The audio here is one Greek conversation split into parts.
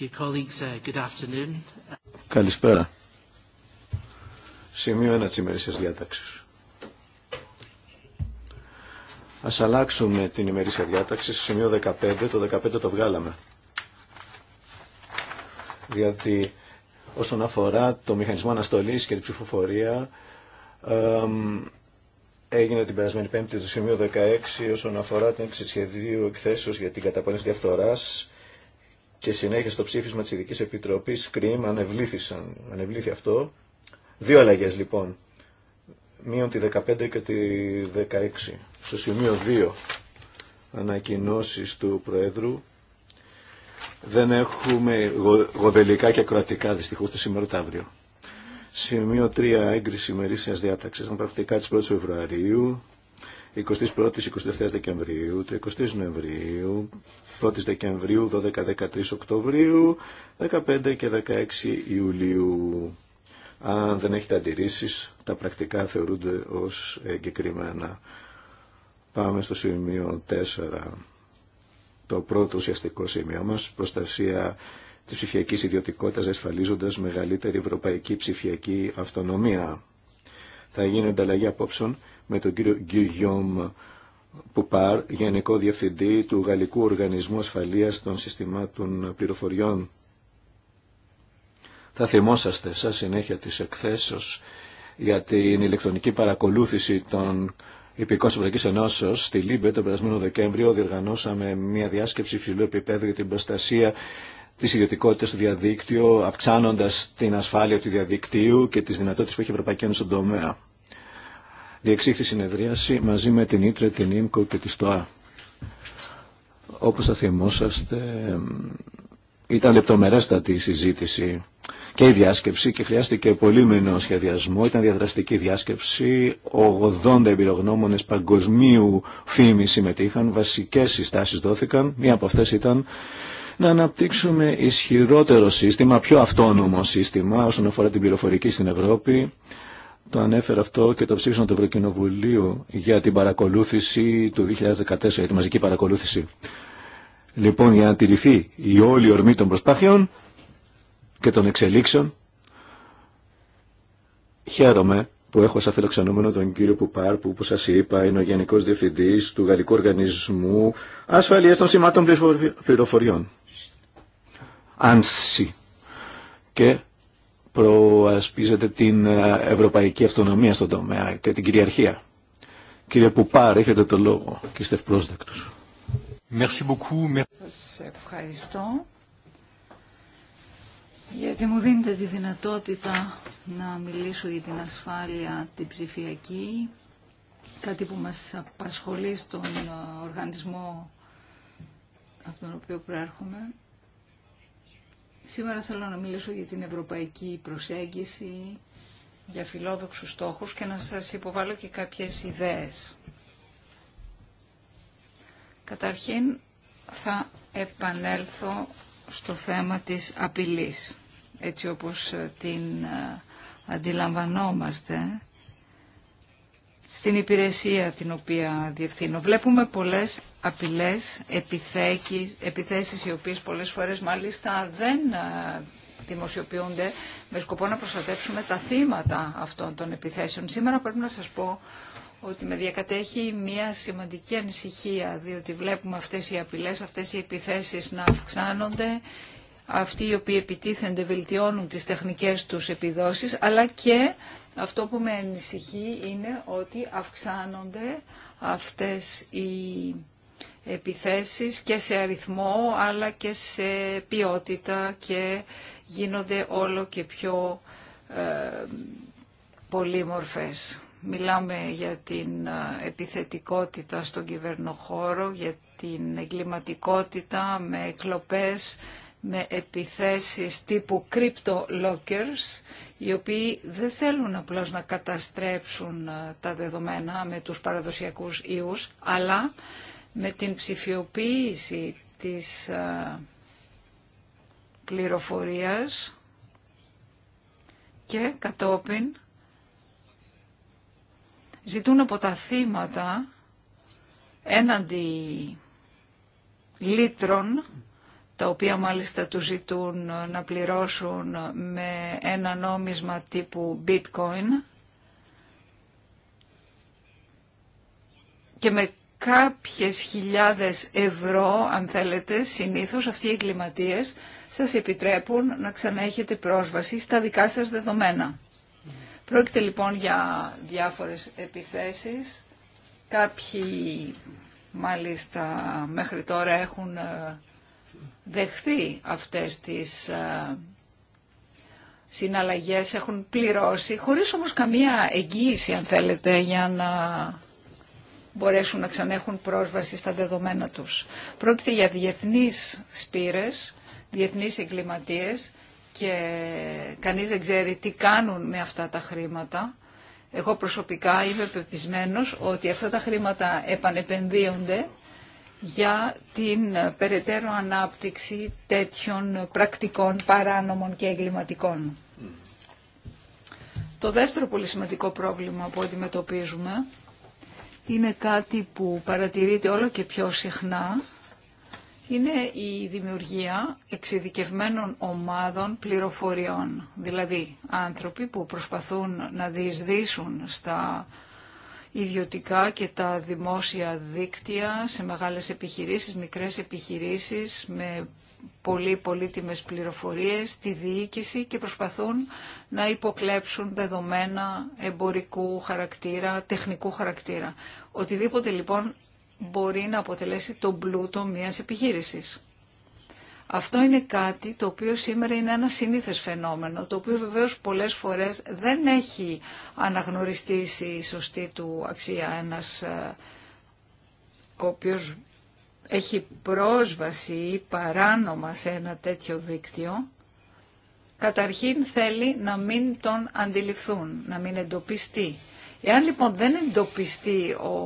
Uh, Καλησπέρα. Σημείο 1 της ημερήσιας διάταξης. Ας αλλάξουμε την ημερήσια διάταξη στο σημείο 15. Το 15 το βγάλαμε. Διότι όσον αφορά το μηχανισμό αναστολής και την ψηφοφορία έγινε την περασμένη πέμπτη το σημείο 16 όσον αφορά την σχεδίου εκθέσεως για την καταπολέμηση διαφθοράς και συνέχεια στο ψήφισμα της Ειδικής Επιτροπής ΚΡΙΜ ανεβλήθησαν, ανεβλήθη αυτό. Δύο αλλαγέ λοιπόν, μείον τη 15 και τη 16. Στο σημείο 2, ανακοινώσεις του Προέδρου, δεν έχουμε γοδελικά και ακροατικά δυστυχώς το σήμερα το αύριο. Σημείο 3, έγκριση ημερήσιας διάταξης, με πρακτικά της 1ης Φεβρουαρίου, 21ης-22ης Δεκεμβρίου, 30ης Νοεμβρίου, 1ης Δεκεμβρίου, 12-13 Οκτωβρίου, 15 και 16 Ιουλίου. Αν δεν έχετε αντιρρήσει, τα πρακτικά θεωρούνται ως εγκεκριμένα. Πάμε στο σημείο 4. Το πρώτο ουσιαστικό σημείο μας, προστασία της ψηφιακής ιδιωτικότητας ασφαλίζοντας μεγαλύτερη ευρωπαϊκή ψηφιακή αυτονομία. Θα γίνει ανταλλαγή απόψεων με τον κύριο Γκυγιόμ Πουπάρ, Γενικό Διευθυντή του Γαλλικού Οργανισμού Ασφαλείας των Συστημάτων Πληροφοριών. Θα θυμόσαστε σαν συνέχεια της εκθέσεως για την ηλεκτρονική παρακολούθηση των υπηκών της Ευρωπαϊκής Ενώσεως στη Λίμπε τον περασμένο Δεκέμβριο διοργανώσαμε μια διάσκεψη υψηλού επίπεδου για την προστασία της ιδιωτικότητας του διαδίκτυου, αυξάνοντας την ασφάλεια του διαδικτύου και τι δυνατότητε που έχει η Ευρωπαϊκή Ένωση στον τομέα διεξήχθη συνεδρίαση μαζί με την Ήτρε, την Ίμκο και τη ΣΤΟΑ. Όπως θα θυμόσαστε, ήταν λεπτομερέστατη η συζήτηση και η διάσκεψη και χρειάστηκε πολύ μενό σχεδιασμό. Ήταν διαδραστική διάσκεψη. 80 εμπειρογνώμονε παγκοσμίου φήμη συμμετείχαν. Βασικέ συστάσει δόθηκαν. Μία από αυτέ ήταν να αναπτύξουμε ισχυρότερο σύστημα, πιο αυτόνομο σύστημα όσον αφορά την πληροφορική στην Ευρώπη το ανέφερα αυτό και το ψήφισμα του Ευρωκοινοβουλίου για την παρακολούθηση του 2014, για τη μαζική παρακολούθηση. Λοιπόν, για να τηρηθεί η όλη ορμή των προσπάθειων και των εξελίξεων, χαίρομαι που έχω σαν φιλοξενούμενο τον κύριο Πουπάρ, που όπως σας είπα είναι ο Γενικός Διευθυντής του Γαλλικού Οργανισμού Ασφαλείας των Σημάτων Πληροφοριών. Άνση. Και προασπίζεται την ε, ευρωπαϊκή αυτονομία στον τομέα και την κυριαρχία. Κύριε Πουπάρ, έχετε το λόγο και είστε ευπρόσδεκτος. Σας ευχαριστώ γιατί μου δίνετε τη δυνατότητα να μιλήσω για την ασφάλεια την ψηφιακή, κάτι που μας απασχολεί στον οργανισμό από τον οποίο προέρχομαι. Σήμερα θέλω να μιλήσω για την ευρωπαϊκή προσέγγιση, για φιλόδοξους στόχους και να σας υποβάλω και κάποιες ιδέες. Καταρχήν θα επανέλθω στο θέμα της απειλής, έτσι όπως την ε, αντιλαμβανόμαστε στην υπηρεσία την οποία διευθύνω. Βλέπουμε πολλές απειλές, επιθέσεις οι οποίες πολλές φορές μάλιστα δεν ε, δημοσιοποιούνται με σκοπό να προστατεύσουμε τα θύματα αυτών των επιθέσεων. Σήμερα πρέπει να σας πω ότι με διακατέχει μια σημαντική ανησυχία, διότι βλέπουμε αυτές οι απειλές, αυτές οι επιθέσεις να αυξάνονται, αυτοί οι οποίοι επιτίθενται βελτιώνουν τις τεχνικές τους επιδόσεις, αλλά και αυτό που με ανησυχεί είναι ότι αυξάνονται αυτές οι επιθέσεις και σε αριθμό αλλά και σε ποιότητα και γίνονται όλο και πιο ε, πολύμορφες. Μιλάμε για την ε, επιθετικότητα στον κυβερνοχώρο, για την εγκληματικότητα με εκλοπές, με επιθέσεις τύπου crypto lockers, οι οποίοι δεν θέλουν απλώς να καταστρέψουν ε, τα δεδομένα με τους παραδοσιακούς ιούς, αλλά με την ψηφιοποίηση της ε, πληροφορίας και κατόπιν ζητούν από τα θύματα έναντι λίτρων τα οποία μάλιστα του ζητούν να πληρώσουν με ένα νόμισμα τύπου bitcoin και με κάποιες χιλιάδες ευρώ, αν θέλετε, συνήθως αυτοί οι εγκληματίες σας επιτρέπουν να ξαναέχετε πρόσβαση στα δικά σας δεδομένα. Πρόκειται λοιπόν για διάφορες επιθέσεις. Κάποιοι μάλιστα μέχρι τώρα έχουν ε, δεχθεί αυτές τις ε, συναλλαγές, έχουν πληρώσει, χωρίς όμως καμία εγγύηση αν θέλετε για να μπορέσουν να ξανέχουν πρόσβαση στα δεδομένα τους. Πρόκειται για διεθνείς σπήρες, διεθνείς εγκληματίες και κανείς δεν ξέρει τι κάνουν με αυτά τα χρήματα. Εγώ προσωπικά είμαι πεπισμένος ότι αυτά τα χρήματα επανεπενδύονται για την ε, περαιτέρω ανάπτυξη τέτοιων πρακτικών παράνομων και εγκληματικών. Το δεύτερο πολύ σημαντικό πρόβλημα που αντιμετωπίζουμε είναι κάτι που παρατηρείται όλο και πιο συχνά. Είναι η δημιουργία εξειδικευμένων ομάδων πληροφοριών. Δηλαδή άνθρωποι που προσπαθούν να διεισδύσουν στα ιδιωτικά και τα δημόσια δίκτυα σε μεγάλες επιχειρήσεις, μικρές επιχειρήσεις με πολύ πολύτιμες πληροφορίες, τη διοίκηση και προσπαθούν να υποκλέψουν δεδομένα εμπορικού χαρακτήρα, τεχνικού χαρακτήρα. Οτιδήποτε λοιπόν μπορεί να αποτελέσει τον πλούτο μιας επιχείρησης. Αυτό είναι κάτι το οποίο σήμερα είναι ένα συνήθες φαινόμενο, το οποίο βεβαίως πολλές φορές δεν έχει αναγνωριστεί η σωστή του αξία ένας ε, ο οποίος έχει πρόσβαση ή παράνομα σε ένα τέτοιο δίκτυο, καταρχήν θέλει να μην τον αντιληφθούν, να μην εντοπιστεί. Εάν λοιπόν δεν εντοπιστεί ο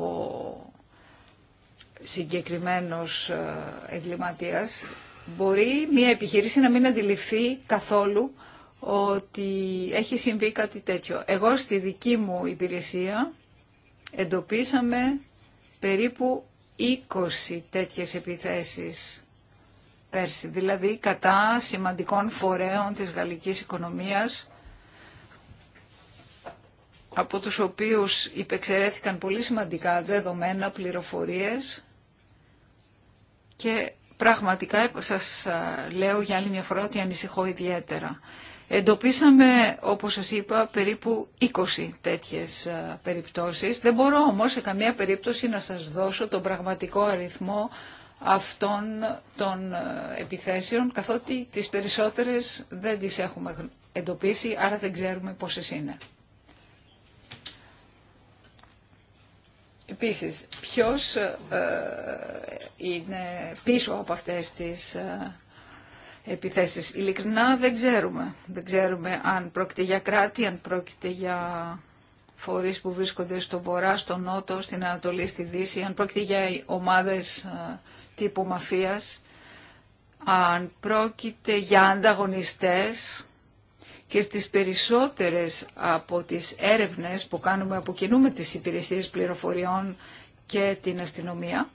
συγκεκριμένος ε, εγκληματίας, Μπορεί μια επιχείρηση να μην αντιληφθεί καθόλου ότι έχει συμβεί κάτι τέτοιο. Εγώ στη δική μου υπηρεσία εντοπίσαμε περίπου 20 τέτοιες επιθέσεις πέρσι, δηλαδή κατά σημαντικών φορέων της γαλλικής οικονομίας, από τους οποίους υπεξαιρέθηκαν πολύ σημαντικά δεδομένα, πληροφορίες και Πραγματικά σας λέω για άλλη μια φορά ότι ανησυχώ ιδιαίτερα. Εντοπίσαμε, όπως σας είπα, περίπου 20 τέτοιες περιπτώσεις. Δεν μπορώ όμως σε καμία περίπτωση να σας δώσω τον πραγματικό αριθμό αυτών των επιθέσεων, καθότι τις περισσότερες δεν τις έχουμε εντοπίσει, άρα δεν ξέρουμε πόσες είναι. Επίσης, ποιος ε, ε, είναι πίσω από αυτές τις ε, επιθέσεις. Ειλικρινά δεν ξέρουμε. Δεν ξέρουμε αν πρόκειται για κράτη, αν πρόκειται για φορείς που βρίσκονται στον βορρά, στον νότο, στην Ανατολή, στη Δύση, αν πρόκειται για ομάδες τύπου μαφίας, αν πρόκειται για ανταγωνιστές και στις περισσότερες από τις έρευνες που κάνουμε από κοινού με τις υπηρεσίες πληροφοριών και την αστυνομία,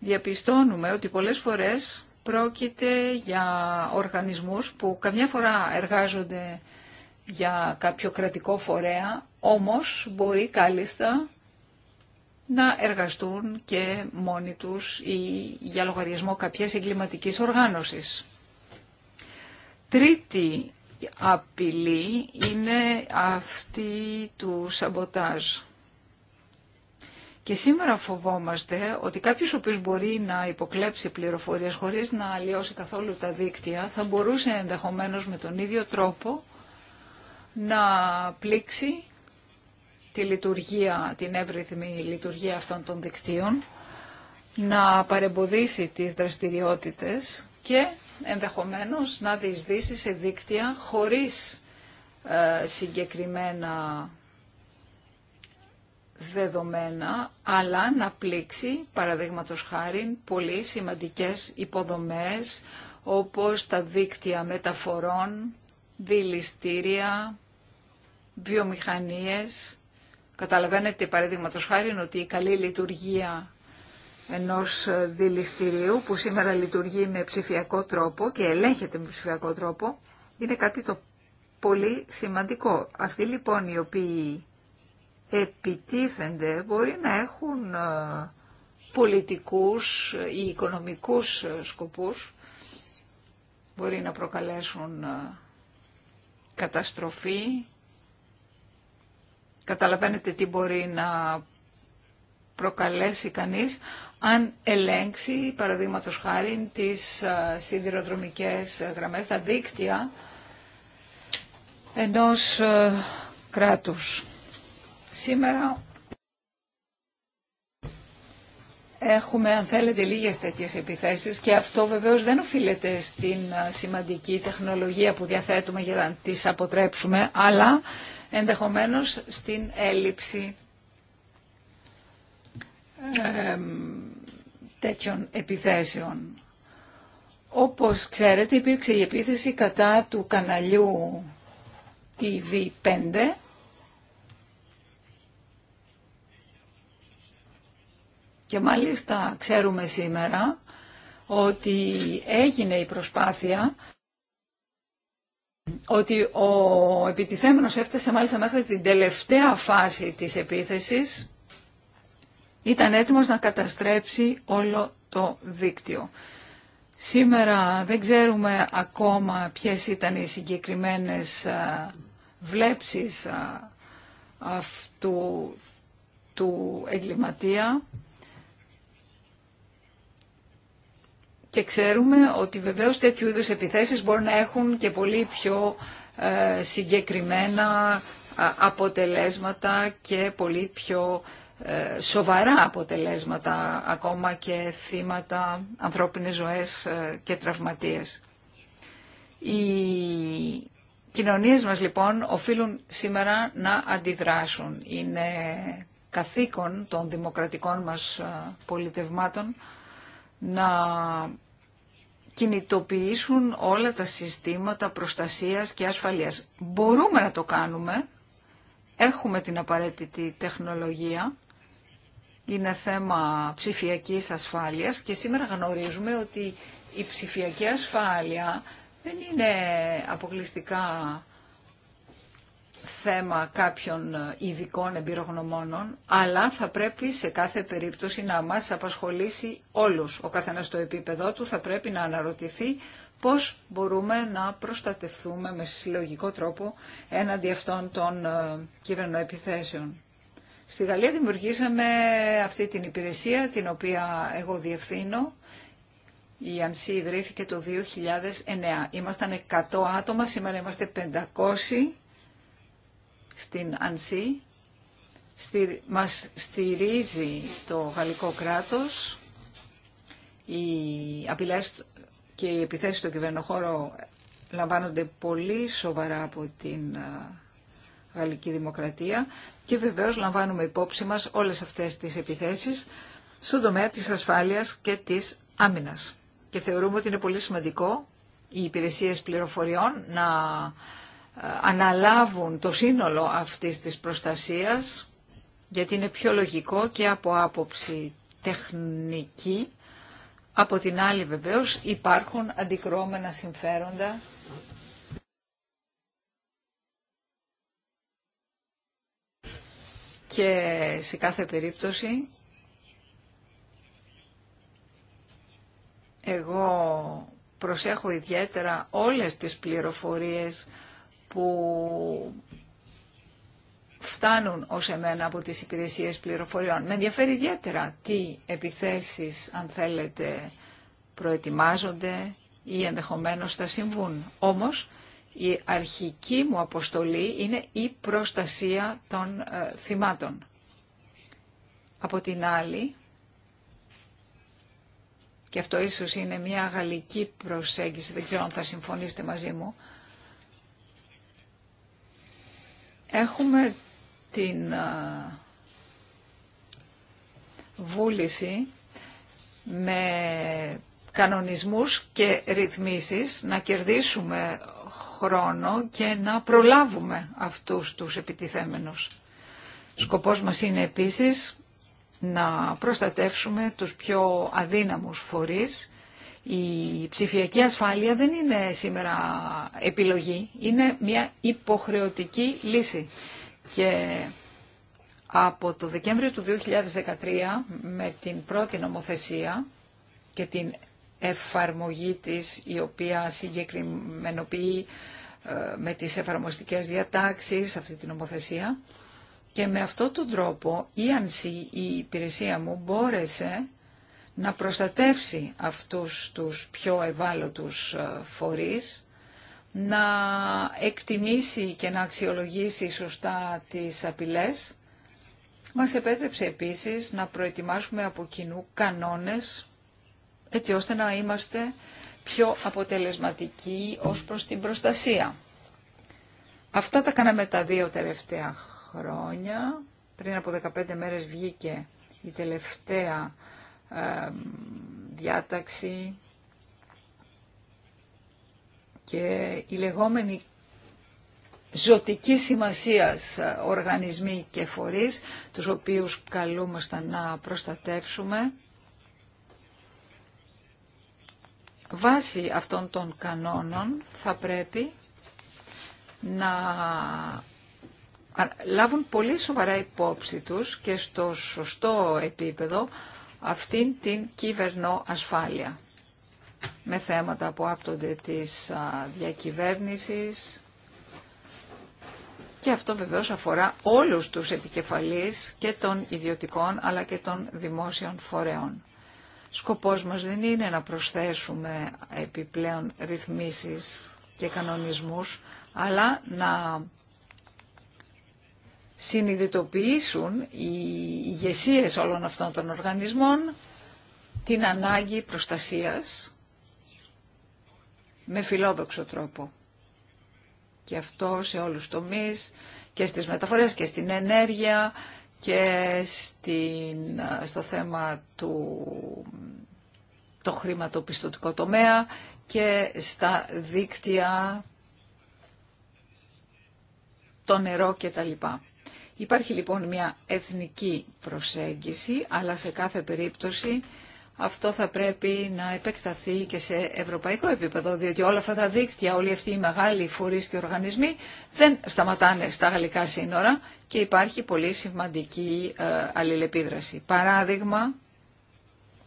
διαπιστώνουμε ότι πολλές φορές πρόκειται για οργανισμούς που καμιά φορά εργάζονται για κάποιο κρατικό φορέα, όμως μπορεί κάλλιστα να εργαστούν και μόνοι τους ή για λογαριασμό κάποιας εγκληματικής οργάνωσης. Τρίτη απειλή είναι αυτή του σαμποτάζ. Και σήμερα φοβόμαστε ότι κάποιος ο οποίος μπορεί να υποκλέψει πληροφορίες χωρίς να αλλοιώσει καθόλου τα δίκτυα θα μπορούσε ενδεχομένως με τον ίδιο τρόπο να πλήξει τη λειτουργία, την εύρυθμη λειτουργία αυτών των δικτύων, να παρεμποδίσει τις δραστηριότητες και ενδεχομένως να διεισδύσει σε δίκτυα χωρίς ε, συγκεκριμένα δεδομένα, αλλά να πλήξει, παραδείγματος χάρη, πολύ σημαντικές υποδομές, όπως τα δίκτυα μεταφορών, δηληστήρια, βιομηχανίες. Καταλαβαίνετε, παραδείγματο χάρη, ότι η καλή λειτουργία ενός δηληστηρίου που σήμερα λειτουργεί με ψηφιακό τρόπο και ελέγχεται με ψηφιακό τρόπο, είναι κάτι το πολύ σημαντικό. Αυτοί λοιπόν οι οποίοι επιτίθενται μπορεί να έχουν ε, πολιτικούς ή οικονομικούς ε, σκοπούς, μπορεί να προκαλέσουν ε, καταστροφή. Καταλαβαίνετε τι μπορεί να προκαλέσει κανείς αν ελέγξει, παραδείγματος χάρη, τις ε, σιδηροδρομικές γραμμές, τα δίκτυα ενός ε, κράτους. Σήμερα έχουμε, αν θέλετε, λίγες τέτοιες επιθέσεις και αυτό βεβαίως δεν οφείλεται στην ε, σημαντική τεχνολογία που διαθέτουμε για να τις αποτρέψουμε, αλλά ενδεχομένως στην έλλειψη τέτοιων επιθέσεων. Όπως ξέρετε υπήρξε η επίθεση κατά του καναλιού TV5 και μάλιστα ξέρουμε σήμερα ότι έγινε η προσπάθεια ότι ο επιτιθέμενος έφτασε μάλιστα μέχρι την τελευταία φάση της επίθεσης ήταν έτοιμος να καταστρέψει όλο το δίκτυο. Σήμερα δεν ξέρουμε ακόμα ποιες ήταν οι συγκεκριμένες βλέψεις αυτού του εγκληματία και ξέρουμε ότι βεβαίως τέτοιου είδους επιθέσεις μπορεί να έχουν και πολύ πιο ε, συγκεκριμένα αποτελέσματα και πολύ πιο ε, σοβαρά αποτελέσματα, ακόμα και θύματα, ανθρώπινες ζωές ε, και τραυματίες. Οι κοινωνίες μας λοιπόν οφείλουν σήμερα να αντιδράσουν. Είναι καθήκον των δημοκρατικών μας ε, πολιτευμάτων να κινητοποιήσουν όλα τα συστήματα προστασίας και ασφαλείας. Μπορούμε να το κάνουμε, έχουμε την απαραίτητη τεχνολογία, είναι θέμα ψηφιακής ασφάλειας και σήμερα γνωρίζουμε ότι η ψηφιακή ασφάλεια δεν είναι αποκλειστικά θέμα κάποιων ειδικών εμπειρογνωμόνων, αλλά θα πρέπει σε κάθε περίπτωση να μας απασχολήσει όλους. Ο καθένας στο επίπεδό του θα πρέπει να αναρωτηθεί πώς μπορούμε να προστατευτούμε με συλλογικό τρόπο έναντι αυτών των ε, κυβερνοεπιθέσεων. Στη Γαλλία δημιουργήσαμε αυτή την υπηρεσία την οποία εγώ διευθύνω. Η ΑΝΣΥ ιδρύθηκε το 2009. Ήμασταν 100 άτομα, σήμερα είμαστε 500 στην ΑΝΣΥ. μας στηρίζει το γαλλικό κράτος. Οι απειλές και οι επιθέσεις στο κυβερνοχώρο λαμβάνονται πολύ σοβαρά από την γαλλική δημοκρατία και βεβαίως λαμβάνουμε υπόψη μας όλες αυτές τις επιθέσεις στον τομέα της ασφάλειας και της άμυνας. Και θεωρούμε ότι είναι πολύ σημαντικό οι υπηρεσίες πληροφοριών να ε, αναλάβουν το σύνολο αυτής της προστασίας γιατί είναι πιο λογικό και από άποψη τεχνική. Από την άλλη βεβαίως υπάρχουν αντικρώμενα συμφέροντα και σε κάθε περίπτωση εγώ προσέχω ιδιαίτερα όλες τις πληροφορίες που φτάνουν ως εμένα από τις υπηρεσίες πληροφοριών. Με ενδιαφέρει ιδιαίτερα τι επιθέσεις, αν θέλετε, προετοιμάζονται ή ενδεχομένως θα συμβούν. Όμως, η αρχική μου αποστολή είναι η προστασία των ε, θυμάτων. Από την άλλη, και αυτό ίσως είναι μια γαλλική προσέγγιση, δεν ξέρω αν θα συμφωνήσετε μαζί μου, έχουμε την ε, βούληση με κανονισμούς και ρυθμίσεις να κερδίσουμε χρόνο και να προλάβουμε αυτούς τους επιτιθέμενους. Σκοπός μας είναι επίσης να προστατεύσουμε τους πιο αδύναμους φορείς. Η ψηφιακή ασφάλεια δεν είναι σήμερα επιλογή, είναι μια υποχρεωτική λύση. Και από το Δεκέμβριο του 2013 με την πρώτη νομοθεσία και την εφαρμογή της η οποία συγκεκριμενοποιεί ε, με τις εφαρμοστικές διατάξεις αυτή την νομοθεσία και με αυτόν τον τρόπο η η υπηρεσία μου, μπόρεσε να προστατεύσει αυτούς τους πιο ευάλωτους ε, φορείς, να εκτιμήσει και να αξιολογήσει σωστά τις απειλές. Μας επέτρεψε επίσης να προετοιμάσουμε από κοινού κανόνες έτσι ώστε να είμαστε πιο αποτελεσματικοί ως προς την προστασία. Αυτά τα κάναμε τα δύο τελευταία χρόνια. Πριν από 15 μέρες βγήκε η τελευταία διάταξη και η λεγόμενη ζωτική σημασίας οργανισμοί και φορείς, τους οποίους καλούμαστε να προστατεύσουμε. Βάσει αυτών των κανόνων θα πρέπει να λάβουν πολύ σοβαρά υπόψη τους και στο σωστό επίπεδο αυτήν την κυβερνό ασφάλεια με θέματα που άπτονται της διακυβέρνησης και αυτό βεβαίως αφορά όλους τους επικεφαλείς και των ιδιωτικών αλλά και των δημόσιων φορέων. Σκοπός μας δεν είναι να προσθέσουμε επιπλέον ρυθμίσεις και κανονισμούς, αλλά να συνειδητοποιήσουν οι ηγεσίε όλων αυτών των οργανισμών την ανάγκη προστασίας με φιλόδοξο τρόπο. Και αυτό σε όλους τους τομείς, και στις μεταφορές και στην ενέργεια και στην, στο θέμα του το χρηματοπιστωτικό τομέα και στα δίκτυα το νερό κτλ. Υπάρχει λοιπόν μια εθνική προσέγγιση, αλλά σε κάθε περίπτωση αυτό θα πρέπει να επεκταθεί και σε ευρωπαϊκό επίπεδο, διότι όλα αυτά τα δίκτυα, όλοι αυτοί οι μεγάλοι φορείς και οργανισμοί δεν σταματάνε στα γαλλικά σύνορα και υπάρχει πολύ σημαντική ε, αλληλεπίδραση. Παράδειγμα,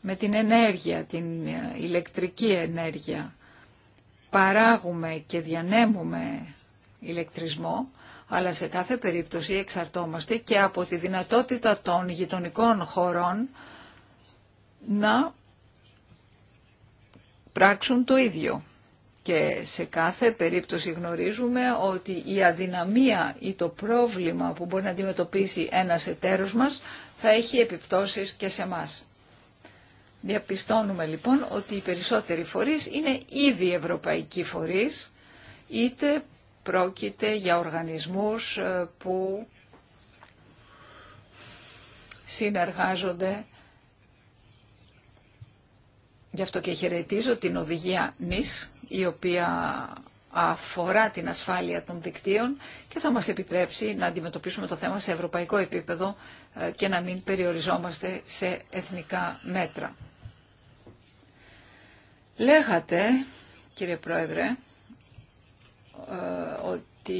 με την ενέργεια, την ε, ηλεκτρική ενέργεια, παράγουμε και διανέμουμε ηλεκτρισμό, αλλά σε κάθε περίπτωση εξαρτόμαστε και από τη δυνατότητα των γειτονικών χωρών να πράξουν το ίδιο. Και σε κάθε περίπτωση γνωρίζουμε ότι η αδυναμία ή το πρόβλημα που μπορεί να αντιμετωπίσει ένας εταίρος μας θα έχει επιπτώσεις και σε μας. Διαπιστώνουμε λοιπόν ότι οι περισσότεροι φορείς είναι ήδη ευρωπαϊκοί φορείς, είτε πρόκειται για οργανισμούς ε, που συνεργάζονται Γι' αυτό και χαιρετίζω την οδηγία ΝΙΣ, η οποία αφορά την ασφάλεια των δικτύων και θα μας επιτρέψει να αντιμετωπίσουμε το θέμα σε ευρωπαϊκό επίπεδο ε, και να μην περιοριζόμαστε σε εθνικά μέτρα. Λέγατε, κύριε Πρόεδρε, ε, ότι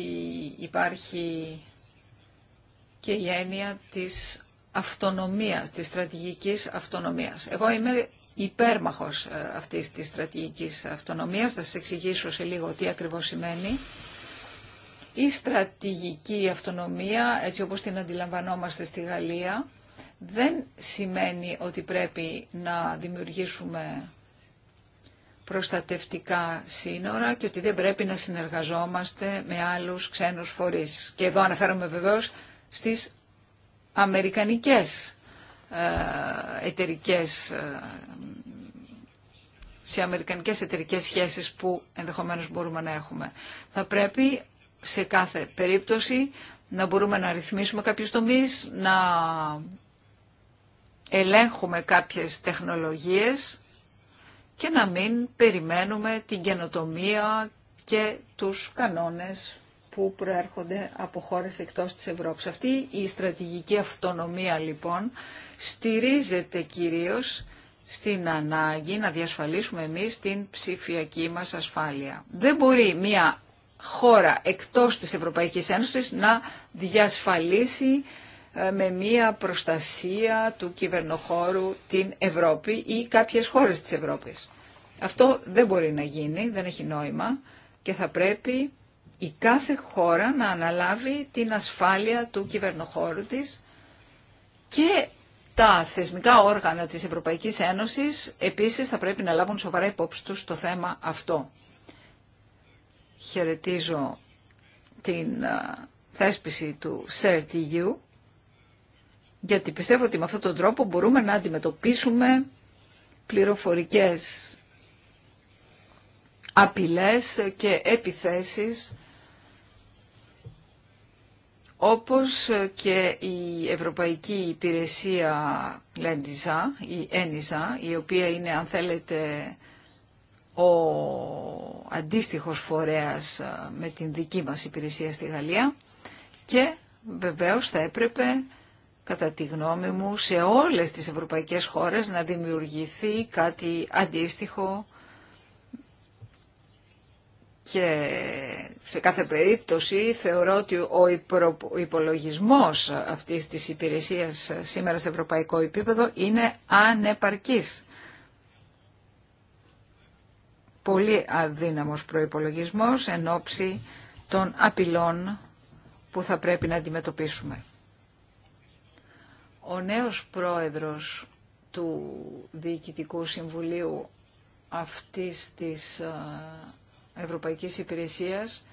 υπάρχει και η έννοια της αυτονομίας, της στρατηγικής αυτονομίας. Εγώ είμαι υπέρμαχος ε, αυτής της στρατηγικής αυτονομίας. Θα σας εξηγήσω σε λίγο τι ακριβώς σημαίνει. Η στρατηγική αυτονομία, έτσι όπως την αντιλαμβανόμαστε στη Γαλλία, δεν σημαίνει ότι πρέπει να δημιουργήσουμε προστατευτικά σύνορα και ότι δεν πρέπει να συνεργαζόμαστε με άλλους ξένους φορείς. Και εδώ αναφέρομαι βεβαίως στις αμερικανικές ε, εταιρικές, ε, σε αμερικανικές εταιρικές σχέσεις που ενδεχομένως μπορούμε να έχουμε. Θα πρέπει σε κάθε περίπτωση να μπορούμε να ρυθμίσουμε κάποιους τομείς, να ελέγχουμε κάποιες τεχνολογίες και να μην περιμένουμε την καινοτομία και τους κανόνες που προέρχονται από χώρες εκτός της Ευρώπης. Αυτή η στρατηγική αυτονομία λοιπόν στηρίζεται κυρίως στην ανάγκη να διασφαλίσουμε εμείς την ψηφιακή μας ασφάλεια. Δεν μπορεί μια χώρα εκτός της Ευρωπαϊκής Ένωσης να διασφαλίσει ε, με μία προστασία του κυβερνοχώρου την Ευρώπη ή κάποιες χώρες της Ευρώπης. Αυτό δεν μπορεί να γίνει, δεν έχει νόημα και θα πρέπει η κάθε χώρα να αναλάβει την ασφάλεια του κυβερνοχώρου της και τα θεσμικά όργανα της Ευρωπαϊκής Ένωσης επίσης θα πρέπει να λάβουν σοβαρά υπόψη τους το θέμα αυτό. Χαιρετίζω την θέσπιση του CERTU γιατί πιστεύω ότι με αυτόν τον τρόπο μπορούμε να αντιμετωπίσουμε πληροφορικές απειλές και επιθέσεις όπως και η Ευρωπαϊκή Υπηρεσία Λέντιζα, η Ένιζα, η οποία είναι αν θέλετε ο αντίστοιχος φορέας με την δική μας υπηρεσία στη Γαλλία και βεβαίως θα έπρεπε κατά τη γνώμη μου σε όλες τις ευρωπαϊκές χώρες να δημιουργηθεί κάτι αντίστοιχο και σε κάθε περίπτωση θεωρώ ότι ο υπολογισμός αυτής της υπηρεσίας σήμερα σε ευρωπαϊκό επίπεδο είναι ανεπαρκής. Πολύ αδύναμος προϋπολογισμός εν ώψη των απειλών που θα πρέπει να αντιμετωπίσουμε. Ο νέος πρόεδρος του Διοικητικού Συμβουλίου αυτής της ε, Ευρωπαϊκής Υπηρεσίας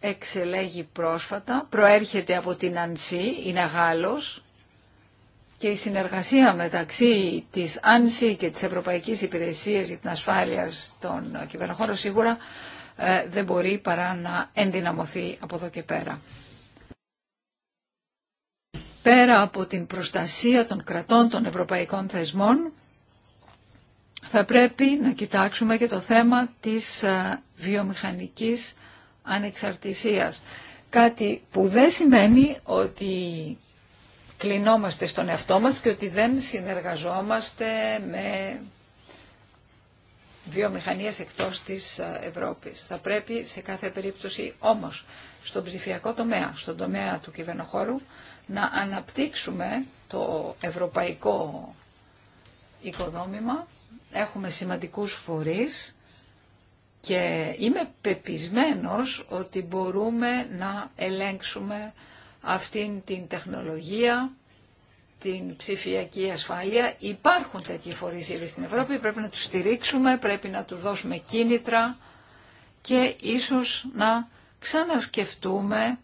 εξελέγει πρόσφατα, προέρχεται από την ΑΝΣΥ, είναι Γάλλος και η συνεργασία μεταξύ της ΑΝΣΥ και της Ευρωπαϊκής Υπηρεσίας για την Ασφάλεια στον κυβερνοχώρο σίγουρα ε, δεν μπορεί παρά να ενδυναμωθεί από εδώ και πέρα. Πέρα από την προστασία των κρατών των ευρωπαϊκών θεσμών, θα πρέπει να κοιτάξουμε και το θέμα της ε, βιομηχανικής ανεξαρτησίας. Κάτι που δεν σημαίνει ότι κλεινόμαστε στον εαυτό μας και ότι δεν συνεργαζόμαστε με βιομηχανίες εκτός της ε, Ευρώπης. Θα πρέπει σε κάθε περίπτωση όμως στον ψηφιακό τομέα, στον τομέα του κυβερνοχώρου, να αναπτύξουμε το ευρωπαϊκό οικοδόμημα Έχουμε σημαντικούς φορείς και είμαι πεπισμένος ότι μπορούμε να ελέγξουμε αυτήν την τεχνολογία, την ψηφιακή ασφάλεια. Υπάρχουν τέτοιοι φορείς ήδη στην Ευρώπη, πρέπει να τους στηρίξουμε, πρέπει να τους δώσουμε κίνητρα και ίσως να ξανασκεφτούμε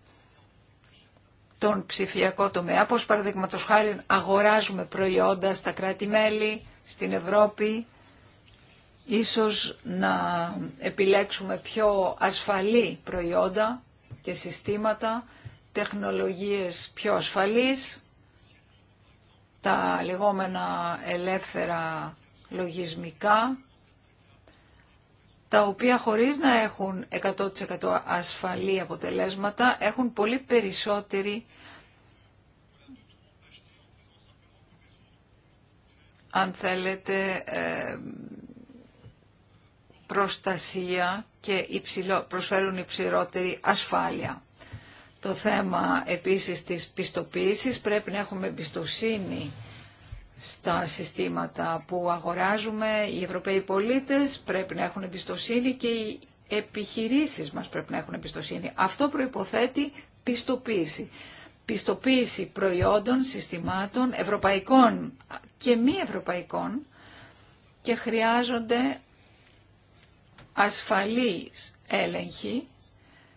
τον ψηφιακό τομέα, πως παραδείγματο χάρη αγοράζουμε προϊόντα στα κράτη-μέλη, στην Ευρώπη ίσως να επιλέξουμε πιο ασφαλή προϊόντα και συστήματα, τεχνολογίες πιο ασφαλείς, τα λεγόμενα ελεύθερα λογισμικά, τα οποία χωρίς να έχουν 100% ασφαλή αποτελέσματα, έχουν πολύ περισσότερη αν θέλετε, ε, προστασία και υψηλό, προσφέρουν υψηλότερη ασφάλεια. Το θέμα επίσης της πιστοποίησης πρέπει να έχουμε εμπιστοσύνη στα συστήματα που αγοράζουμε. Οι Ευρωπαίοι πολίτες πρέπει να έχουν εμπιστοσύνη και οι επιχειρήσεις μας πρέπει να έχουν εμπιστοσύνη. Αυτό προϋποθέτει πιστοποίηση. Πιστοποίηση προϊόντων, συστημάτων, ευρωπαϊκών και μη ευρωπαϊκών και χρειάζονται ασφαλείς έλεγχη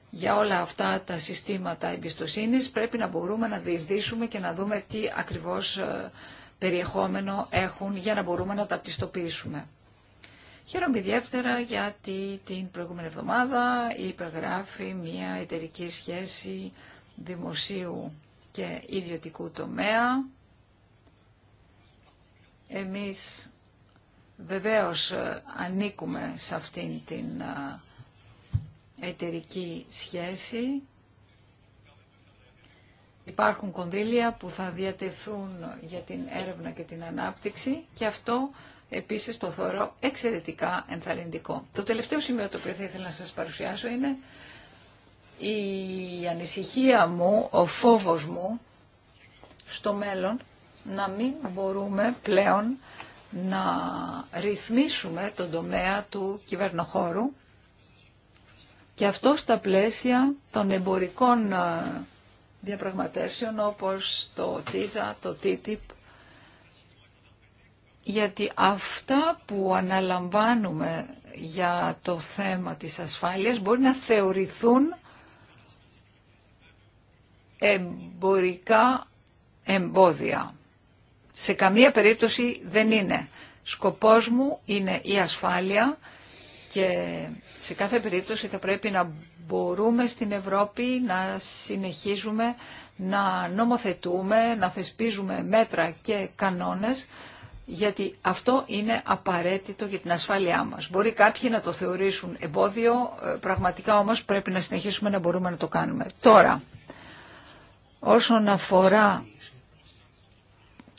για όλα αυτά τα συστήματα εμπιστοσύνης πρέπει να μπορούμε να διεισδύσουμε και να δούμε τι ακριβώς ε, περιεχόμενο έχουν για να μπορούμε να τα πιστοποιήσουμε. Χαίρομαι ιδιαίτερα γιατί την προηγούμενη εβδομάδα υπεγράφει μια εταιρική σχέση δημοσίου και ιδιωτικού τομέα. Εμείς Βεβαίως ε, ανήκουμε σε αυτήν την ε, εταιρική σχέση. Υπάρχουν κονδύλια που θα διατεθούν για την έρευνα και την ανάπτυξη και αυτό επίσης το θεωρώ εξαιρετικά ενθαρρυντικό. Το τελευταίο σημείο το οποίο θα ήθελα να σας παρουσιάσω είναι η ανησυχία μου, ο φόβος μου στο μέλλον να μην μπορούμε πλέον να ρυθμίσουμε τον τομέα του κυβερνοχώρου και αυτό στα πλαίσια των εμπορικών ε, διαπραγματεύσεων όπως το ΤΙΖΑ, το ΤΙΤΙΠ γιατί αυτά που αναλαμβάνουμε για το θέμα της ασφάλειας μπορεί να θεωρηθούν εμπορικά εμπόδια. Σε καμία περίπτωση δεν είναι. Σκοπός μου είναι η ασφάλεια και σε κάθε περίπτωση θα πρέπει να μπορούμε στην Ευρώπη να συνεχίζουμε να νομοθετούμε, να θεσπίζουμε μέτρα και κανόνες γιατί αυτό είναι απαραίτητο για την ασφάλειά μας. Μπορεί κάποιοι να το θεωρήσουν εμπόδιο, ε, πραγματικά όμως πρέπει να συνεχίσουμε να μπορούμε να το κάνουμε. Τώρα, όσον αφορά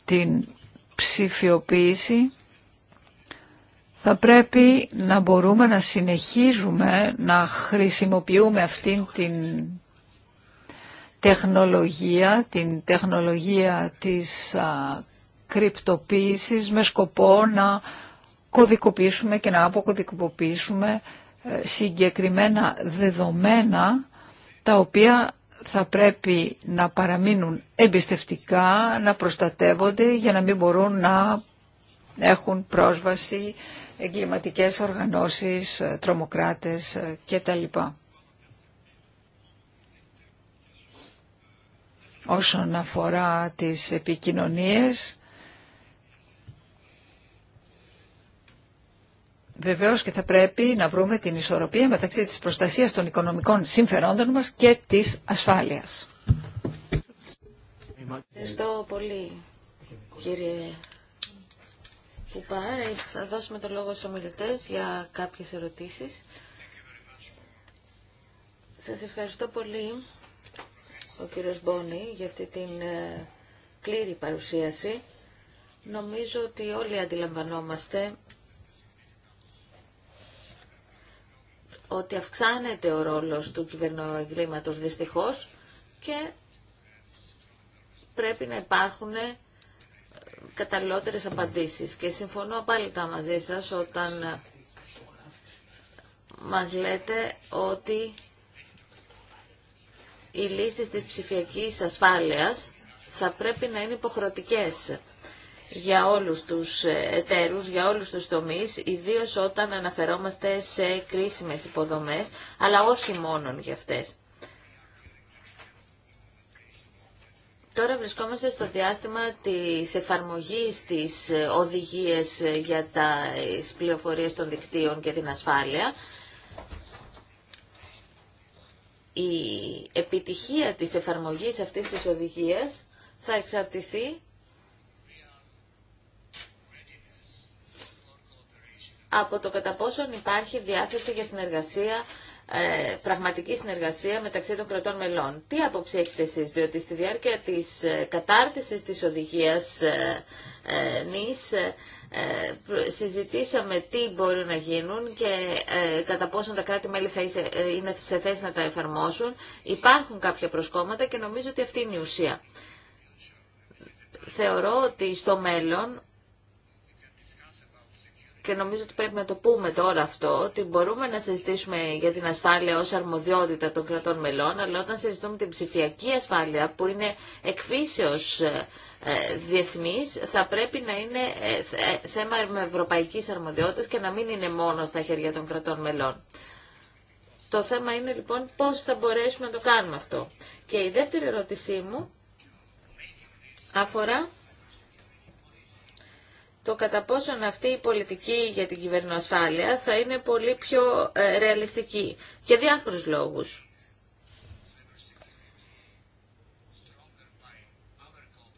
την ψηφιοποίηση θα πρέπει να μπορούμε να συνεχίζουμε να χρησιμοποιούμε αυτήν την τεχνολογία, την τεχνολογία της κρυπτοποίησης με σκοπό να κωδικοποιήσουμε και να αποκωδικοποιήσουμε ε, συγκεκριμένα δεδομένα τα οποία θα πρέπει να παραμείνουν εμπιστευτικά, να προστατεύονται για να μην μπορούν να έχουν πρόσβαση εγκληματικές οργανώσεις, τρομοκράτες κτλ. Όσον αφορά τις επικοινωνίες, Βεβαίως και θα πρέπει να βρούμε την ισορροπία μεταξύ της προστασίας των οικονομικών συμφερόντων μας και της ασφάλειας. Ευχαριστώ πολύ κύριε Κουπά. Ε, θα δώσουμε το λόγο στους ομιλητές για κάποιες ερωτήσεις. Σας ευχαριστώ πολύ ο κύριος Μπόνι για αυτή την ε, πλήρη παρουσίαση. Νομίζω ότι όλοι αντιλαμβανόμαστε ότι αυξάνεται ο ρόλος του κυβερνοεγκλήματος δυστυχώς και πρέπει να υπάρχουν ε, καταλληλότερες απαντήσεις. Και συμφωνώ τα μαζί σας όταν ε, μας λέτε ότι οι λύσεις της ψηφιακής ασφάλειας θα πρέπει να είναι υποχρεωτικές για όλους τους ε, εταίρους, για όλους τους τομείς, ιδίως όταν αναφερόμαστε σε κρίσιμες υποδομές, αλλά όχι μόνον για αυτές. Τώρα βρισκόμαστε στο διάστημα της εφαρμογής της ε, οδηγίες ε, για τα πληροφορίες των δικτύων και την ασφάλεια. Η επιτυχία της εφαρμογής αυτής της οδηγίας θα εξαρτηθεί από το κατά πόσον υπάρχει διάθεση για συνεργασία, ε, πραγματική συνεργασία μεταξύ των κρατών μελών. Τι άποψη έχετε εσείς, διότι στη διάρκεια της ε, κατάρτισης της οδηγίας ε, νης συζητήσαμε τι μπορεί να γίνουν και κατά πόσον τα κράτη-μέλη θα είναι σε θέση να τα εφαρμόσουν. Υπάρχουν κάποια προσκόμματα και νομίζω ότι αυτή είναι η ουσία. Θεωρώ ότι στο μέλλον και νομίζω ότι πρέπει να το πούμε τώρα αυτό, ότι μπορούμε να συζητήσουμε για την ασφάλεια ως αρμοδιότητα των κρατών μελών, αλλά όταν συζητούμε την ψηφιακή ασφάλεια που είναι εκφύσεως ε, ε, διεθνής, θα πρέπει να είναι ε, θέμα ευρωπαϊκής αρμοδιότητας και να μην είναι μόνο στα χέρια των κρατών μελών. Το θέμα είναι λοιπόν πώς θα μπορέσουμε να το κάνουμε αυτό. Και η δεύτερη ερώτησή μου αφορά το κατά πόσον αυτή η πολιτική για την κυβερνοασφάλεια θα είναι πολύ πιο ε, ρεαλιστική για διάφορους λόγους.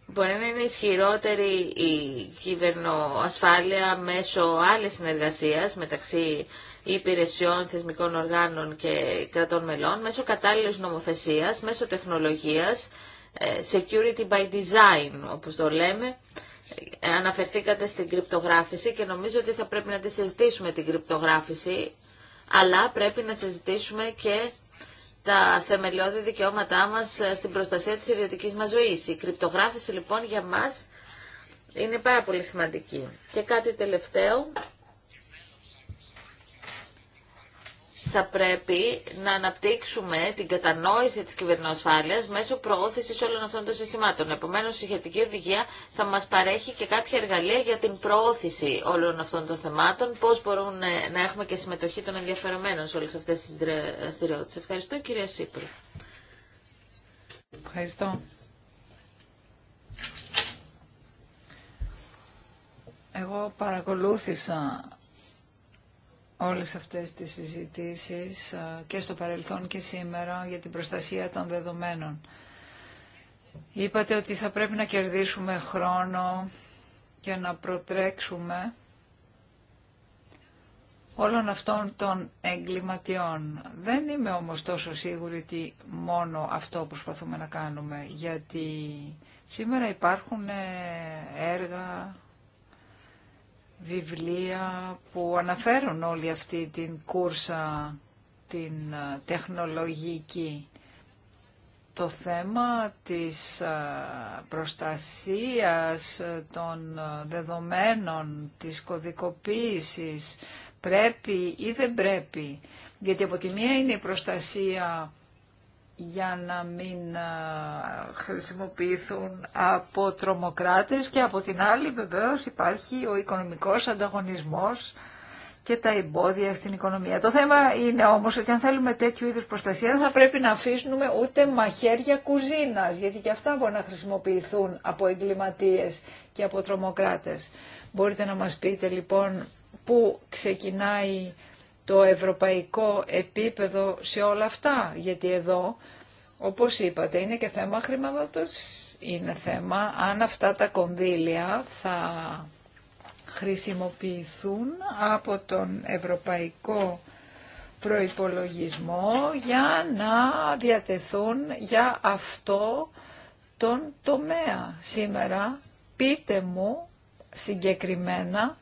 Μπορεί να είναι ισχυρότερη η κυβερνοασφάλεια μέσω άλλης συνεργασίας μεταξύ υπηρεσιών, θεσμικών οργάνων και κρατών μελών, μέσω κατάλληλης νομοθεσίας, μέσω τεχνολογίας, ε, security by design όπως το λέμε, Αναφερθήκατε στην κρυπτογράφηση και νομίζω ότι θα πρέπει να τη συζητήσουμε την κρυπτογράφηση, αλλά πρέπει να συζητήσουμε και τα θεμελιώδη δικαιώματά μας ε, στην προστασία της ιδιωτικής μας ζωής. Η κρυπτογράφηση λοιπόν για μας είναι πάρα πολύ σημαντική. Και κάτι τελευταίο θα πρέπει να αναπτύξουμε την κατανόηση της κυβερνοασφάλειας μέσω προώθησης όλων αυτών των συστημάτων. Επομένως, η σχετική οδηγία θα μας παρέχει και κάποια εργαλεία για την προώθηση όλων αυτών των θεμάτων, πώς μπορούν ε, να έχουμε και συμμετοχή των ενδιαφερομένων σε όλες αυτές τις δραστηριότητε. Ευχαριστώ, κυρία Σύπρου. Ευχαριστώ. Εγώ παρακολούθησα όλες αυτές τις συζητήσεις και στο παρελθόν και σήμερα για την προστασία των δεδομένων. Είπατε ότι θα πρέπει να κερδίσουμε χρόνο και να προτρέξουμε όλων αυτών των εγκληματιών. Δεν είμαι όμως τόσο σίγουρη ότι μόνο αυτό προσπαθούμε να κάνουμε, γιατί σήμερα υπάρχουν ε, έργα βιβλία που αναφέρουν όλη αυτή την κούρσα, την ε, τεχνολογική. Το θέμα της ε, προστασίας ε, των δεδομένων, της κωδικοποίησης, πρέπει ή δεν πρέπει. Γιατί από τη μία είναι η προστασία για να μην χρησιμοποιηθούν από τρομοκράτες και από την άλλη βεβαίως υπάρχει ο οικονομικός ανταγωνισμός και τα εμπόδια στην οικονομία. Το θέμα είναι όμως ότι αν θέλουμε τέτοιου είδους προστασία δεν θα πρέπει να αφήσουμε ούτε μαχαίρια κουζίνας, γιατί και αυτά μπορεί να χρησιμοποιηθούν από εγκληματίες και από τρομοκράτες. Μπορείτε να μας πείτε λοιπόν πού ξεκινάει το ευρωπαϊκό επίπεδο σε όλα αυτά. Γιατί εδώ, όπως είπατε, είναι και θέμα χρηματοδότηση. Είναι θέμα αν αυτά τα κονδύλια θα χρησιμοποιηθούν από τον ευρωπαϊκό προϋπολογισμό για να διατεθούν για αυτό τον τομέα. Σήμερα πείτε μου συγκεκριμένα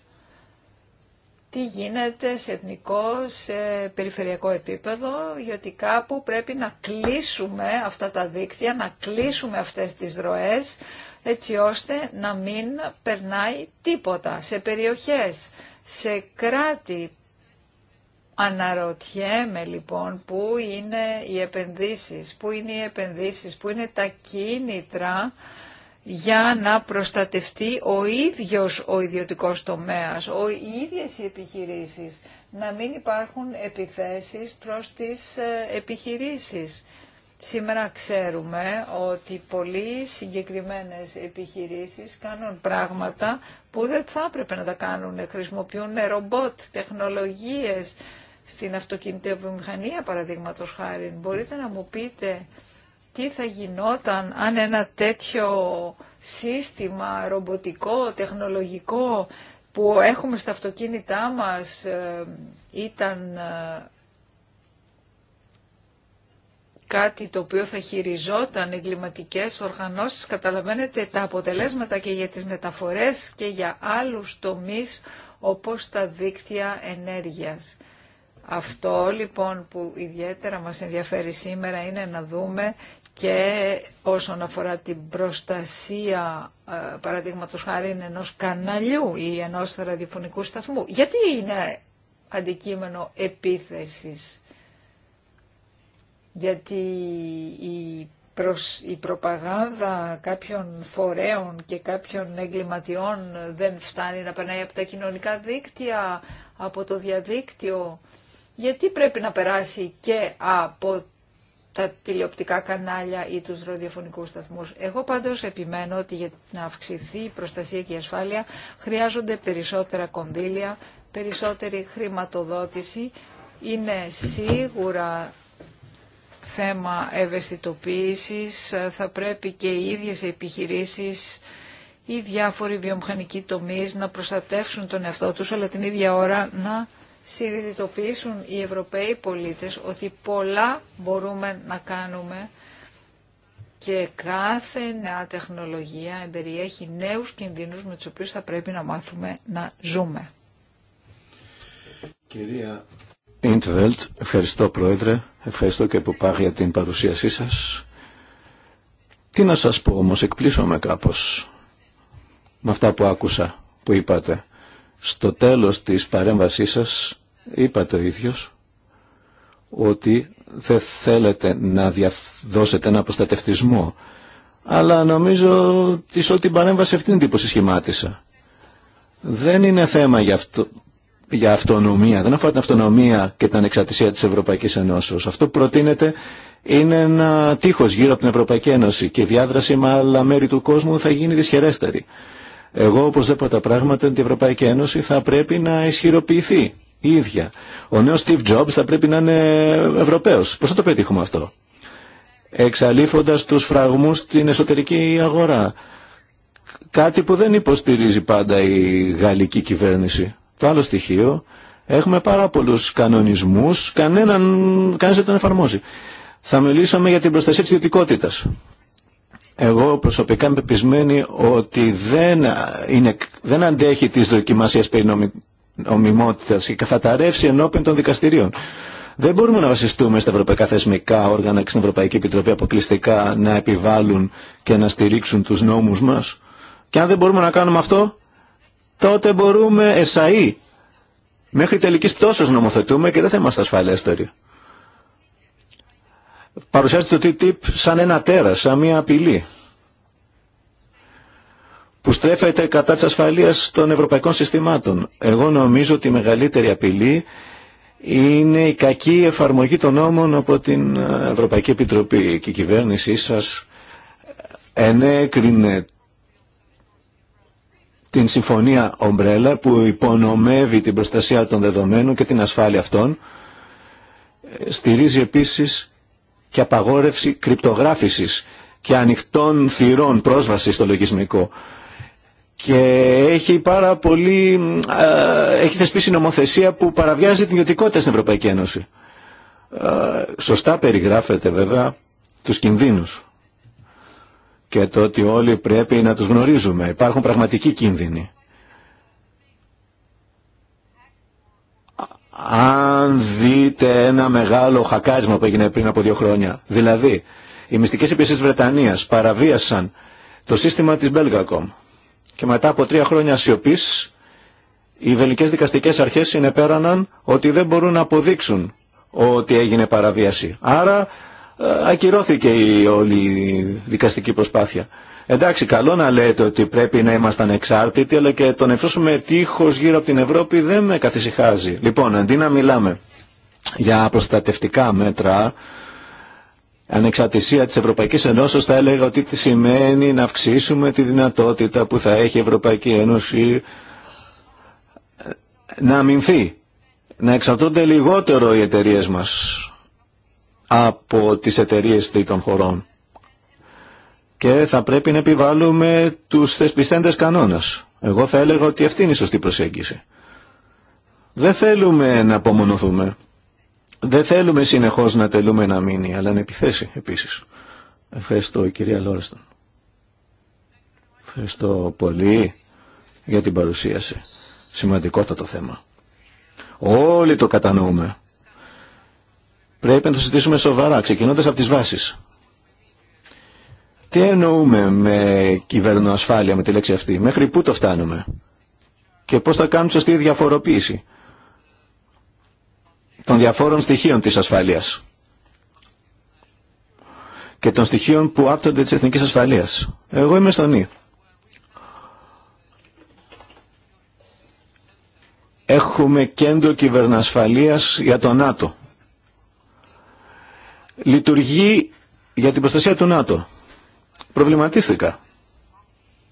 τι γίνεται σε εθνικό, σε περιφερειακό επίπεδο, γιατί κάπου πρέπει να κλείσουμε αυτά τα δίκτυα, να κλείσουμε αυτές τις ροές, έτσι ώστε να μην περνάει τίποτα σε περιοχές, σε κράτη. Αναρωτιέμαι λοιπόν πού είναι οι επενδύσεις, πού είναι οι επενδύσεις, πού είναι τα κίνητρα για να προστατευτεί ο ίδιος ο ιδιωτικός τομέας, ο, οι ίδιες οι επιχειρήσεις, να μην υπάρχουν επιθέσεις προς τις ε, επιχειρήσεις. Σήμερα ξέρουμε ότι πολλοί συγκεκριμένες επιχειρήσεις κάνουν πράγματα που δεν θα έπρεπε να τα κάνουν. Χρησιμοποιούν ρομπότ, τεχνολογίες στην βιομηχανία παραδείγματος χάρη. Μπορείτε να μου πείτε τι θα γινόταν αν ένα τέτοιο σύστημα ρομποτικό, τεχνολογικό που έχουμε στα αυτοκίνητά μας ε, ήταν ε, κάτι το οποίο θα χειριζόταν εγκληματικές οργανώσεις, καταλαβαίνετε τα αποτελέσματα και για τις μεταφορές και για άλλους τομείς όπως τα δίκτυα ενέργειας. Αυτό λοιπόν που ιδιαίτερα μας ενδιαφέρει σήμερα είναι να δούμε και όσον αφορά την προστασία ε, παραδείγματος χάρη ενός καναλιού ή ενός ραδιοφωνικού σταθμού. Γιατί είναι αντικείμενο επίθεσης. Γιατί η, η προπαγάνδα κάποιων φορέων και κάποιων εγκληματιών δεν φτάνει να περνάει από τα κοινωνικά δίκτυα, από το διαδίκτυο. Γιατί πρέπει να περάσει και από τα τηλεοπτικά κανάλια ή τους ροδιοφωνικούς σταθμούς. Εγώ πάντως επιμένω ότι για να αυξηθεί η προστασία και η ασφάλεια χρειάζονται περισσότερα κονδύλια, περισσότερη χρηματοδότηση. Είναι σίγουρα θέμα ευαισθητοποίησης, θα πρέπει και οι ίδιες επιχειρήσεις ή διάφοροι βιομηχανικοί τομείς να προστατεύσουν τον εαυτό τους, αλλά την ίδια ώρα να συνειδητοποιήσουν οι Ευρωπαίοι πολίτες ότι πολλά μπορούμε να κάνουμε και κάθε νέα τεχνολογία εμπεριέχει νέους κινδύνους με τους οποίους θα πρέπει να μάθουμε να ζούμε. Κυρία Ιντβελτ, ευχαριστώ Πρόεδρε, ευχαριστώ και που πάγια την παρουσίασή σας. Τι να σας πω όμως, με κάπως με αυτά που άκουσα, που είπατε. Στο τέλος της παρέμβασής σας είπατε ο ίδιος ότι δεν θέλετε να διαδώσετε ένα αποστατευτισμό Αλλά νομίζω ότι σε όλη την παρέμβαση αυτήν την τύπωση σχημάτισα. Δεν είναι θέμα για, αυτό, για αυτονομία, δεν αφορά την αυτονομία και την ανεξαρτησία της Ευρωπαϊκής Ενώσεως. Αυτό που προτείνεται είναι ένα τείχος γύρω από την Ευρωπαϊκή Ένωση και η διάδραση με άλλα μέρη του κόσμου θα γίνει δυσχερέστερη. Εγώ από τα πράγματα ότι η Ευρωπαϊκή Ένωση θα πρέπει να ισχυροποιηθεί η ίδια. Ο νέος Steve Jobs θα πρέπει να είναι Ευρωπαίος. Πώς θα το πετύχουμε αυτό. Εξαλείφοντας τους φραγμούς στην εσωτερική αγορά. Κάτι που δεν υποστηρίζει πάντα η γαλλική κυβέρνηση. Το άλλο στοιχείο, έχουμε πάρα πολλούς κανονισμούς, κανέναν, κανένας δεν τον εφαρμόζει. Θα μιλήσαμε για την προστασία της ιδιωτικότητας. Εγώ προσωπικά είμαι πεπισμένη ότι δεν, είναι, δεν αντέχει τις δοκιμασίες περί νομιμότητας και καθαταρεύσει ενώπιν των δικαστηρίων. Δεν μπορούμε να βασιστούμε στα ευρωπαϊκά θεσμικά όργανα και στην Ευρωπαϊκή Επιτροπή αποκλειστικά να επιβάλλουν και να στηρίξουν τους νόμους μας. Και αν δεν μπορούμε να κάνουμε αυτό, τότε μπορούμε εσαΐ. Μέχρι τελικής πτώσεως νομοθετούμε και δεν θα είμαστε ασφαλέστεροι παρουσιάζεται το TTIP σαν ένα τέρα, σαν μια απειλή που στρέφεται κατά της ασφαλείας των ευρωπαϊκών συστημάτων. Εγώ νομίζω ότι η μεγαλύτερη απειλή είναι η κακή εφαρμογή των νόμων από την Ευρωπαϊκή Επιτροπή και η κυβέρνησή σας ενέκρινε την συμφωνία ομπρέλα που υπονομεύει την προστασία των δεδομένων και την ασφάλεια αυτών. Στηρίζει επίσης και απαγόρευση κρυπτογράφησης και ανοιχτών θυρών πρόσβαση στο λογισμικό. Και έχει πάρα πολύ, έχει θεσπίσει νομοθεσία που παραβιάζει την ιδιωτικότητα στην Ευρωπαϊκή Ένωση. σωστά περιγράφεται βέβαια τους κινδύνους και το ότι όλοι πρέπει να τους γνωρίζουμε. Υπάρχουν πραγματικοί κίνδυνοι. αν δείτε ένα μεγάλο χακάρισμα που έγινε πριν από δύο χρόνια. Δηλαδή, οι μυστικές υπηρεσίες Βρετανίας παραβίασαν το σύστημα της Belgacom και μετά από τρία χρόνια σιωπής οι βελικές δικαστικές αρχές συνεπέραναν ότι δεν μπορούν να αποδείξουν ότι έγινε παραβίαση. Άρα ε, ακυρώθηκε η όλη δικαστική προσπάθεια. Εντάξει, καλό να λέτε ότι πρέπει να είμαστε εξάρτητοι, αλλά και τον με τείχο γύρω από την Ευρώπη δεν με καθησυχάζει. Λοιπόν, αντί να μιλάμε για προστατευτικά μέτρα, ανεξαρτησία της Ευρωπαϊκής Ενώσεως, θα έλεγα ότι τι σημαίνει να αυξήσουμε τη δυνατότητα που θα έχει η Ευρωπαϊκή Ένωση ε, να αμυνθεί, να εξαρτώνται λιγότερο οι εταιρείε μας από τις εταιρείε τρίτων χωρών και θα πρέπει να επιβάλλουμε τους θεσπιστέντες κανόνες. Εγώ θα έλεγα ότι αυτή είναι η σωστή προσέγγιση. Δεν θέλουμε να απομονωθούμε. Δεν θέλουμε συνεχώς να τελούμε να μείνει, αλλά να επιθέσει επίσης. Ευχαριστώ κυρία Λόρεστον. Ευχαριστώ πολύ για την παρουσίαση. Σημαντικότατο θέμα. Όλοι το κατανοούμε. Πρέπει να το συζητήσουμε σοβαρά, ξεκινώντας από τις βάσεις. Τι εννοούμε με κυβερνοασφάλεια με τη λέξη αυτή, μέχρι πού το φτάνουμε και πώς θα κάνουμε σωστή διαφοροποίηση των διαφόρων στοιχείων της ασφαλείας και των στοιχείων που άπτονται της εθνικής ασφαλείας. Εγώ είμαι στον Ι. Έχουμε κέντρο κυβερνοασφαλείας για το ΝΑΤΟ. Λειτουργεί για την προστασία του ΝΑΤΟ προβληματίστηκα.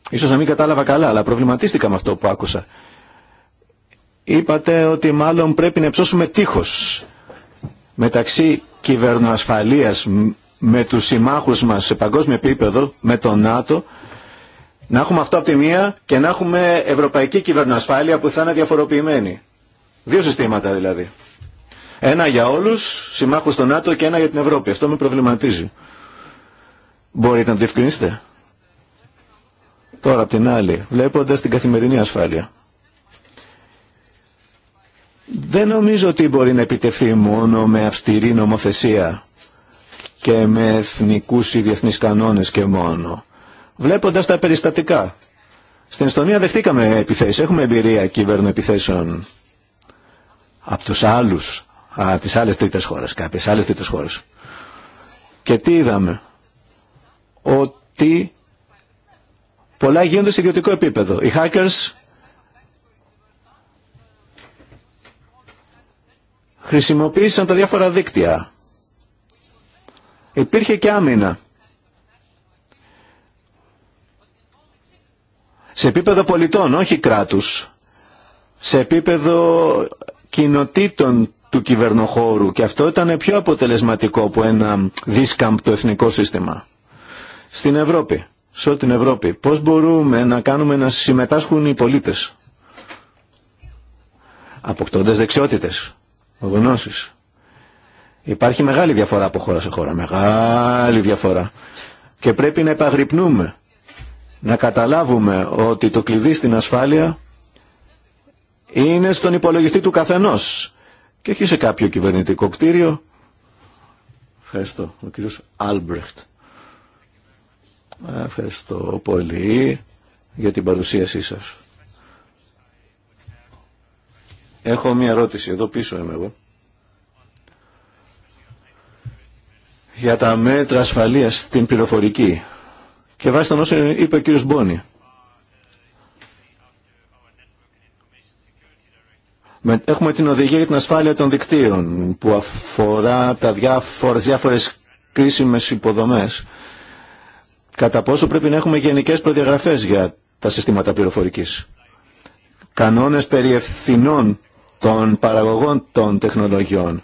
Ίσως να μην κατάλαβα καλά, αλλά προβληματίστηκα με αυτό που άκουσα. Είπατε ότι μάλλον πρέπει να ψώσουμε τείχος μεταξύ κυβερνοασφαλείας με τους συμμάχους μας σε παγκόσμιο επίπεδο, με το ΝΑΤΟ, να έχουμε αυτό από τη μία και να έχουμε ευρωπαϊκή κυβερνοασφάλεια που θα είναι διαφοροποιημένη. Δύο συστήματα δηλαδή. Ένα για όλους, συμμάχους στο ΝΑΤΟ και ένα για την Ευρώπη. Αυτό με προβληματίζει. Μπορείτε να το διευκρινίσετε, Τώρα απ' την άλλη, βλέποντας την καθημερινή ασφάλεια. Δεν νομίζω ότι μπορεί να επιτευχθεί μόνο με αυστηρή νομοθεσία και με εθνικούς ή διεθνείς κανόνες και μόνο. Βλέποντας τα περιστατικά. Στην Εστονία δεχτήκαμε επιθέσεις, έχουμε εμπειρία κυβέρνων επιθέσεων από τους άλλους, από τις άλλες τρίτες χώρες, κάποιες άλλες τρίτες χώρες. Και τι είδαμε ότι πολλά γίνονται σε ιδιωτικό επίπεδο. Οι hackers χρησιμοποίησαν τα διάφορα δίκτυα. Υπήρχε και άμυνα. Σε επίπεδο πολιτών, όχι κράτους. Σε επίπεδο κοινοτήτων του κυβερνοχώρου και αυτό ήταν πιο αποτελεσματικό από ένα το εθνικό σύστημα στην Ευρώπη, σε όλη την Ευρώπη. Πώς μπορούμε να κάνουμε να συμμετάσχουν οι πολίτες, αποκτώντας δεξιότητες, γνώσεις. Υπάρχει μεγάλη διαφορά από χώρα σε χώρα, μεγάλη διαφορά. Και πρέπει να επαγρυπνούμε, να καταλάβουμε ότι το κλειδί στην ασφάλεια είναι στον υπολογιστή του καθενός και έχει σε κάποιο κυβερνητικό κτίριο. Ευχαριστώ. Ο κύριος Άλμπρεχτ. Ευχαριστώ πολύ για την παρουσίασή σας. Έχω μία ερώτηση, εδώ πίσω είμαι εγώ. Για τα μέτρα ασφαλείας στην πληροφορική. Και βάσει τον όσων είπε ο κύριος Μπόνι. Έχουμε την οδηγία για την ασφάλεια των δικτύων που αφορά τα διάφορες, διάφορες κρίσιμες υποδομές κατά πόσο πρέπει να έχουμε γενικές προδιαγραφές για τα συστήματα πληροφορικής. Κανόνες περί ευθυνών των παραγωγών των τεχνολογιών.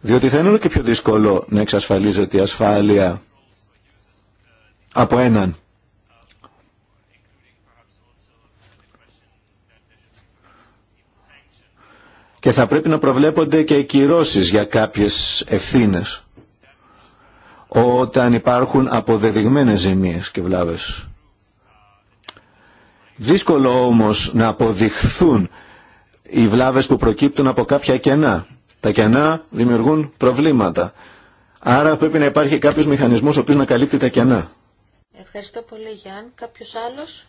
Διότι θα είναι και πιο δύσκολο να εξασφαλίζεται η ασφάλεια από έναν. Και θα πρέπει να προβλέπονται και κυρώσεις για κάποιες ευθύνες όταν υπάρχουν αποδεδειγμένες ζημίες και βλάβες. Δύσκολο όμως να αποδειχθούν οι βλάβες που προκύπτουν από κάποια κενά. Τα κενά δημιουργούν προβλήματα. Άρα πρέπει να υπάρχει κάποιος μηχανισμός ο οποίος να καλύπτει τα κενά. Ευχαριστώ πολύ Γιάν Κάποιος άλλος.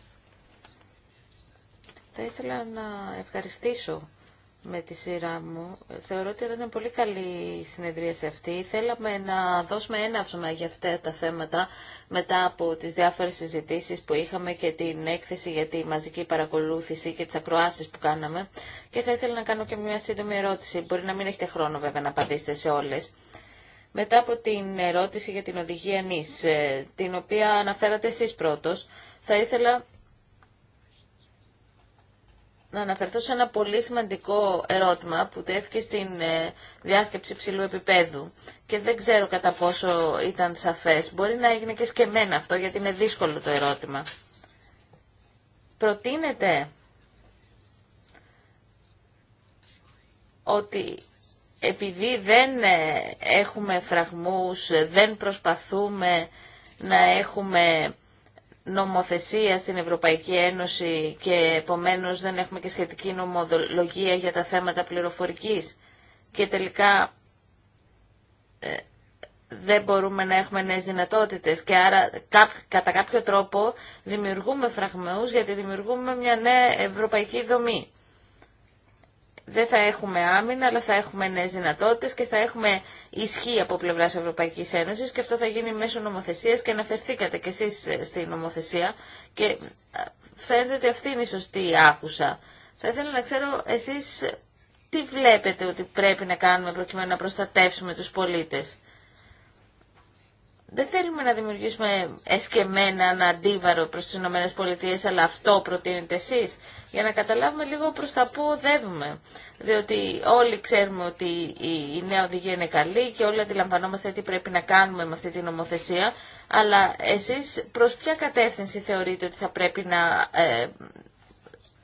Θα ήθελα να ευχαριστήσω με τη σειρά μου. Θεωρώ ότι ήταν πολύ καλή η συνεδρία σε αυτή. Θέλαμε να δώσουμε έναυσμα για αυτά τα θέματα μετά από τις διάφορες συζητήσεις που είχαμε και την έκθεση για τη μαζική παρακολούθηση και τις ακροάσεις που κάναμε. Και θα ήθελα να κάνω και μια σύντομη ερώτηση. Μπορεί να μην έχετε χρόνο βέβαια να απαντήσετε σε όλες. Μετά από την ερώτηση για την οδηγία νης, ε, την οποία αναφέρατε εσείς πρώτος, θα ήθελα να αναφερθώ σε ένα πολύ σημαντικό ερώτημα που τέθηκε στην ε, διάσκεψη ψηλού επίπεδου και δεν ξέρω κατά πόσο ήταν σαφές. Μπορεί να έγινε και σκεμμένα αυτό γιατί είναι δύσκολο το ερώτημα. Προτείνεται ότι επειδή δεν ε, έχουμε φραγμούς, δεν προσπαθούμε να έχουμε νομοθεσία στην Ευρωπαϊκή Ένωση και επομένως δεν έχουμε και σχετική νομολογία για τα θέματα πληροφορικής και τελικά ε, δεν μπορούμε να έχουμε νέες δυνατότητες και άρα κατά κάποιο τρόπο δημιουργούμε φραγμεούς γιατί δημιουργούμε μια νέα ευρωπαϊκή δομή δεν θα έχουμε άμυνα, αλλά θα έχουμε νέε δυνατότητε και θα έχουμε ισχύ από πλευρά Ευρωπαϊκή Ένωση και αυτό θα γίνει μέσω νομοθεσία και αναφερθήκατε κι εσεί στην νομοθεσία και ε, φαίνεται ότι αυτή είναι η σωστή άκουσα. Θα ήθελα να ξέρω εσεί τι βλέπετε ότι πρέπει να κάνουμε προκειμένου να προστατεύσουμε του πολίτε δεν θέλουμε να δημιουργήσουμε εσκεμμένα ένα αντίβαρο προς τις Ηνωμένες Πολιτείες, αλλά αυτό προτείνετε εσείς, για να καταλάβουμε λίγο προς τα πού οδεύουμε. Διότι όλοι ξέρουμε ότι η νέα οδηγία είναι καλή και όλοι αντιλαμβανόμαστε τι πρέπει να κάνουμε με αυτή την νομοθεσία, αλλά εσείς προς ποια κατεύθυνση θεωρείτε ότι θα πρέπει να ε,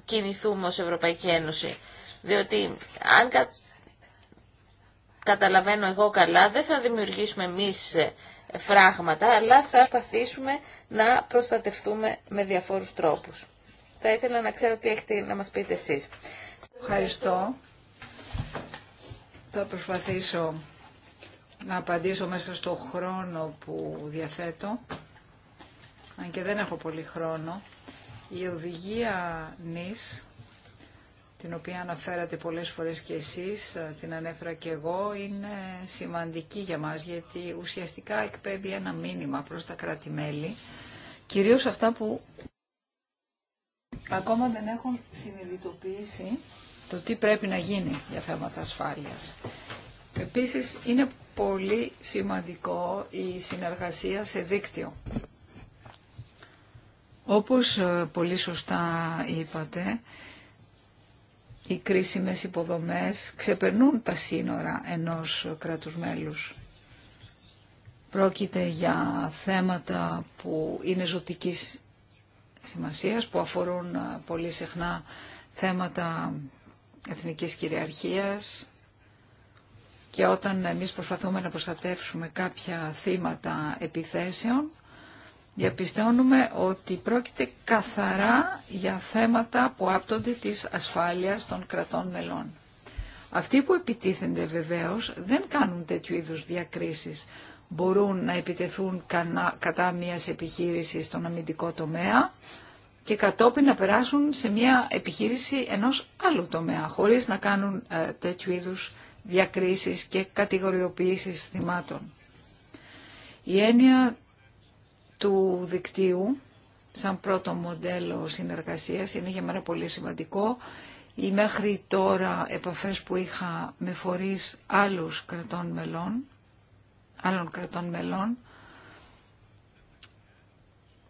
κινηθούμε ως Ευρωπαϊκή Ένωση. Διότι αν καταλαβαίνω εγώ καλά, δεν θα δημιουργήσουμε εμείς ε, φράγματα, αλλά θα προσπαθήσουμε να προστατευτούμε με διαφόρους τρόπους. Θα ήθελα να ξέρω τι έχετε να μας πείτε εσείς. Ευχαριστώ. Θα προσπαθήσω να απαντήσω μέσα στο χρόνο που διαθέτω, αν και δεν έχω πολύ χρόνο. Η οδηγία νης την οποία αναφέρατε πολλές φορές και εσείς, ε, την ανέφερα και εγώ, είναι σημαντική για μας γιατί ουσιαστικά εκπέμπει ένα μήνυμα προς τα κράτη-μέλη, κυρίως αυτά που ακόμα δεν έχουν συνειδητοποιήσει το τι πρέπει να γίνει για θέματα ασφάλειας. Επίσης είναι πολύ σημαντικό η συνεργασία σε δίκτυο. Όπως ε, πολύ σωστά είπατε, οι κρίσιμες υποδομές ξεπερνούν τα σύνορα ενός κράτους μέλους. Πρόκειται για θέματα που είναι ζωτικής σημασίας, που αφορούν πολύ συχνά θέματα εθνικής κυριαρχίας και όταν εμείς προσπαθούμε να προστατεύσουμε κάποια θύματα επιθέσεων, διαπιστώνουμε ότι πρόκειται καθαρά για θέματα που άπτονται της ασφάλειας των κρατών μελών. Αυτοί που επιτίθενται βεβαίως δεν κάνουν τέτοιου είδους διακρίσεις. Μπορούν να επιτεθούν κατά μιας επιχείρησης στον αμυντικό τομέα και κατόπιν να περάσουν σε μια επιχείρηση ενός άλλου τομέα, χωρίς να κάνουν ε, τέτοιου είδους διακρίσεις και κατηγοριοποιήσεις θυμάτων. Η έννοια του δικτύου σαν πρώτο μοντέλο συνεργασίας είναι για μένα πολύ σημαντικό. Οι μέχρι τώρα επαφές που είχα με φορείς άλλους κρατών μελών, άλλων κρατών μελών,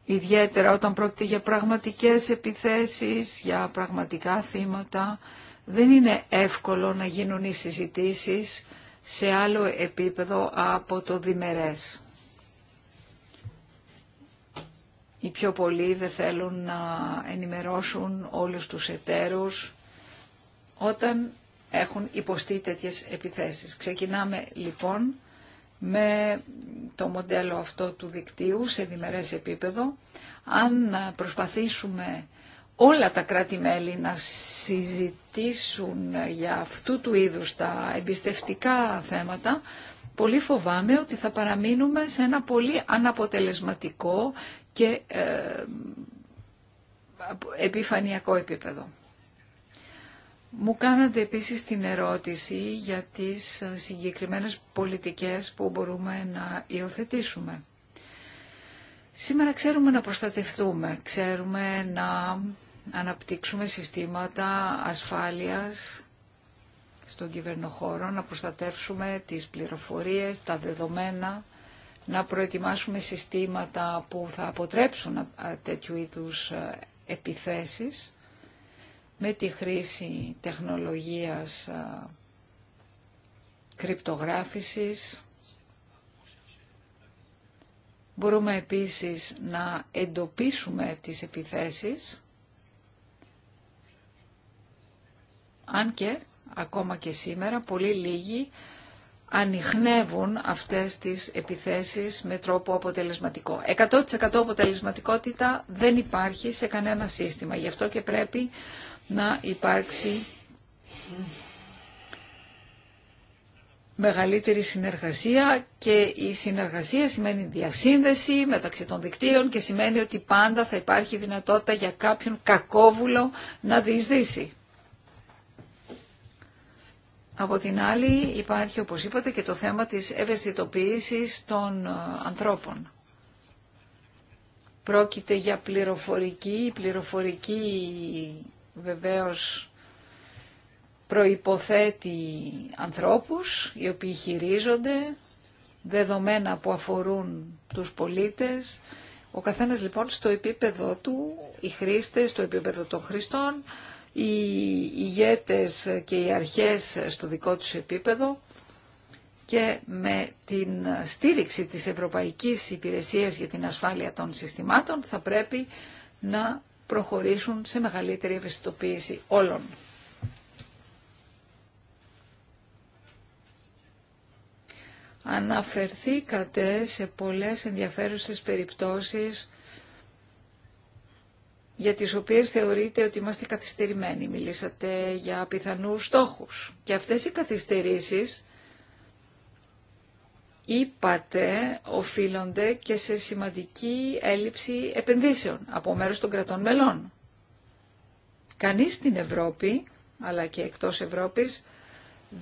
ιδιαίτερα όταν πρόκειται για πραγματικές επιθέσεις, για πραγματικά θύματα, δεν είναι εύκολο να γίνουν οι συζητήσεις σε άλλο επίπεδο από το διμερές. οι πιο πολλοί δεν θέλουν να ενημερώσουν όλους τους εταίρους όταν έχουν υποστεί τέτοιες επιθέσεις. Ξεκινάμε λοιπόν με το μοντέλο αυτό του δικτύου σε διμερές επίπεδο. Αν προσπαθήσουμε όλα τα κράτη-μέλη να συζητήσουν για αυτού του είδους τα εμπιστευτικά θέματα, πολύ φοβάμαι ότι θα παραμείνουμε σε ένα πολύ αναποτελεσματικό και ε, επιφανειακό επίπεδο. Μου κάνατε επίσης την ερώτηση για τις ε, συγκεκριμένες πολιτικές που μπορούμε να υιοθετήσουμε. Σήμερα ξέρουμε να προστατευτούμε, ξέρουμε να αναπτύξουμε συστήματα ασφάλειας στον κυβερνοχώρο, να προστατεύσουμε τις πληροφορίες, τα δεδομένα να προετοιμάσουμε συστήματα που θα αποτρέψουν τέτοιου είδους επιθέσεις με τη χρήση τεχνολογίας κρυπτογράφησης. Μπορούμε επίσης να εντοπίσουμε τις επιθέσεις, αν και ακόμα και σήμερα πολύ λίγοι ανοιχνεύουν αυτές τις επιθέσεις με τρόπο αποτελεσματικό. 100% αποτελεσματικότητα δεν υπάρχει σε κανένα σύστημα. Γι' αυτό και πρέπει να υπάρξει μεγαλύτερη συνεργασία και η συνεργασία σημαίνει διασύνδεση μεταξύ των δικτύων και σημαίνει ότι πάντα θα υπάρχει δυνατότητα για κάποιον κακόβουλο να διεισδύσει. Από την άλλη υπάρχει όπως είπατε και το θέμα της ευαισθητοποίησης των ε, ανθρώπων. Πρόκειται για πληροφορική, η πληροφορική βεβαίως προϋποθέτει ανθρώπους οι οποίοι χειρίζονται δεδομένα που αφορούν τους πολίτες. Ο καθένας λοιπόν στο επίπεδο του, οι χρήστες στο επίπεδο των χρηστών, οι ηγέτες και οι αρχές στο δικό τους επίπεδο και με την στήριξη της Ευρωπαϊκής Υπηρεσίας για την Ασφάλεια των Συστημάτων θα πρέπει να προχωρήσουν σε μεγαλύτερη ευαισθητοποίηση όλων. Αναφερθήκατε σε πολλές ενδιαφέρουσες περιπτώσεις για τις οποίες θεωρείτε ότι είμαστε καθυστερημένοι. Μιλήσατε για πιθανούς στόχους. Και αυτές οι καθυστερήσεις είπατε οφείλονται και σε σημαντική έλλειψη επενδύσεων από μέρους των κρατών μελών. Κανείς στην Ευρώπη, αλλά και εκτός Ευρώπης,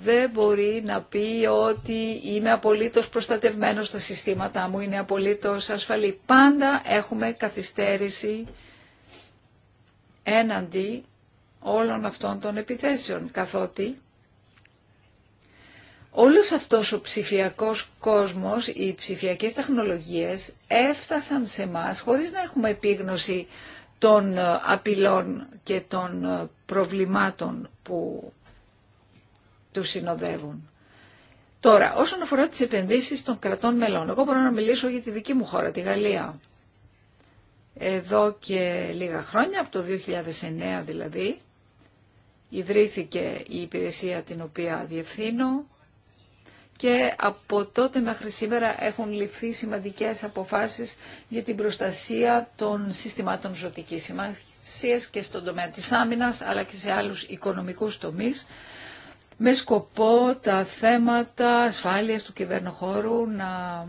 δεν μπορεί να πει ότι είμαι απολύτως προστατευμένος στα συστήματα μου, είναι απολύτως ασφαλή. Πάντα έχουμε καθυστέρηση έναντι όλων αυτών των επιθέσεων, καθότι όλος αυτός ο ψηφιακός κόσμος, οι ψηφιακές τεχνολογίες έφτασαν σε μας χωρίς να έχουμε επίγνωση των ε, απειλών και των ε, προβλημάτων που τους συνοδεύουν. Τώρα, όσον αφορά τις επενδύσεις των κρατών μελών, εγώ μπορώ να μιλήσω για τη δική μου χώρα, τη Γαλλία. Εδώ και λίγα χρόνια, από το 2009 δηλαδή, ιδρύθηκε η υπηρεσία την οποία διευθύνω και από τότε μέχρι σήμερα έχουν ληφθεί σημαντικές αποφάσεις για την προστασία των συστημάτων ζωτικής σημασίας και στον τομέα της άμυνας αλλά και σε άλλους οικονομικούς τομείς με σκοπό τα θέματα ασφάλειας του κυβέρνου χώρου να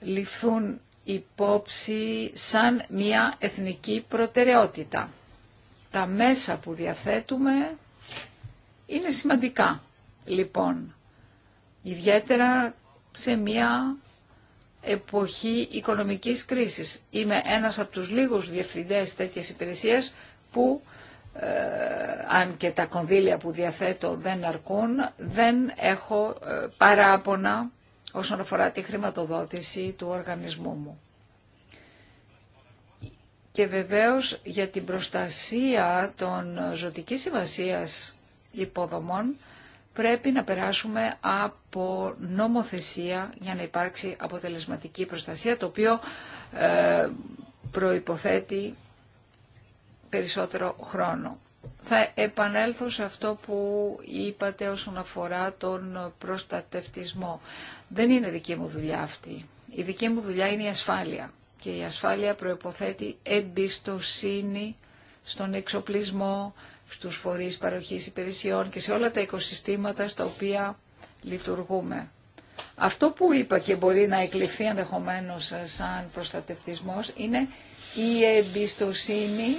ληφθούν υπόψη σαν μια εθνική προτεραιότητα. Τα μέσα που διαθέτουμε είναι σημαντικά, λοιπόν, ιδιαίτερα σε μια εποχή οικονομικής κρίσης. Είμαι ένας από τους λίγους διευθυντές τέτοιες υπηρεσίες που, ε, αν και τα κονδύλια που διαθέτω δεν αρκούν, δεν έχω ε, παράπονα όσον αφορά τη χρηματοδότηση του οργανισμού μου. Και βεβαίως για την προστασία των ζωτική σημασίας υποδομών πρέπει να περάσουμε από νομοθεσία για να υπάρξει αποτελεσματική προστασία, το οποίο ε, προϋποθέτει περισσότερο χρόνο. Θα επανέλθω σε αυτό που είπατε όσον αφορά τον προστατευτισμό. Δεν είναι δική μου δουλειά αυτή. Η δική μου δουλειά είναι η ασφάλεια. Και η ασφάλεια προϋποθέτει εμπιστοσύνη στον εξοπλισμό, στους φορείς παροχής υπηρεσιών και σε όλα τα οικοσυστήματα στα οποία λειτουργούμε. Αυτό που είπα και μπορεί να εκλειφθεί ενδεχομένω σαν προστατευτισμός είναι η εμπιστοσύνη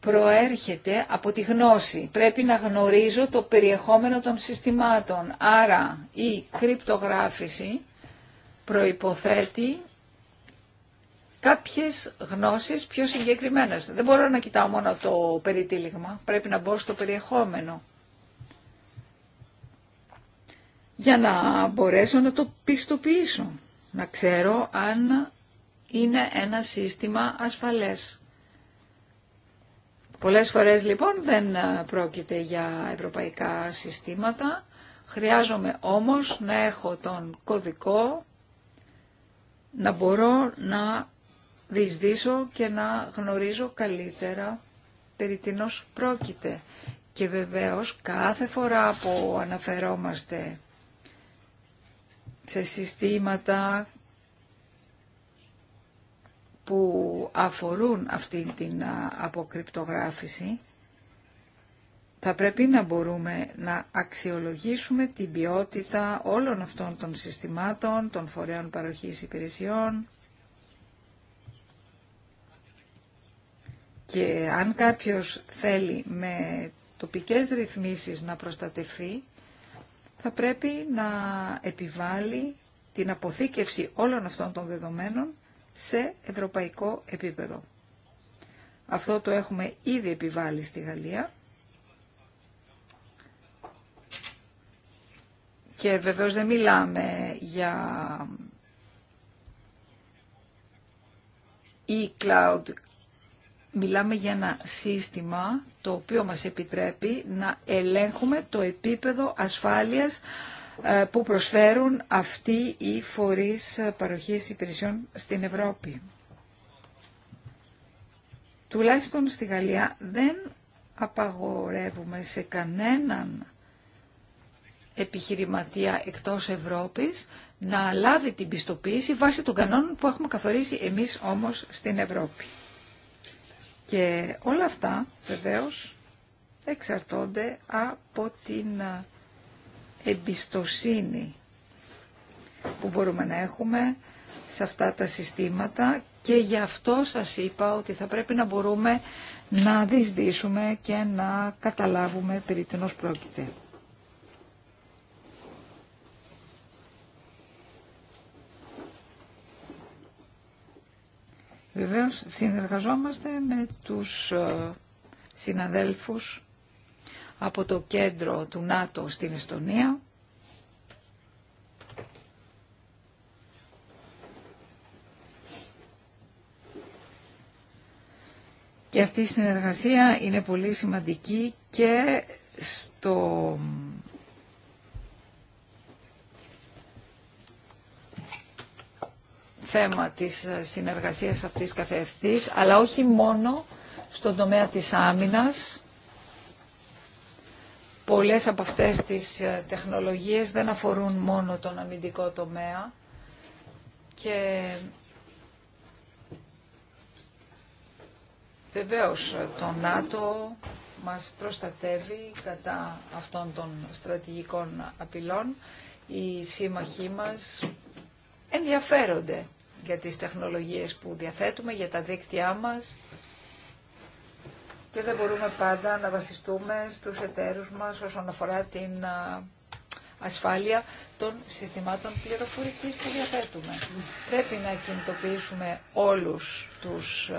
προέρχεται από τη γνώση. Πρέπει να γνωρίζω το περιεχόμενο των συστημάτων. Άρα η κρυπτογράφηση προϋποθέτει κάποιες γνώσεις πιο συγκεκριμένες. Δεν μπορώ να κοιτάω μόνο το περιτύλιγμα, πρέπει να μπω στο περιεχόμενο. Για να μπορέσω να το πιστοποιήσω, να ξέρω αν είναι ένα σύστημα ασφαλές. Πολλές φορές λοιπόν δεν ε, πρόκειται για ευρωπαϊκά συστήματα. Χρειάζομαι όμως να έχω τον κωδικό, να μπορώ να διεισδύσω και να γνωρίζω καλύτερα περί τίνος πρόκειται. Και βεβαίως κάθε φορά που αναφερόμαστε σε συστήματα που αφορούν αυτή την αποκρυπτογράφηση θα πρέπει να μπορούμε να αξιολογήσουμε την ποιότητα όλων αυτών των συστημάτων, των φορέων παροχής υπηρεσιών και αν κάποιος θέλει με τοπικές ρυθμίσεις να προστατευθεί θα πρέπει να επιβάλλει την αποθήκευση όλων αυτών των δεδομένων σε ευρωπαϊκό επίπεδο. Αυτό το έχουμε ήδη επιβάλει στη Γαλλία και βεβαίως δεν μιλάμε για e-cloud, μιλάμε για ένα σύστημα το οποίο μας επιτρέπει να ελέγχουμε το επίπεδο ασφάλειας ε, που προσφέρουν αυτοί οι φορείς ε, παροχής υπηρεσιών στην Ευρώπη. Τουλάχιστον στη Γαλλία δεν απαγορεύουμε σε κανέναν επιχειρηματία εκτός Ευρώπης να λάβει την πιστοποίηση βάσει των κανόνων που έχουμε καθορίσει εμείς όμως στην Ευρώπη. Και όλα αυτά βεβαίως εξαρτώνται από την ε, εμπιστοσύνη που μπορούμε να έχουμε σε αυτά τα συστήματα και γι' αυτό σας είπα ότι θα πρέπει να μπορούμε να δυσδύσουμε και να καταλάβουμε περί τίνος πρόκειται. Βεβαίως συνεργαζόμαστε με τους ε, συναδέλφους από το κέντρο του ΝΑΤΟ στην Εστονία. Και αυτή η συνεργασία είναι πολύ σημαντική και στο θέμα της συνεργασίας αυτής καθεαυτής, αλλά όχι μόνο στον τομέα της άμυνας, Πολλές από αυτές τις ε, τεχνολογίες δεν αφορούν μόνο τον αμυντικό τομέα και βεβαίως ε, το ΝΑΤΟ μας προστατεύει κατά αυτών των στρατηγικών απειλών. Οι σύμμαχοί μας ενδιαφέρονται για τις τεχνολογίες που διαθέτουμε, για τα δίκτυά μας και δεν μπορούμε πάντα να βασιστούμε στους εταίρους μας όσον αφορά την ασφάλεια των συστημάτων πληροφορικής που διαθέτουμε. Πρέπει να κινητοποιήσουμε όλους τους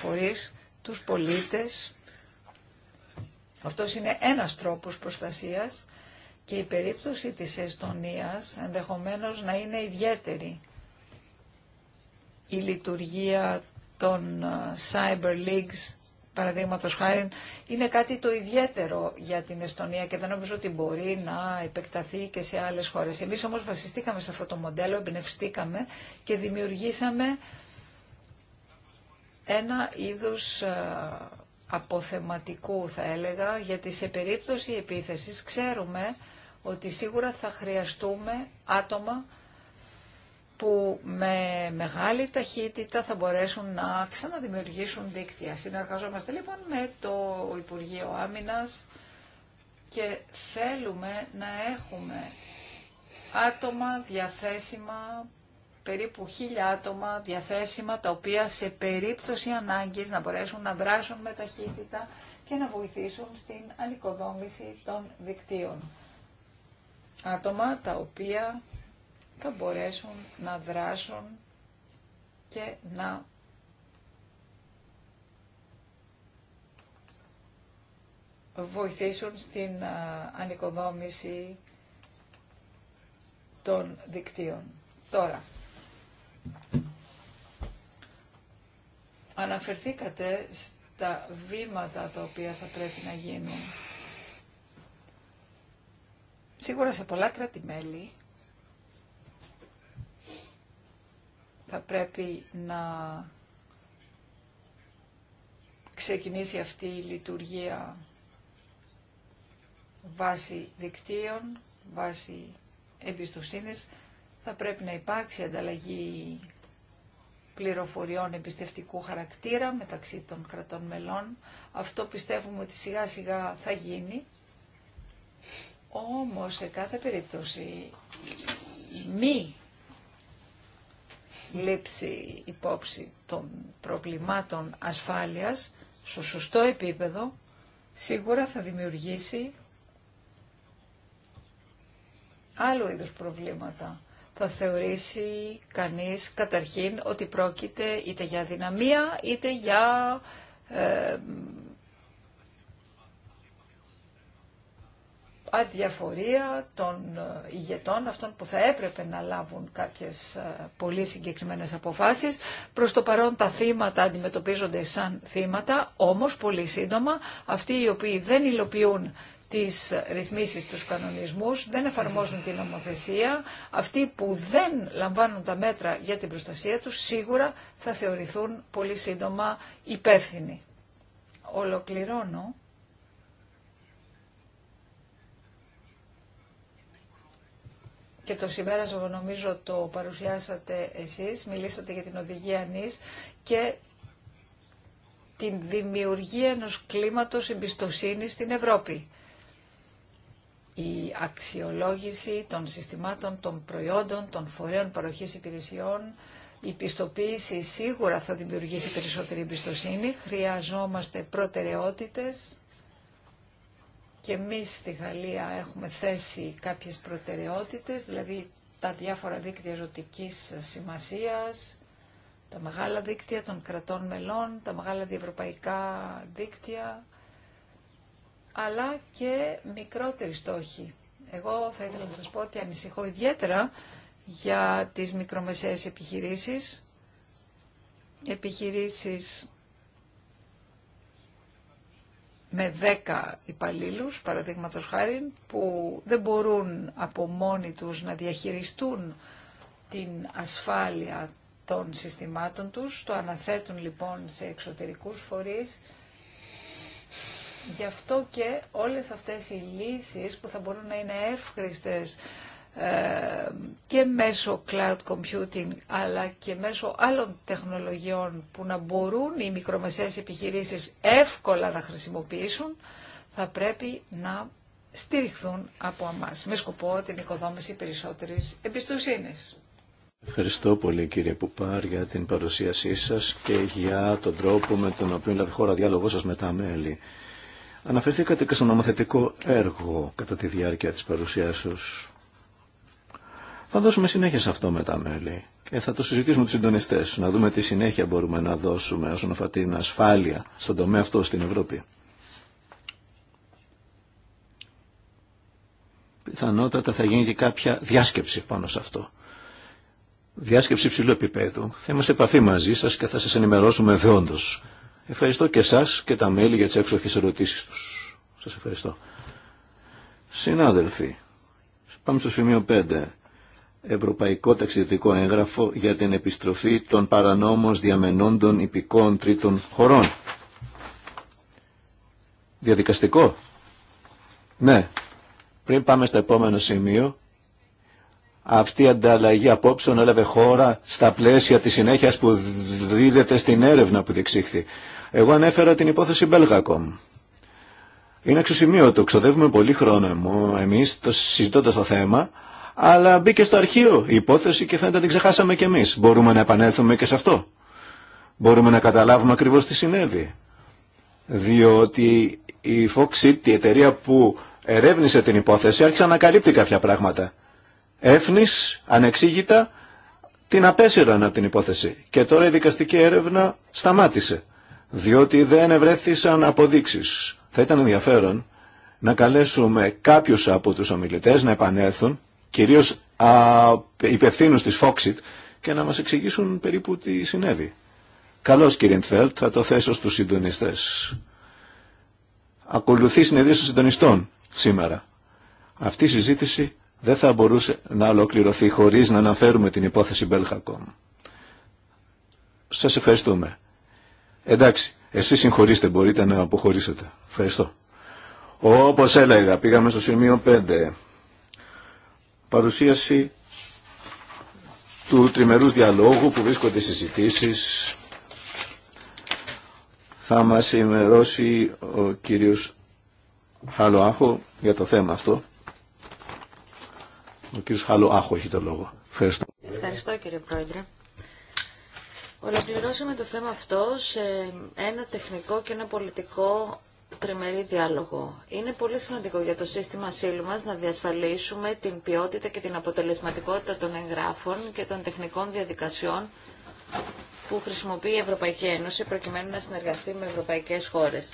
φορείς, τους πολίτες. Αυτός είναι ένας τρόπος προστασίας και η περίπτωση της Εστονίας ενδεχομένως να είναι ιδιαίτερη. Η λειτουργία των Cyber Leagues παραδείγματο χάρη, είναι κάτι το ιδιαίτερο για την Εστονία και δεν νομίζω ότι μπορεί να επεκταθεί και σε άλλε χώρε. Εμεί όμω βασιστήκαμε σε αυτό το μοντέλο, εμπνευστήκαμε και δημιουργήσαμε ένα είδους ε, αποθεματικού θα έλεγα, γιατί σε περίπτωση επίθεσης ξέρουμε ότι σίγουρα θα χρειαστούμε άτομα που με μεγάλη ταχύτητα θα μπορέσουν να ξαναδημιουργήσουν δίκτυα. Συνεργαζόμαστε λοιπόν με το Υπουργείο Άμυνας και θέλουμε να έχουμε άτομα διαθέσιμα, περίπου χίλια άτομα διαθέσιμα, τα οποία σε περίπτωση ανάγκης να μπορέσουν να δράσουν με ταχύτητα και να βοηθήσουν στην ανοικοδόμηση των δικτύων. Άτομα τα οποία θα μπορέσουν να δράσουν και να βοηθήσουν στην ανοικοδόμηση των δικτύων. Τώρα, αναφερθήκατε στα βήματα τα οποία θα πρέπει να γίνουν. Σίγουρα σε πολλά κράτη-μέλη θα πρέπει να ξεκινήσει αυτή η λειτουργία βάσει δικτύων, βάσει εμπιστοσύνης. Θα πρέπει να υπάρξει ανταλλαγή πληροφοριών εμπιστευτικού χαρακτήρα μεταξύ των κρατών μελών. Αυτό πιστεύουμε ότι σιγά σιγά θα γίνει. Όμως σε κάθε περίπτωση μη λήψη υπόψη των προβλημάτων ασφάλειας στο σωστό επίπεδο, σίγουρα θα δημιουργήσει άλλου είδους προβλήματα. Θα θεωρήσει κανείς καταρχήν ότι πρόκειται είτε για δυναμία είτε για ε, αδιαφορία των ε, ηγετών, αυτών που θα έπρεπε να λάβουν κάποιες ε, πολύ συγκεκριμένες αποφάσεις. Προς το παρόν τα θύματα αντιμετωπίζονται σαν θύματα, όμως πολύ σύντομα αυτοί οι οποίοι δεν υλοποιούν τις ρυθμίσεις, τους κανονισμούς, δεν εφαρμόζουν την νομοθεσία, αυτοί που δεν λαμβάνουν τα μέτρα για την προστασία τους σίγουρα θα θεωρηθούν πολύ σύντομα υπεύθυνοι. Ολοκληρώνω και το σήμερα, νομίζω το παρουσιάσατε εσείς, μιλήσατε για την οδηγία νης και την δημιουργία ενός κλίματος εμπιστοσύνης στην Ευρώπη. Η αξιολόγηση των συστημάτων, των προϊόντων, των φορέων παροχής υπηρεσιών, η πιστοποίηση σίγουρα θα δημιουργήσει περισσότερη εμπιστοσύνη. Χρειαζόμαστε προτεραιότητες και εμείς στη Γαλλία έχουμε θέσει κάποιες προτεραιότητες, δηλαδή τα διάφορα δίκτυα ερωτικής σημασίας, τα μεγάλα δίκτυα των κρατών μελών, τα μεγάλα διευρωπαϊκά δίκτυα, αλλά και μικρότερη στόχοι. Εγώ θα ήθελα να σας πω ότι ανησυχώ ιδιαίτερα για τις μικρομεσαίες επιχειρήσεις, επιχειρήσεις με δέκα υπαλλήλου, παραδείγματο χάρη, που δεν μπορούν από μόνοι τους να διαχειριστούν την ασφάλεια των συστημάτων τους, το αναθέτουν λοιπόν σε εξωτερικούς φορείς. Γι' αυτό και όλες αυτές οι λύσεις που θα μπορούν να είναι εύχριστες ε, και μέσω cloud computing αλλά και μέσω άλλων τεχνολογιών που να μπορούν οι μικρομεσαίες επιχειρήσεις εύκολα να χρησιμοποιήσουν θα πρέπει να στηριχθούν από εμάς με σκοπό την οικοδόμηση περισσότερης εμπιστοσύνης. Ευχαριστώ πολύ κύριε Πουπάρ για την παρουσίασή σας και για τον τρόπο με τον οποίο λάβει χώρα διάλογό σας με τα μέλη. Αναφερθήκατε και στο νομοθετικό έργο κατά τη διάρκεια της παρουσίασης θα δώσουμε συνέχεια σε αυτό με τα μέλη και θα το συζητήσουμε τους συντονιστές, να δούμε τι συνέχεια μπορούμε να δώσουμε όσον αφορά την ασφάλεια στον τομέα αυτό στην Ευρώπη. Πιθανότατα θα γίνει και κάποια διάσκεψη πάνω σε αυτό. Διάσκεψη ψηλού επίπεδου. Θα είμαστε σε επαφή μαζί σα και θα σα ενημερώσουμε δεόντω. Ευχαριστώ και εσάς και τα μέλη για τι έξοχες ερωτήσει του. Σα ευχαριστώ. Συνάδελφοι, πάμε στο σημείο 5 Ευρωπαϊκό Ταξιδιωτικό Έγγραφο για την επιστροφή των παρανόμως διαμενόντων υπηκών τρίτων χωρών. Διαδικαστικό. Ναι. Πριν πάμε στο επόμενο σημείο, αυτή η ανταλλαγή απόψεων έλαβε χώρα στα πλαίσια της συνέχειας που δίδεται στην έρευνα που διεξήχθη. Εγώ ανέφερα την υπόθεση Belgacom. Είναι αξιοσημείωτο, ξοδεύουμε πολύ χρόνο εμείς συζητώντα το θέμα αλλά μπήκε στο αρχείο η υπόθεση και φαίνεται την ξεχάσαμε κι εμείς. Μπορούμε να επανέλθουμε και σε αυτό. Μπορούμε να καταλάβουμε ακριβώς τι συνέβη. Διότι η Foxit, η εταιρεία που ερεύνησε την υπόθεση, άρχισε να ανακαλύπτει κάποια πράγματα. Έφνης, ανεξήγητα, την απέσυραν από την υπόθεση. Και τώρα η δικαστική έρευνα σταμάτησε. Διότι δεν ευρέθησαν αποδείξεις. Θα ήταν ενδιαφέρον να καλέσουμε κάποιους από τους ομιλητές να επανέλθουν κυρίως υπευθύνους της Foxit και να μας εξηγήσουν περίπου τι συνέβη. Καλώς κύριε Ντφέλτ, θα το θέσω στους συντονιστές. Ακολουθεί συνεδρία των συντονιστών σήμερα. Αυτή η συζήτηση δεν θα μπορούσε να ολοκληρωθεί χωρίς να αναφέρουμε την υπόθεση Belgacom. Σας ευχαριστούμε. Εντάξει, εσείς συγχωρήστε, μπορείτε να αποχωρήσετε. Ευχαριστώ. Όπως έλεγα, πήγαμε στο σημείο 5 παρουσίαση του τριμερούς διαλόγου που βρίσκονται συζητήσεις. Θα μας ενημερώσει ο κύριος Χαλοάχο για το θέμα αυτό. Ο κύριος Χαλοάχο έχει το λόγο. Ευχαριστώ. Ευχαριστώ κύριε Πρόεδρε. Ολοκληρώσαμε το θέμα αυτό σε ένα τεχνικό και ένα πολιτικό τριμερή διάλογο. Είναι πολύ σημαντικό για το σύστημα ασύλου μας να διασφαλίσουμε την ποιότητα και την αποτελεσματικότητα των εγγράφων και των τεχνικών διαδικασιών που χρησιμοποιεί η Ευρωπαϊκή Ένωση προκειμένου να συνεργαστεί με ευρωπαϊκές χώρες.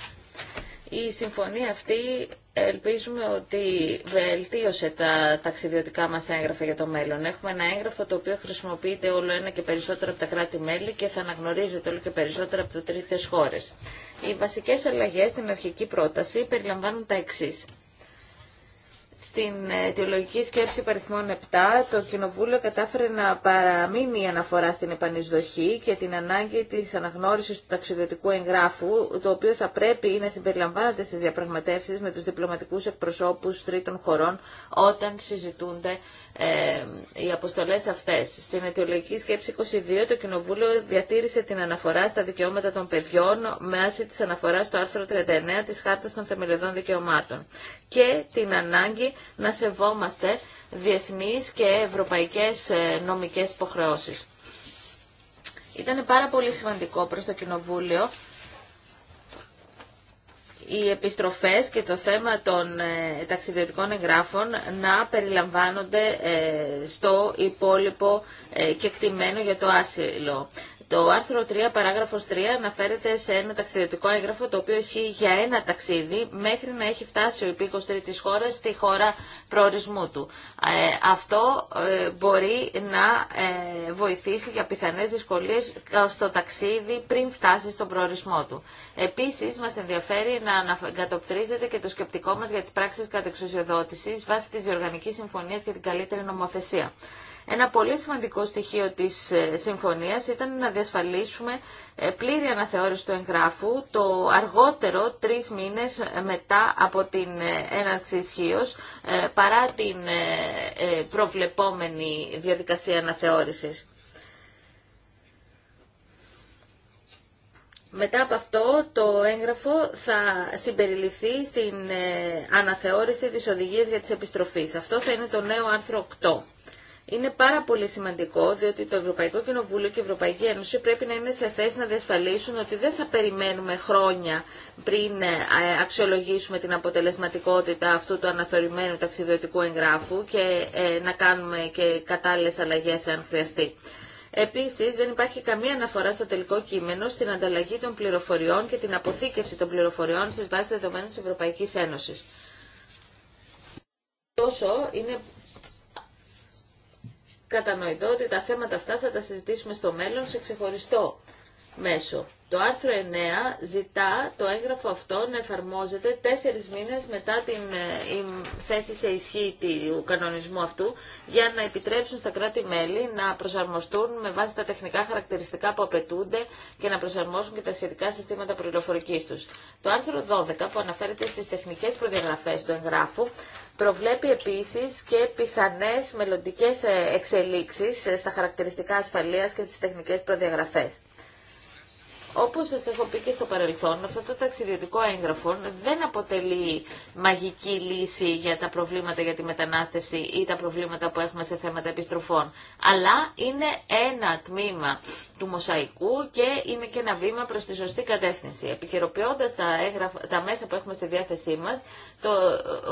Η συμφωνία αυτή ελπίζουμε ότι βελτίωσε τα ταξιδιωτικά μας έγγραφα για το μέλλον. Έχουμε ένα έγγραφο το οποίο χρησιμοποιείται όλο ένα και περισσότερο από τα κράτη-μέλη και θα αναγνωρίζεται όλο και περισσότερο από το τρίτες χώρες. Οι βασικές αλλαγές στην αρχική πρόταση περιλαμβάνουν τα εξής. Στην ε, αιτιολογική σκέψη παριθμών 7, το Κοινοβούλιο κατάφερε να παραμείνει η αναφορά στην επανεισδοχή και την ανάγκη της αναγνώρισης του ταξιδιωτικού εγγράφου, το οποίο θα πρέπει να συμπεριλαμβάνεται στι διαπραγματεύσεις με τους διπλωματικούς εκπροσώπους τρίτων χωρών όταν συζητούνται ε, οι αποστολέ αυτέ. Στην αιτιολογική σκέψη 22 το Κοινοβούλιο διατήρησε την αναφορά στα δικαιώματα των παιδιών με άση της αναφοράς στο άρθρο 39 της Χάρτας των Θεμελιωδών Δικαιωμάτων και την ανάγκη να σεβόμαστε διεθνείς και ευρωπαϊκές ε, νομικές υποχρεώσει. Ήταν πάρα πολύ σημαντικό προς το Κοινοβούλιο οι επιστροφές και το θέμα των ε, ταξιδιωτικών εγγράφων να περιλαμβάνονται ε, στο υπόλοιπο ε, κεκτημένο για το άσυλο. Το άρθρο 3, παράγραφος 3, αναφέρεται σε ένα ταξιδιωτικό έγγραφο το οποίο ισχύει για ένα ταξίδι μέχρι να έχει φτάσει ο υπήκο τρίτη χώρας στη χώρα προορισμού του. Ε, αυτό ε, μπορεί να ε, βοηθήσει για πιθανές δυσκολίες στο ταξίδι πριν φτάσει στον προορισμό του. Επίσης, μας ενδιαφέρει να εγκατοπτρίζεται και το σκεπτικό μα για τι πράξει κατεξουσιοδότηση βάσει τη Διοργανική συμφωνία για την καλύτερη νομοθεσία. Ένα πολύ σημαντικό στοιχείο της ε, συμφωνίας ήταν να διασφαλίσουμε ε, πλήρη αναθεώρηση του εγγράφου το αργότερο τρεις μήνες ε, μετά από την έναρξη ισχύω, παρά την προβλεπόμενη διαδικασία αναθεώρησης. Μετά από αυτό το έγγραφο θα συμπεριληφθεί στην αναθεώρηση της οδηγίας για τις επιστροφές. Αυτό θα είναι το νέο άρθρο 8 είναι πάρα πολύ σημαντικό, διότι το Ευρωπαϊκό Κοινοβούλιο και η Ευρωπαϊκή Ένωση πρέπει να είναι σε θέση να διασφαλίσουν ότι δεν θα περιμένουμε χρόνια πριν ε, αξιολογήσουμε την αποτελεσματικότητα αυτού του αναθεωρημένου ταξιδιωτικού εγγράφου και ε, να κάνουμε και κατάλληλες αλλαγές αν χρειαστεί. Επίση, δεν υπάρχει καμία αναφορά στο τελικό κείμενο στην ανταλλαγή των πληροφοριών και την αποθήκευση των πληροφοριών στις βάσεις δεδομένων τη Ευρωπαϊκή Ένωση. είναι κατανοητό ότι τα θέματα αυτά θα τα συζητήσουμε στο μέλλον σε ξεχωριστό μέσο. Το άρθρο 9 ζητά το έγγραφο αυτό να εφαρμόζεται τέσσερις μήνες μετά την ε, θέση σε ισχύ του κανονισμού αυτού για να επιτρέψουν στα κράτη-μέλη να προσαρμοστούν με βάση τα τεχνικά χαρακτηριστικά που απαιτούνται και να προσαρμόσουν και τα σχετικά συστήματα πληροφορική τους. Το άρθρο 12 που αναφέρεται στις τεχνικές προδιαγραφές του εγγράφου Προβλέπει επίσης και πιθανές μελλοντικές ε, εξελίξεις ε, στα χαρακτηριστικά ασφαλείας και τις τεχνικές προδιαγραφές. Όπως σας έχω πει και στο παρελθόν, αυτό το ταξιδιωτικό έγγραφο δεν αποτελεί μαγική λύση για τα προβλήματα για τη μετανάστευση ή τα προβλήματα που έχουμε σε θέματα επιστροφών. Αλλά είναι ένα τμήμα του μοσαϊκού και είναι και ένα βήμα προς τη σωστή κατεύθυνση. Επικαιροποιώντας τα, τα μέσα που έχουμε στη διάθεσή μας, το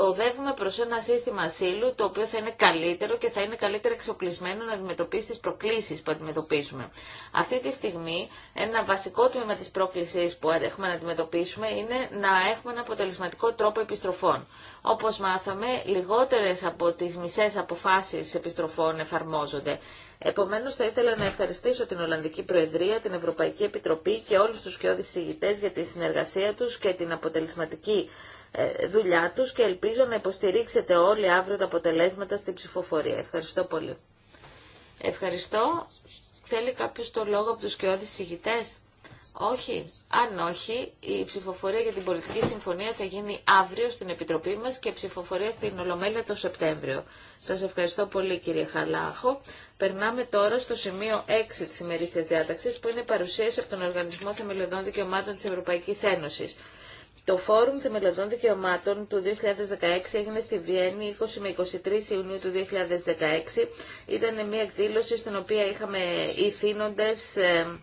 οδεύουμε προς ένα σύστημα ασύλου το οποίο θα είναι καλύτερο και θα είναι καλύτερα εξοπλισμένο να αντιμετωπίσει τις προκλήσεις που αντιμετωπίζουμε. Αυτή τη στιγμή ένα βασικό πρώτη με τις πρόκλησεις που έχουμε να αντιμετωπίσουμε είναι να έχουμε ένα αποτελεσματικό τρόπο επιστροφών. Όπως μάθαμε, λιγότερες από τις μισές αποφάσεις επιστροφών εφαρμόζονται. Επομένως, θα ήθελα να ευχαριστήσω την Ολλανδική Προεδρία, την Ευρωπαϊκή Επιτροπή και όλους τους κοιόδης συγητέ για τη συνεργασία τους και την αποτελεσματική ε, δουλειά τους και ελπίζω να υποστηρίξετε όλοι αύριο τα αποτελέσματα στην ψηφοφορία. Ευχαριστώ πολύ. Ευχαριστώ. Θέλει κάποιος το λόγο από τους κοιόδης συγητές. Όχι. Αν όχι, η ψηφοφορία για την πολιτική συμφωνία θα γίνει αύριο στην Επιτροπή μας και ψηφοφορία στην Ολομέλεια το Σεπτέμβριο. Σας ευχαριστώ πολύ κύριε Χαλάχο. Περνάμε τώρα στο σημείο 6 της ημερήσιας διάταξης που είναι παρουσίαση από τον Οργανισμό Θεμελιωδών Δικαιωμάτων της Ευρωπαϊκής Ένωσης. Το Φόρουμ Θεμελιωδών Δικαιωμάτων του 2016 έγινε στη Βιέννη 20 με 23 Ιουνίου του 2016. Ήταν μια εκδήλωση στην οποία είχαμε ηθήνοντες, ε,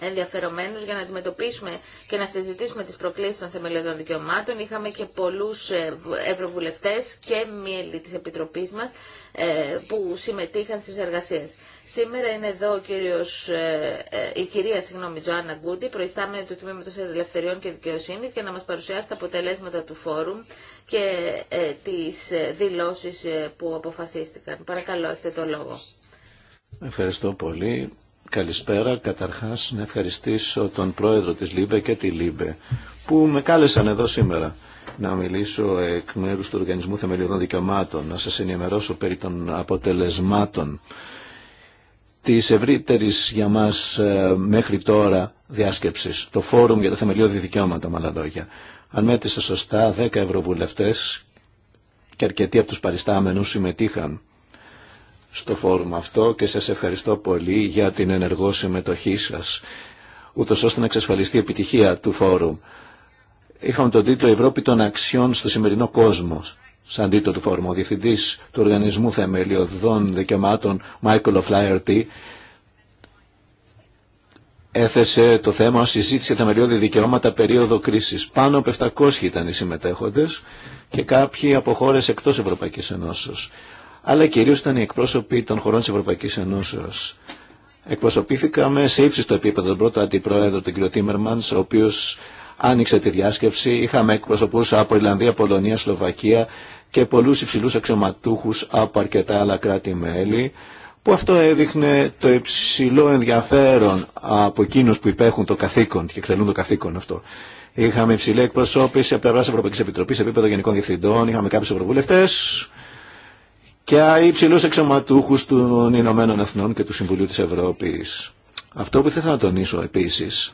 ενδιαφερομένους για να αντιμετωπίσουμε και να συζητήσουμε τις προκλήσεις των θεμελιωδών δικαιωμάτων. Είχαμε και πολλούς ε, ευρωβουλευτές και μέλη της Επιτροπής μας ε, που συμμετείχαν στις εργασίες. Σήμερα είναι εδώ ο κύριος, ε, η κυρία συγγνώμη, Τζοάννα Γκούντι, προϊστάμενη του Τμήματος Ελευθεριών και Δικαιοσύνης, για να μας παρουσιάσει τα αποτελέσματα του φόρουμ και τις δηλώσεις που αποφασίστηκαν. Παρακαλώ, έχετε το λόγο. Ευχαριστώ πολύ. Καλησπέρα. Καταρχάς να ευχαριστήσω τον πρόεδρο της ΛΥΜΠΕ και τη ΛΥΜΠΕ που με κάλεσαν εδώ σήμερα να μιλήσω εκ μέρους του Οργανισμού Θεμελιωδών Δικαιωμάτων, να σας ενημερώσω περί των αποτελεσμάτων της ευρύτερης για μας ε, μέχρι τώρα διάσκεψης, το Φόρουμ για τα Θεμελιώδη Δικαιώματα, με άλλα λόγια. Αν μέτρησα σωστά, 10 ευρωβουλευτές και αρκετοί από τους παριστάμενους συμμετείχαν στο φόρουμ αυτό και σας ευχαριστώ πολύ για την ενεργό συμμετοχή σας, ούτως ώστε να εξασφαλιστεί η επιτυχία του φόρουμ. Είχαμε τον τίτλο «Ευρώπη των αξιών στο σημερινό κόσμο» σαν τίτλο του φόρουμ. Ο διευθυντή του Οργανισμού Θεμελιωδών Δικαιωμάτων, Michael O'Flaherty, έθεσε το θέμα ως συζήτηση θεμελιώδη δικαιώματα περίοδο κρίσης. Πάνω από 700 ήταν οι συμμετέχοντες και κάποιοι από χώρες εκτός Ευρωπαϊκής Ενώσεως αλλά κυρίω ήταν οι εκπρόσωποι των χωρών τη Ευρωπαϊκή Ενώσεως. Εκπροσωπήθηκαμε σε ύψιστο επίπεδο τον πρώτο αντιπρόεδρο, τον κ. Τίμερμανς, ο οποίο άνοιξε τη διάσκεψη. Είχαμε εκπροσωπού από Ιρλανδία, Πολωνία, Σλοβακία και πολλού υψηλού αξιωματούχου αξιωματούχους από αρκετά άλλα κράτη-μέλη που αυτό έδειχνε το υψηλό ενδιαφέρον από εκείνους που υπέχουν το καθήκον και εκτελούν το καθήκον αυτό. Είχαμε υψηλή εκπροσώπηση από πλευρά Ευρωπαϊκή Επιτροπή επίπεδο Γενικών Διευθυντών, είχαμε κάποιου ευρωβουλευτέ, και υψηλού εξωματούχου των Ηνωμένων Εθνών και του Συμβουλίου της Ευρώπη. Αυτό που θέλω να τονίσω επίσης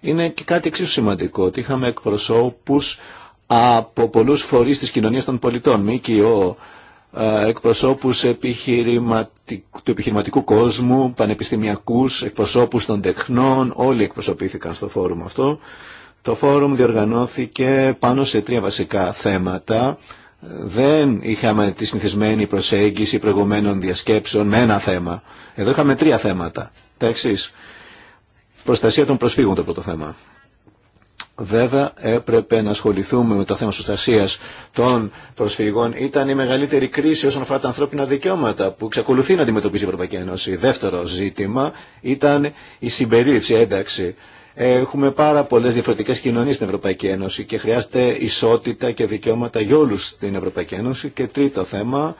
είναι και κάτι εξίσου σημαντικό, ότι είχαμε εκπροσώπους από πολλούς φορείς της κοινωνίας των πολιτών, ΜΚΟ, εκπροσώπους επιχειρηματικού, του επιχειρηματικού κόσμου, πανεπιστημιακούς, εκπροσώπους των τεχνών, όλοι εκπροσωπήθηκαν στο φόρουμ αυτό. Το φόρουμ διοργανώθηκε πάνω σε τρία βασικά θέματα δεν είχαμε τη συνηθισμένη προσέγγιση προηγουμένων διασκέψεων με ένα θέμα. Εδώ είχαμε τρία θέματα. Τα εξή. Προστασία των προσφύγων το πρώτο θέμα. Βέβαια έπρεπε να ασχοληθούμε με το θέμα προστασία των προσφύγων. Ήταν η μεγαλύτερη κρίση όσον αφορά τα ανθρώπινα δικαιώματα που εξακολουθεί να αντιμετωπίζει η Ευρωπαϊκή Ένωση. Δεύτερο ζήτημα ήταν η συμπερίληψη, ένταξη Έχουμε πάρα πολλές διαφορετικές κοινωνίες στην Ευρωπαϊκή Ένωση και χρειάζεται ισότητα και δικαιώματα για όλους στην Ευρωπαϊκή Ένωση. Και τρίτο θέμα,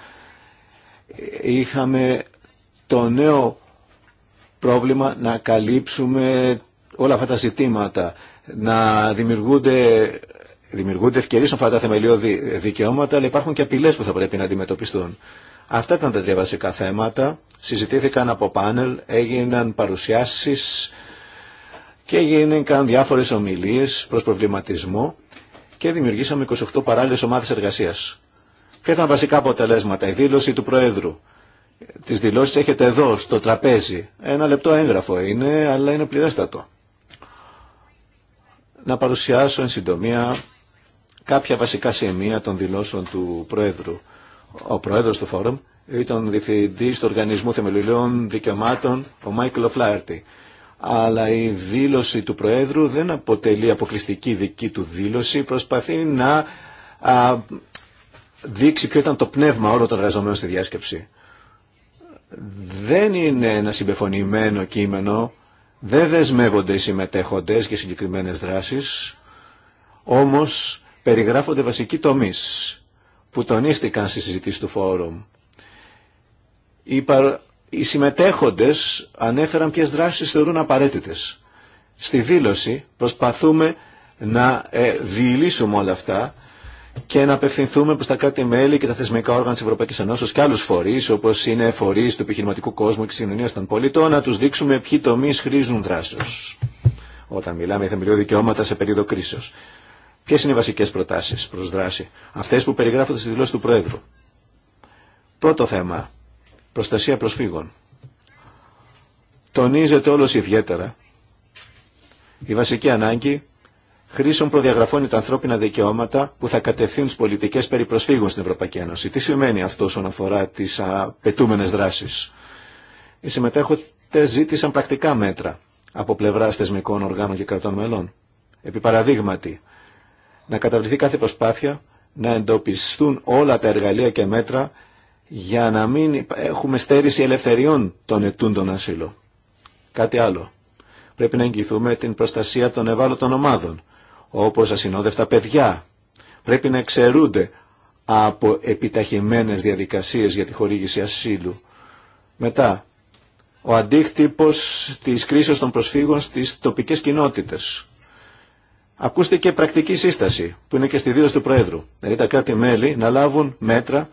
είχαμε το νέο πρόβλημα να καλύψουμε όλα αυτά τα ζητήματα, να δημιουργούνται, δημιουργούνται ευκαιρίες αυτά τα θεμελιώδη δικαιώματα, αλλά υπάρχουν και απειλές που θα πρέπει να αντιμετωπιστούν. Αυτά ήταν τα τρία βασικά θέματα, συζητήθηκαν από πάνελ, έγιναν παρουσιάσεις, και γίνηκαν διάφορε ομιλίε προ προβληματισμό και δημιουργήσαμε 28 παράλληλε ομάδε εργασία. Ποια ήταν βασικά αποτελέσματα, η δήλωση του Προέδρου. Τι δηλώσει έχετε εδώ, στο τραπέζι. Ένα λεπτό έγγραφο είναι, αλλά είναι πληρέστατο. Να παρουσιάσω εν συντομία κάποια βασικά σημεία των δηλώσεων του Προέδρου. Ο Προέδρος του Φόρουμ ήταν διευθυντή του Οργανισμού Θεμελιωδών Δικαιωμάτων, ο Μάικλ Οφλάερτη αλλά η δήλωση του Προέδρου δεν αποτελεί αποκλειστική δική του δήλωση, προσπαθεί να α, δείξει ποιο ήταν το πνεύμα όλων των εργαζομένων στη διάσκεψη. Δεν είναι ένα συμπεφωνημένο κείμενο, δεν δεσμεύονται οι συμμετέχοντες και συγκεκριμένες δράσεις, όμως περιγράφονται βασικοί τομείς που τονίστηκαν στη συζήτηση του φόρουμ. Οι συμμετέχοντες ανέφεραν ποιες δράσεις θεωρούν απαραίτητες. Στη δήλωση προσπαθούμε να ε, διηλύσουμε όλα αυτά και να απευθυνθούμε προς τα κράτη-μέλη και τα θεσμικά όργανα της Ευρωπαϊκής Ενώσεως και άλλους φορείς, όπως είναι φορείς του επιχειρηματικού κόσμου και της κοινωνίας των πολιτών, να τους δείξουμε ποιοι τομείς χρήζουν δράσεως όταν μιλάμε για θεμελιώδη δικαιώματα σε περίοδο κρίσεως. Ποιε είναι οι βασικέ προτάσει προ δράση, αυτέ που περιγράφονται στη δηλώση του Προέδρου. Πρώτο θέμα προστασία προσφύγων. Τονίζεται όλος ιδιαίτερα η βασική ανάγκη χρήσεων προδιαγραφών τα ανθρώπινα δικαιώματα που θα κατευθύνουν τι πολιτικές περί προσφύγων στην Ευρωπαϊκή Ένωση. Τι σημαίνει αυτό όσον αφορά τις απαιτούμενε δράσεις. Οι συμμετέχοντες ζήτησαν πρακτικά μέτρα από πλευρά θεσμικών οργάνων και κρατών μελών. Επί παραδείγματι, να καταβληθεί κάθε προσπάθεια να εντοπιστούν όλα τα εργαλεία και μέτρα για να μην έχουμε στέρηση ελευθεριών των ετούντων ασύλων. Κάτι άλλο. Πρέπει να εγγυηθούμε την προστασία των ευάλωτων ομάδων, όπως ασυνόδευτα παιδιά. Πρέπει να εξαιρούνται από επιταχυμένες διαδικασίες για τη χορήγηση ασύλου. Μετά, ο αντίκτυπος της κρίσης των προσφύγων στις τοπικές κοινότητες. Ακούστε και πρακτική σύσταση που είναι και στη δήλωση του Προέδρου. Δηλαδή τα κράτη-μέλη να λάβουν μέτρα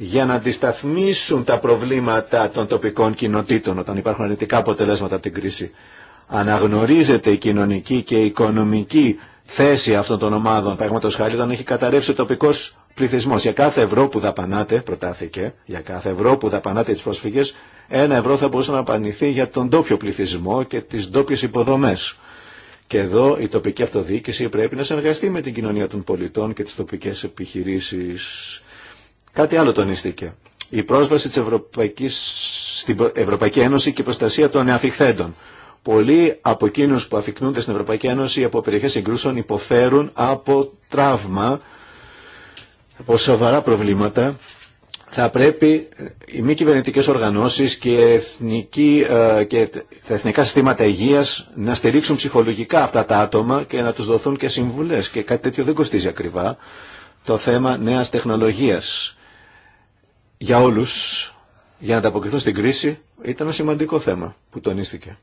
για να αντισταθμίσουν τα προβλήματα των τοπικών κοινοτήτων όταν υπάρχουν αρνητικά αποτελέσματα από την κρίση. Αναγνωρίζεται η κοινωνική και η οικονομική θέση αυτών των ομάδων. Παραδείγματο χάρη, όταν έχει καταρρεύσει ο τοπικό πληθυσμό. Για κάθε ευρώ που δαπανάτε, προτάθηκε, για κάθε ευρώ που δαπανάτε τι πρόσφυγε, ένα ευρώ θα μπορούσε να απανηθεί για τον τόπιο πληθυσμό και τι ντόπιε υποδομέ. Και εδώ η τοπική αυτοδιοίκηση πρέπει να συνεργαστεί με την κοινωνία των πολιτών και τι τοπικέ επιχειρήσει Κάτι άλλο τονίστηκε. Η πρόσβαση της Ευρωπαϊκής, στην Ευρωπαϊκή Ένωση και η προστασία των αφιχθέντων. Πολλοί από εκείνους που αφικνούνται στην Ευρωπαϊκή Ένωση από περιοχές συγκρούσεων υποφέρουν από τραύμα, από σοβαρά προβλήματα. Θα πρέπει ε, οι μη κυβερνητικέ οργανώσεις και, εθνική, ε, και τα εθνικά συστήματα υγείας να στηρίξουν ψυχολογικά αυτά τα άτομα και να τους δοθούν και συμβουλές. Και κάτι τέτοιο δεν κοστίζει ακριβά. Το θέμα νέας τεχνολογίας για όλους, για να ανταποκριθούν στην κρίση, ήταν ένα σημαντικό θέμα που τονίστηκε.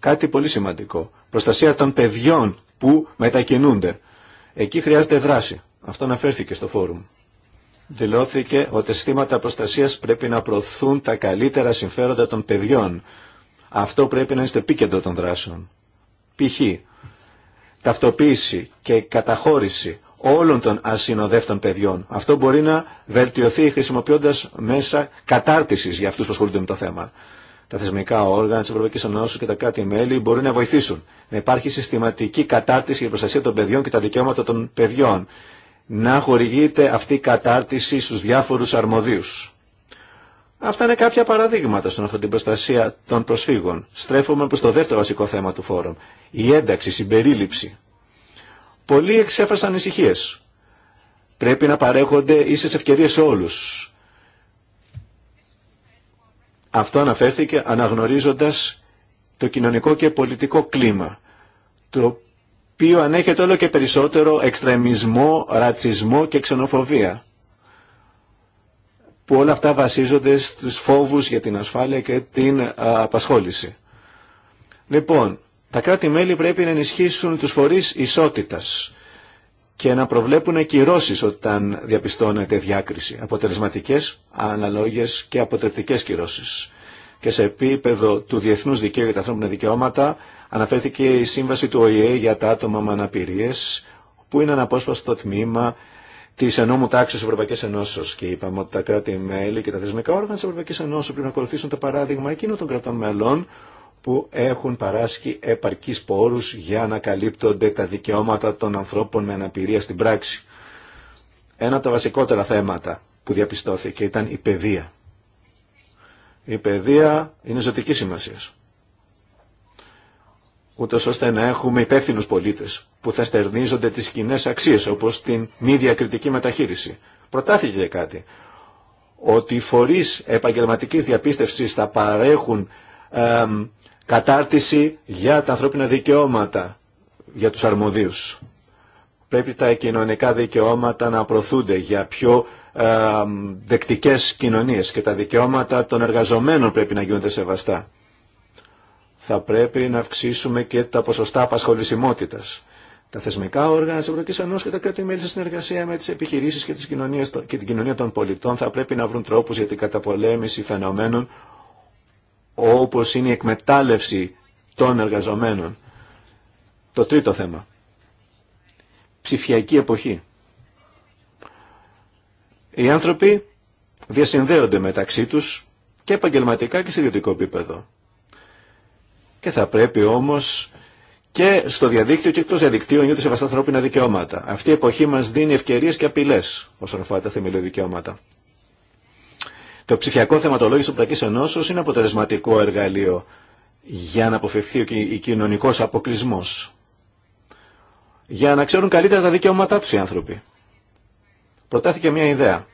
Κάτι πολύ σημαντικό. Προστασία των παιδιών που μετακινούνται. Εκεί χρειάζεται δράση. Αυτό αναφέρθηκε στο φόρουμ. Δηλώθηκε ότι συστήματα προστασίας πρέπει να προωθούν τα καλύτερα συμφέροντα των παιδιών. Αυτό πρέπει να είναι στο επίκεντρο των δράσεων. Π.χ. ταυτοποίηση και καταχώρηση όλων των ασυνοδεύτων παιδιών. Αυτό μπορεί να βελτιωθεί χρησιμοποιώντα μέσα κατάρτιση για αυτού που ασχολούνται με το θέμα. Τα θεσμικά όργανα τη Ευρωπαϊκή Ενώσεω και τα κράτη-μέλη μπορεί να βοηθήσουν. Να υπάρχει συστηματική κατάρτιση για προστασία των παιδιών και τα δικαιώματα των παιδιών. Να χορηγείται αυτή η κατάρτιση στου διάφορου αρμοδίου. Αυτά είναι κάποια παραδείγματα στον αυτή την προστασία των προσφύγων. Στρέφουμε προ το δεύτερο βασικό θέμα του φόρουμ. Η ένταξη, η συμπερίληψη. Πολλοί εξέφρασαν ησυχίε. Πρέπει να παρέχονται ίσες ευκαιρίες σε όλους. Αυτό αναφέρθηκε αναγνωρίζοντας το κοινωνικό και πολιτικό κλίμα, το οποίο ανέχεται όλο και περισσότερο εξτρεμισμό, ρατσισμό και ξενοφοβία, που όλα αυτά βασίζονται στους φόβους για την ασφάλεια και την απασχόληση. Λοιπόν, τα κράτη-μέλη πρέπει να ενισχύσουν τους φορείς ισότητας και να προβλέπουν κυρώσεις όταν διαπιστώνεται διάκριση, αποτελεσματικές, αναλόγες και αποτρεπτικές κυρώσεις. Και σε επίπεδο του Διεθνούς Δικαίου για τα Ανθρώπινα Δικαιώματα αναφέρθηκε η Σύμβαση του ΟΗΕ για τα άτομα με αναπηρίες, που είναι αναπόσπαστο τμήμα τη ενόμου τάξη Ευρωπαϊκή Ενώσεω. Και είπαμε ότι τα κράτη-μέλη και τα θεσμικά όργανα τη Ευρωπαϊκή Ενώσεω πρέπει να ακολουθήσουν το παράδειγμα εκείνων των κρατών μελών που έχουν παράσχει επαρκείς πόρους για να καλύπτονται τα δικαιώματα των ανθρώπων με αναπηρία στην πράξη. Ένα από τα βασικότερα θέματα που διαπιστώθηκε ήταν η παιδεία. Η παιδεία είναι ζωτική σημασία. Ούτω ώστε να έχουμε υπεύθυνου πολίτε που θα στερνίζονται τι κοινέ αξίε όπω την μη διακριτική μεταχείριση. Προτάθηκε κάτι. Ότι οι φορεί επαγγελματική διαπίστευση θα παρέχουν κατάρτιση για τα ανθρώπινα δικαιώματα για τους αρμοδίους. Πρέπει τα κοινωνικά δικαιώματα να προωθούνται για πιο ε, δεκτικές κοινωνίες και τα δικαιώματα των εργαζομένων πρέπει να γίνονται σεβαστά. Θα πρέπει να αυξήσουμε και τα ποσοστά απασχολησιμότητας. Τα θεσμικά όργανα τη Ευρωπαϊκή Ενώση και τα κράτη-μέλη σε συνεργασία με τι επιχειρήσει και, τις και την κοινωνία των πολιτών θα πρέπει να βρουν τρόπου για την καταπολέμηση φαινομένων όπως είναι η εκμετάλλευση των εργαζομένων. Το τρίτο θέμα. Ψηφιακή εποχή. Οι άνθρωποι διασυνδέονται μεταξύ τους και επαγγελματικά και σε ιδιωτικό επίπεδο. Και θα πρέπει όμως και στο διαδίκτυο και εκτός διαδικτύου ότι σεβαστά ανθρώπινα δικαιώματα. Αυτή η εποχή μας δίνει ευκαιρίες και απειλές όσον αφορά τα θεμελιώδη δικαιώματα. Το ψηφιακό θεματολόγιο τη Ευρωπαϊκή Ενώσεω είναι αποτελεσματικό εργαλείο για να αποφευθεί ο κοινωνικό αποκλεισμό. Για να ξέρουν καλύτερα τα δικαιώματά του οι άνθρωποι. Προτάθηκε μια ιδέα.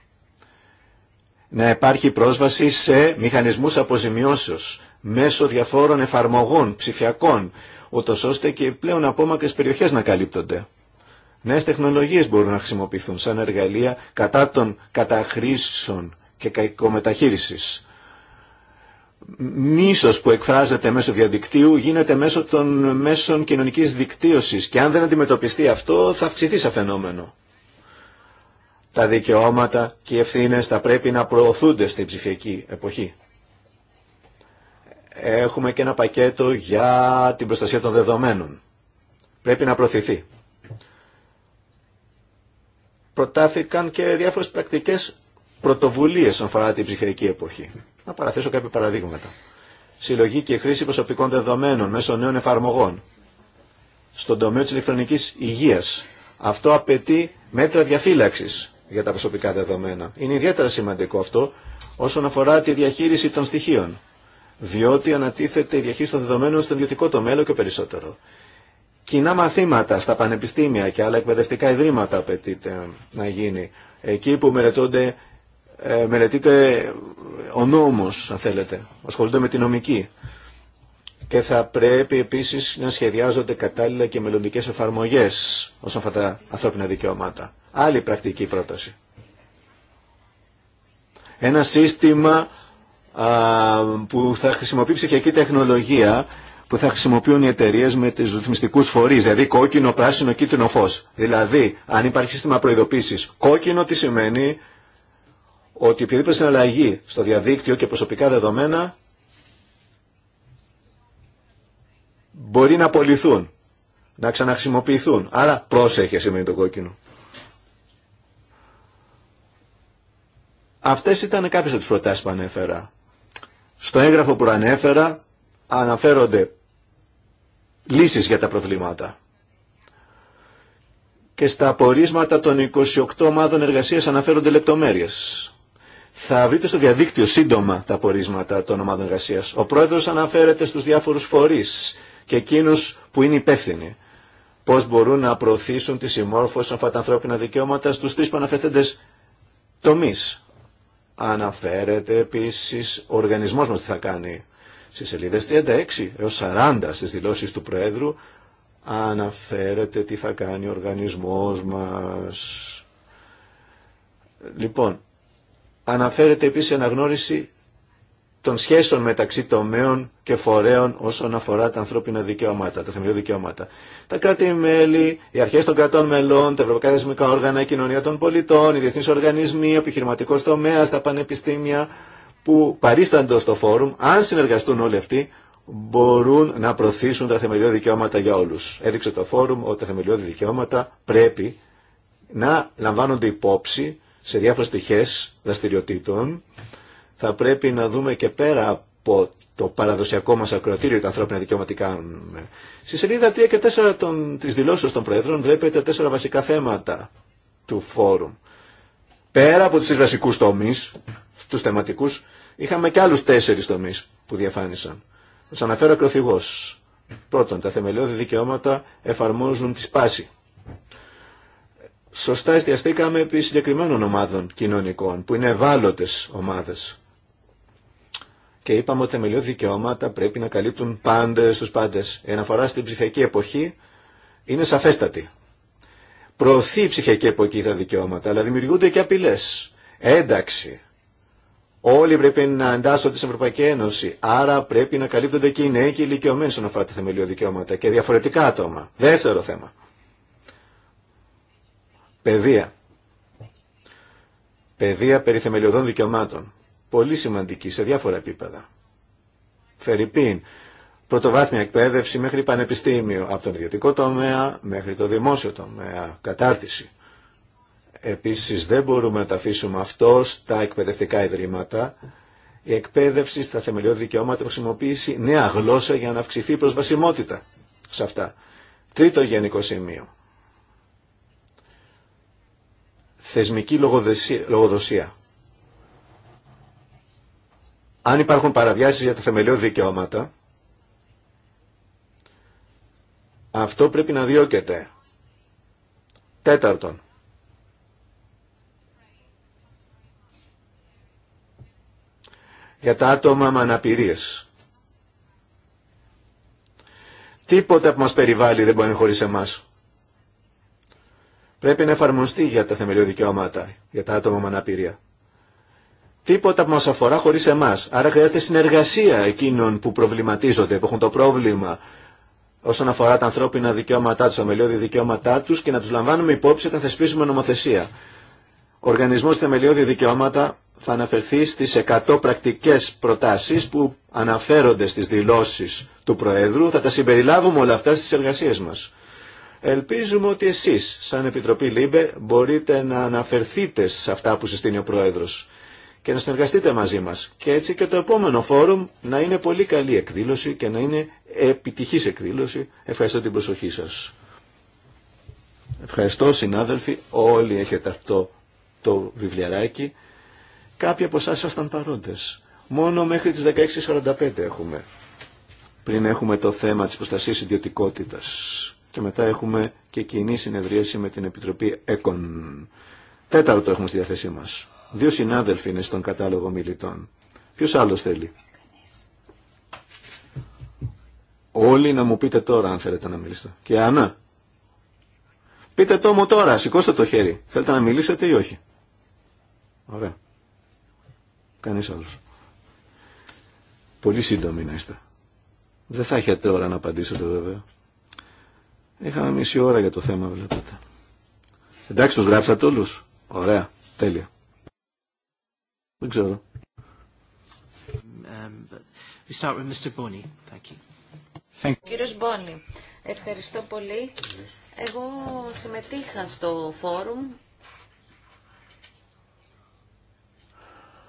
Να υπάρχει πρόσβαση σε μηχανισμούς αποζημιώσεως μέσω διαφόρων εφαρμογών ψηφιακών, ούτω ώστε και πλέον απόμακρες περιοχές να καλύπτονται. Νέες τεχνολογίες μπορούν να χρησιμοποιηθούν σαν εργαλεία κατά των καταχρήσεων και κακομεταχείρισης. Μίσος που εκφράζεται μέσω διαδικτύου γίνεται μέσω των μέσων κοινωνικής δικτύωσης και αν δεν αντιμετωπιστεί αυτό θα αυξηθεί σαν φαινόμενο. Τα δικαιώματα και οι ευθύνες θα πρέπει να προωθούνται στην ψηφιακή εποχή. Έχουμε και ένα πακέτο για την προστασία των δεδομένων. Πρέπει να προωθηθεί. Προτάθηκαν και διάφορες πρακτικές πρωτοβουλίε όσον αφορά την ψυχιακή εποχή. Να παραθέσω κάποια παραδείγματα. Συλλογή και χρήση προσωπικών δεδομένων μέσω νέων εφαρμογών στον τομέα τη ηλεκτρονική υγεία. Αυτό απαιτεί μέτρα διαφύλαξη για τα προσωπικά δεδομένα. Είναι ιδιαίτερα σημαντικό αυτό όσον αφορά τη διαχείριση των στοιχείων. Διότι ανατίθεται η διαχείριση των δεδομένων στον ιδιωτικό τομέα και περισσότερο. Κοινά μαθήματα στα πανεπιστήμια και άλλα εκπαιδευτικά ιδρύματα απαιτείται να γίνει. Εκεί που μελετώνται ε, μελετείται ο νόμος, αν θέλετε. Ασχολούνται με τη νομική. Και θα πρέπει επίσης να σχεδιάζονται κατάλληλα και μελλοντικέ εφαρμογές όσον αφορά τα ανθρώπινα δικαιώματα. Άλλη πρακτική πρόταση. Ένα σύστημα που θα χρησιμοποιεί ψυχιακή τεχνολογία που θα χρησιμοποιούν οι εταιρείε με τις ρυθμιστικού φορείς δηλαδή κόκκινο, πράσινο, κίτρινο φως Δηλαδή, αν υπάρχει σύστημα προειδοποίηση κόκκινο, τι σημαίνει ότι οποιαδήποτε συναλλαγή στο διαδίκτυο και προσωπικά δεδομένα μπορεί να απολυθούν, να ξαναχρησιμοποιηθούν. Άρα πρόσεχε σημαίνει το κόκκινο. Αυτές ήταν κάποιες από τις προτάσεις που ανέφερα. Στο έγγραφο που ανέφερα αναφέρονται λύσεις για τα προβλήματα. Και στα απορίσματα των 28 ομάδων εργασίας αναφέρονται λεπτομέρειες. Θα βρείτε στο διαδίκτυο σύντομα τα πορίσματα των ομάδων εργασία. Ο Πρόεδρο αναφέρεται στου διάφορου φορεί και εκείνου που είναι υπεύθυνοι. Πώ μπορούν να προωθήσουν τη συμμόρφωση των τα ανθρώπινα δικαιώματα στου τρεις που αναφερθέντες τομείς. Αναφέρεται επίση ο οργανισμό μα τι θα κάνει. στι σελίδε 36 έω 40 στι δηλώσει του Προέδρου αναφέρεται τι θα κάνει ο οργανισμό μας. Λοιπόν, Αναφέρεται επίσης η αναγνώριση των σχέσεων μεταξύ τομέων και φορέων όσον αφορά τα ανθρώπινα δικαιώματα, τα θεμελιώδη δικαιώματα. Τα κράτη-μέλη, οι αρχέ των κρατών μελών, τα ευρωπαϊκά θεσμικά όργανα, η κοινωνία των πολιτών, οι διεθνεί οργανισμοί, ο επιχειρηματικό τομέα, τα πανεπιστήμια που παρίστανται στο φόρουμ, αν συνεργαστούν όλοι αυτοί, μπορούν να προωθήσουν τα θεμελιώδη δικαιώματα για όλου. Έδειξε το φόρουμ ότι τα θεμελιώδη δικαιώματα πρέπει να λαμβάνονται υπόψη σε διάφορες πτυχές δραστηριοτήτων. Θα πρέπει να δούμε και πέρα από το παραδοσιακό μας ακροατήριο τα ανθρώπινα δικαιώματα Στη σελίδα 3 και 4 των, της δηλώσεως των Προέδρων βλέπετε τέσσερα βασικά θέματα του φόρουμ. Πέρα από τους βασικούς τομείς, τους θεματικούς, είχαμε και άλλους τέσσερις τομείς που διαφάνησαν. Σας αναφέρω ακροθυγός. Πρώτον, τα θεμελιώδη δικαιώματα εφαρμόζουν τη σπάση σωστά εστιαστήκαμε επί συγκεκριμένων ομάδων κοινωνικών, που είναι ευάλωτε ομάδε. Και είπαμε ότι τα θεμελιώδη δικαιώματα πρέπει να καλύπτουν πάντε στου πάντες. Η αναφορά στην ψηφιακή εποχή είναι σαφέστατη. Προωθεί η ψυχιακή εποχή τα δικαιώματα, αλλά δημιουργούνται και απειλέ. Ένταξη. Όλοι πρέπει να εντάσσονται στην Ευρωπαϊκή Ένωση. Άρα πρέπει να καλύπτονται και οι νέοι και οι ηλικιωμένοι στον αφορά τα θεμελιώδη δικαιώματα και διαφορετικά άτομα. Δεύτερο θέμα. Παιδεία. Παιδεία περί θεμελιωδών δικαιωμάτων. Πολύ σημαντική σε διάφορα επίπεδα. Φερρυπίν. Πρωτοβάθμια εκπαίδευση μέχρι πανεπιστήμιο. Από τον ιδιωτικό τομέα μέχρι το δημόσιο τομέα. Κατάρτιση. Επίσης δεν μπορούμε να τα αφήσουμε αυτό στα εκπαιδευτικά ιδρύματα. Η εκπαίδευση στα θεμελιώδη δικαιώματα χρησιμοποιήσει νέα γλώσσα για να αυξηθεί η προσβασιμότητα σε αυτά. Τρίτο γενικό σημείο. θεσμική λογοδοσία. Αν υπάρχουν παραβιάσεις για τα θεμελιώδη δικαιώματα, αυτό πρέπει να διώκεται. Τέταρτον, για τα άτομα με αναπηρίες. Τίποτα που μας περιβάλλει δεν μπορεί να είναι χωρίς εμάς πρέπει να εφαρμοστεί για τα θεμελιώδη δικαιώματα, για τα άτομα με αναπηρία. Τίποτα που μα αφορά χωρί εμά, Άρα χρειάζεται συνεργασία εκείνων που προβληματίζονται, που έχουν το πρόβλημα όσον αφορά τα ανθρώπινα δικαιώματά του, τα θεμελιώδη δικαιώματά του και να του λαμβάνουμε υπόψη όταν θεσπίσουμε νομοθεσία. Ο Οργανισμός Θεμελιώδη Δικαιώματα θα αναφερθεί στι 100 πρακτικέ προτάσει που αναφέρονται στι δηλώσει του Προέδρου. Θα τα συμπεριλάβουμε όλα αυτά στι εργασίε μα. Ελπίζουμε ότι εσείς, σαν Επιτροπή ΛΥΜΠΕ, μπορείτε να αναφερθείτε σε αυτά που συστήνει ο Πρόεδρος και να συνεργαστείτε μαζί μας. Και έτσι και το επόμενο φόρουμ να είναι πολύ καλή εκδήλωση και να είναι επιτυχής εκδήλωση. Ευχαριστώ την προσοχή σας. Ευχαριστώ συνάδελφοι, όλοι έχετε αυτό το βιβλιαράκι. Κάποιοι από εσάς ήσασταν παρόντες. Μόνο μέχρι τις 16.45 έχουμε. Πριν έχουμε το θέμα της προστασίας ιδιωτικότητας και μετά έχουμε και κοινή συνεδρίαση με την Επιτροπή ΕΚΟΝ. Τέταρτο έχουμε στη διάθεσή μας. Δύο συνάδελφοι είναι στον κατάλογο μιλητών. Ποιος άλλος θέλει. Όλοι να μου πείτε τώρα αν θέλετε να μιλήσετε. Και Άννα. Πείτε το μου τώρα, σηκώστε το χέρι. Θέλετε να μιλήσετε ή όχι. Ωραία. Κανείς άλλος. Πολύ σύντομη να είστε. Δεν θα έχετε ώρα να απαντήσετε βέβαια. Είχαμε μισή ώρα για το θέμα, βλέπετε. Εντάξει, τους γράψατε όλους. Ωραία. Τέλεια. Δεν ξέρω. Um, we Μπόνι, ευχαριστώ πολύ. Εγώ συμμετείχα στο φόρουμ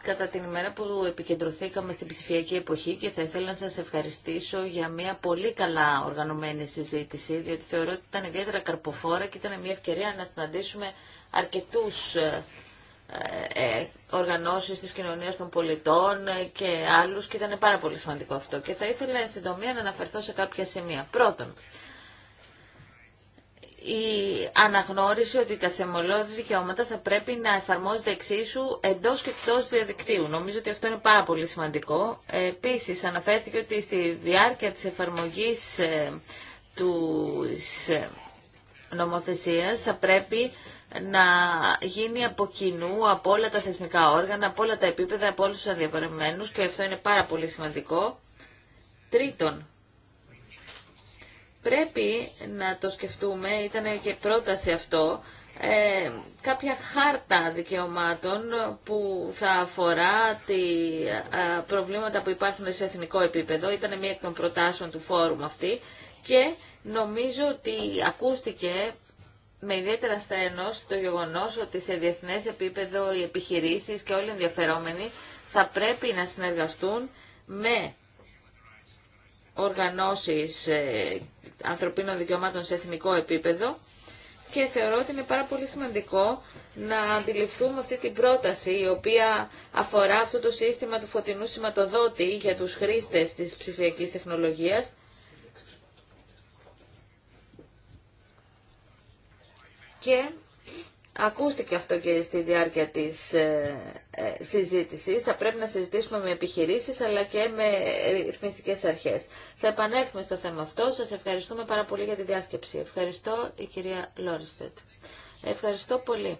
κατά την ημέρα που επικεντρωθήκαμε στην ψηφιακή εποχή και θα ήθελα να σας ευχαριστήσω για μια πολύ καλά οργανωμένη συζήτηση, διότι θεωρώ ότι ήταν ιδιαίτερα καρποφόρα και ήταν μια ευκαιρία να συναντήσουμε αρκετούς ε, ε οργανώσεις της κοινωνίας των πολιτών και άλλους και ήταν πάρα πολύ σημαντικό αυτό. Και θα ήθελα εν συντομία να αναφερθώ σε κάποια σημεία. Πρώτον, η αναγνώριση ότι τα θεμελιώδη δικαιώματα θα πρέπει να εφαρμόζονται εξίσου εντό και εκτό διαδικτύου. Νομίζω ότι αυτό είναι πάρα πολύ σημαντικό. Επίση, αναφέρθηκε ότι στη διάρκεια τη εφαρμογή ε, του ε, νομοθεσίας θα πρέπει να γίνει από κοινού, από όλα τα θεσμικά όργανα, από όλα τα επίπεδα, από όλους τους και αυτό είναι πάρα πολύ σημαντικό. Τρίτον, Πρέπει να το σκεφτούμε, ήταν και πρόταση αυτό, ε, κάποια χάρτα δικαιωμάτων που θα αφορά τη ε, προβλήματα που υπάρχουν σε εθνικό επίπεδο. Ήταν μία εκ των προτάσεων του φόρουμ αυτή και νομίζω ότι ακούστηκε με ιδιαίτερα στένος το γεγονός ότι σε διεθνές επίπεδο οι επιχειρήσεις και όλοι οι ενδιαφερόμενοι θα πρέπει να συνεργαστούν με οργανώσεις ε, ανθρωπίνων δικαιωμάτων σε εθνικό επίπεδο και θεωρώ ότι είναι πάρα πολύ σημαντικό να αντιληφθούμε αυτή την πρόταση η οποία αφορά αυτό το σύστημα του φωτεινού σηματοδότη για τους χρήστες της ψηφιακής τεχνολογίας και Ακούστηκε αυτό και στη διάρκεια της ε, ε, συζήτησης. Θα πρέπει να συζητήσουμε με επιχειρήσεις αλλά και με ρυθμιστικές αρχές. Θα επανέλθουμε στο θέμα αυτό. Σας ευχαριστούμε πάρα πολύ για τη διάσκεψη. Ευχαριστώ η κυρία Λόριστετ. Ευχαριστώ πολύ.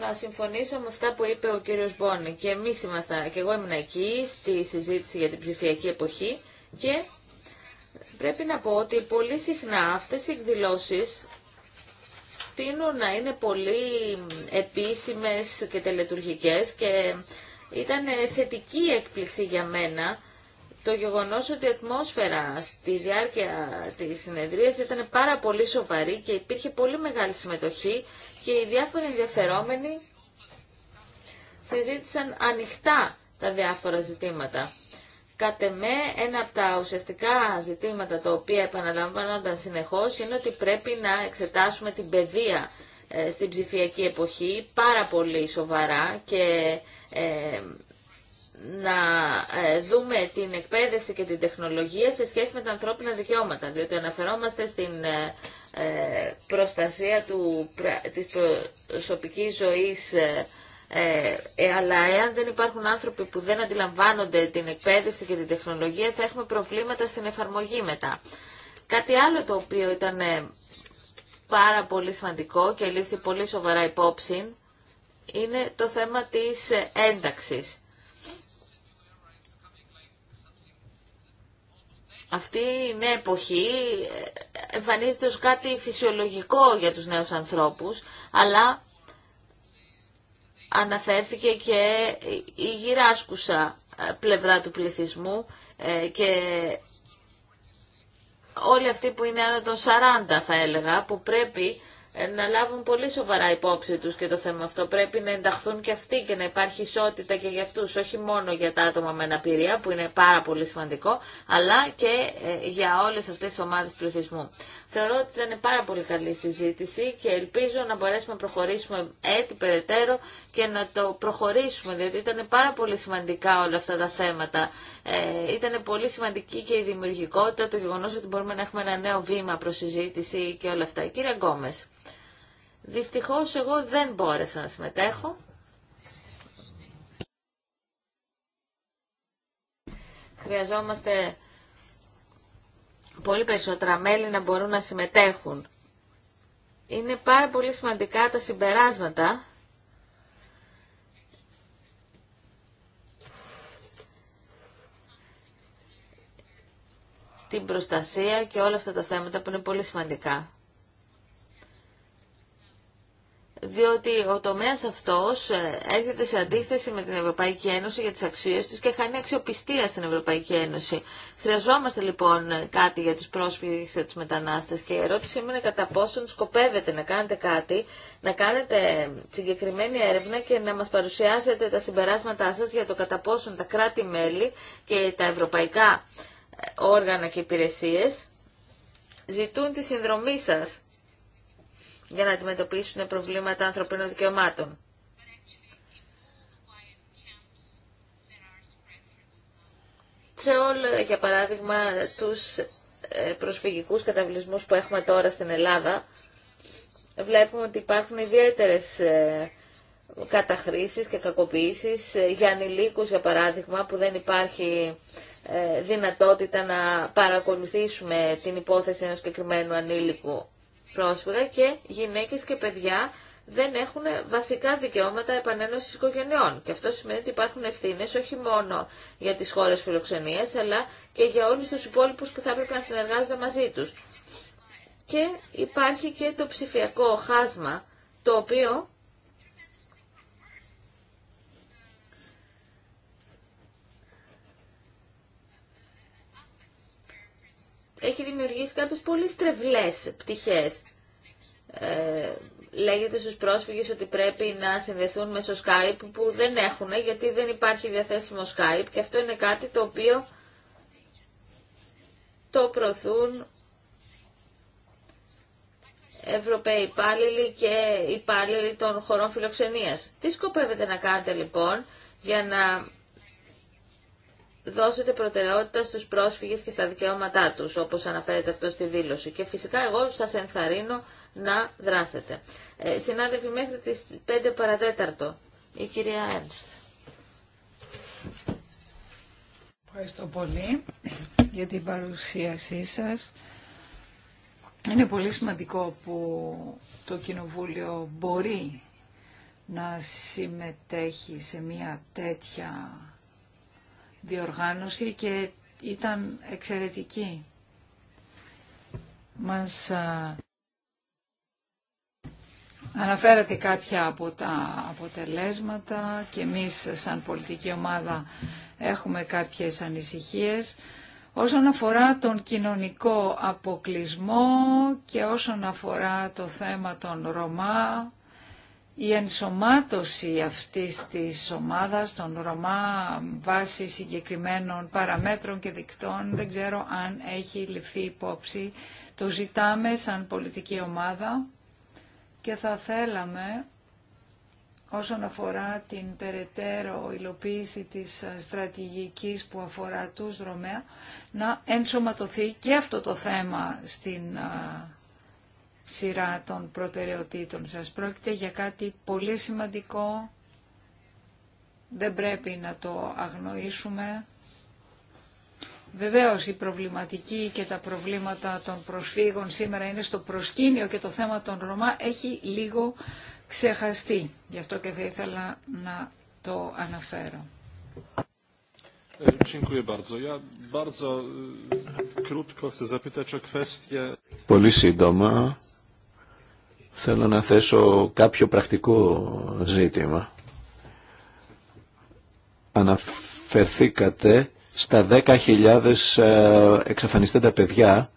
να συμφωνήσω με αυτά που είπε ο κύριος Μπόνι. Και εμείς ήμασταν, και εγώ ήμουν εκεί στη συζήτηση για την ψηφιακή εποχή και πρέπει να πω ότι πολύ συχνά αυτές οι εκδηλώσεις τείνουν να είναι πολύ επίσημες και τελετουργικές και ήταν θετική έκπληξη για μένα το γεγονός ότι η ατμόσφαιρα στη διάρκεια της συνεδρίας ήταν πάρα πολύ σοβαρή και υπήρχε πολύ μεγάλη συμμετοχή και οι διάφοροι ενδιαφερόμενοι συζήτησαν ανοιχτά τα διάφορα ζητήματα. Κατ' εμέ, ένα από τα ουσιαστικά ζητήματα τα οποία επαναλαμβάνονταν συνεχώς είναι ότι πρέπει να εξετάσουμε την παιδεία ε, στην ψηφιακή εποχή πάρα πολύ σοβαρά και ε, να ε, δούμε την εκπαίδευση και την τεχνολογία σε σχέση με τα ανθρώπινα δικαιώματα, διότι αναφερόμαστε στην προστασία του, της προσωπικής ζωής ε, ε, αλλά εάν δεν υπάρχουν άνθρωποι που δεν αντιλαμβάνονται την εκπαίδευση και την τεχνολογία θα έχουμε προβλήματα στην εφαρμογή μετά. Κάτι άλλο το οποίο ήταν ε, πάρα πολύ σημαντικό και λήφθη πολύ σοβαρά υπόψη είναι το θέμα της ε, ένταξης. Αυτή η νέα εποχή εμφανίζεται ως κάτι φυσιολογικό για τους νέους ανθρώπους, αλλά αναφέρθηκε και η γυράσκουσα ε, πλευρά του πληθυσμού ε, και όλοι αυτοί που είναι άνω των 40 θα έλεγα που πρέπει ε, να λάβουν πολύ σοβαρά υπόψη τους και το θέμα αυτό. Πρέπει να ενταχθούν και αυτοί και να υπάρχει ισότητα και για αυτούς, όχι μόνο για τα άτομα με αναπηρία που είναι πάρα πολύ σημαντικό, αλλά και για όλες αυτές τις ομάδες πληθυσμού. Θεωρώ ότι ήταν πάρα πολύ καλή συζήτηση και ελπίζω να μπορέσουμε να προχωρήσουμε έτσι περαιτέρω και να το προχωρήσουμε, διότι ήταν πάρα πολύ σημαντικά όλα αυτά τα θέματα. Ε, ήταν πολύ σημαντική και η δημιουργικότητα, το γεγονό ότι μπορούμε να έχουμε ένα νέο βήμα προ συζήτηση και όλα αυτά. Κύριε Γκόμε, δυστυχώ εγώ δεν μπόρεσα να συμμετέχω. Χρειαζόμαστε πολύ περισσότερα μέλη να μπορούν να συμμετέχουν. Είναι πάρα πολύ σημαντικά τα συμπεράσματα την προστασία και όλα αυτά τα θέματα που είναι πολύ σημαντικά. διότι ο τομέας αυτός ε, έρχεται σε αντίθεση με την Ευρωπαϊκή Ένωση για τις αξίες της και χάνει αξιοπιστία στην Ευρωπαϊκή Ένωση. Χρειαζόμαστε λοιπόν κάτι για τους πρόσφυγες και τους μετανάστες και η ερώτησή μου είναι κατά πόσον σκοπεύετε να κάνετε κάτι, να κάνετε συγκεκριμένη έρευνα και να μας παρουσιάσετε τα συμπεράσματά σας για το κατά πόσον τα κράτη-μέλη και τα ευρωπαϊκά ε, όργανα και υπηρεσίες ζητούν τη συνδρομή σας για να αντιμετωπίσουν προβλήματα ανθρωπίνων δικαιωμάτων. Σε όλα, για παράδειγμα, τους ε, προσφυγικούς καταβλισμούς που έχουμε τώρα στην Ελλάδα, βλέπουμε ότι υπάρχουν ιδιαίτερες ε, καταχρήσεις και κακοποιήσεις ε, για ανηλίκους για παράδειγμα που δεν υπάρχει δυνατότητα να παρακολουθήσουμε την υπόθεση ενός συγκεκριμένου ανήλικου πρόσφυγα και γυναίκες και παιδιά δεν έχουν βασικά δικαιώματα επανένωση οικογενειών. Και αυτό σημαίνει ότι υπάρχουν ευθύνε όχι μόνο για τι χώρε φιλοξενία, αλλά και για όλου του υπόλοιπου που θα έπρεπε να συνεργάζονται μαζί του. Και υπάρχει και το ψηφιακό χάσμα, το οποίο έχει δημιουργήσει κάποιες πολύ στρεβλές πτυχές. Ε, λέγεται στους πρόσφυγες ότι πρέπει να συνδεθούν μέσω Skype που δεν έχουν γιατί δεν υπάρχει διαθέσιμο Skype και αυτό είναι κάτι το οποίο το προωθούν Ευρωπαίοι υπάλληλοι και υπάλληλοι των χωρών φιλοξενίας. Τι σκοπεύετε να κάνετε λοιπόν για να δώσετε προτεραιότητα στους πρόσφυγες και στα δικαιώματά τους, όπως αναφέρεται αυτό στη δήλωση. Και φυσικά εγώ σας ενθαρρύνω να δράσετε. Ε, συνάδελφοι, μέχρι τις 5 παρατέταρτο, η κυρία Έρνστ. Ευχαριστώ πολύ για την παρουσίασή σας. Είναι πολύ σημαντικό που το Κοινοβούλιο μπορεί να συμμετέχει σε μια τέτοια διοργάνωση και ήταν εξαιρετική. Μας αναφέρατε κάποια από τα αποτελέσματα και εμείς σαν πολιτική ομάδα έχουμε κάποιες ανησυχίες. Όσον αφορά τον κοινωνικό αποκλεισμό και όσον αφορά το θέμα των Ρωμά, η ενσωμάτωση αυτής της ομάδας των Ρωμά βάσει συγκεκριμένων παραμέτρων και δικτών δεν ξέρω αν έχει ληφθεί υπόψη. Το ζητάμε σαν πολιτική ομάδα και θα θέλαμε όσον αφορά την περαιτέρω υλοποίηση της στρατηγικής που αφορά τους Ρωμαία να ενσωματωθεί και αυτό το θέμα στην σειρά των προτεραιοτήτων σας. Πρόκειται για κάτι πολύ σημαντικό. Δεν πρέπει να το αγνοήσουμε. Βεβαίως η προβληματική και τα προβλήματα των προσφύγων σήμερα είναι στο προσκήνιο και το θέμα των Ρωμά έχει λίγο ξεχαστεί. Γι' αυτό και θα ήθελα να το αναφέρω. Πολύ σύντομα Θέλω να θέσω κάποιο πρακτικό ζήτημα. Αναφερθήκατε στα 10.000 ε, εξαφανιστέντα παιδιά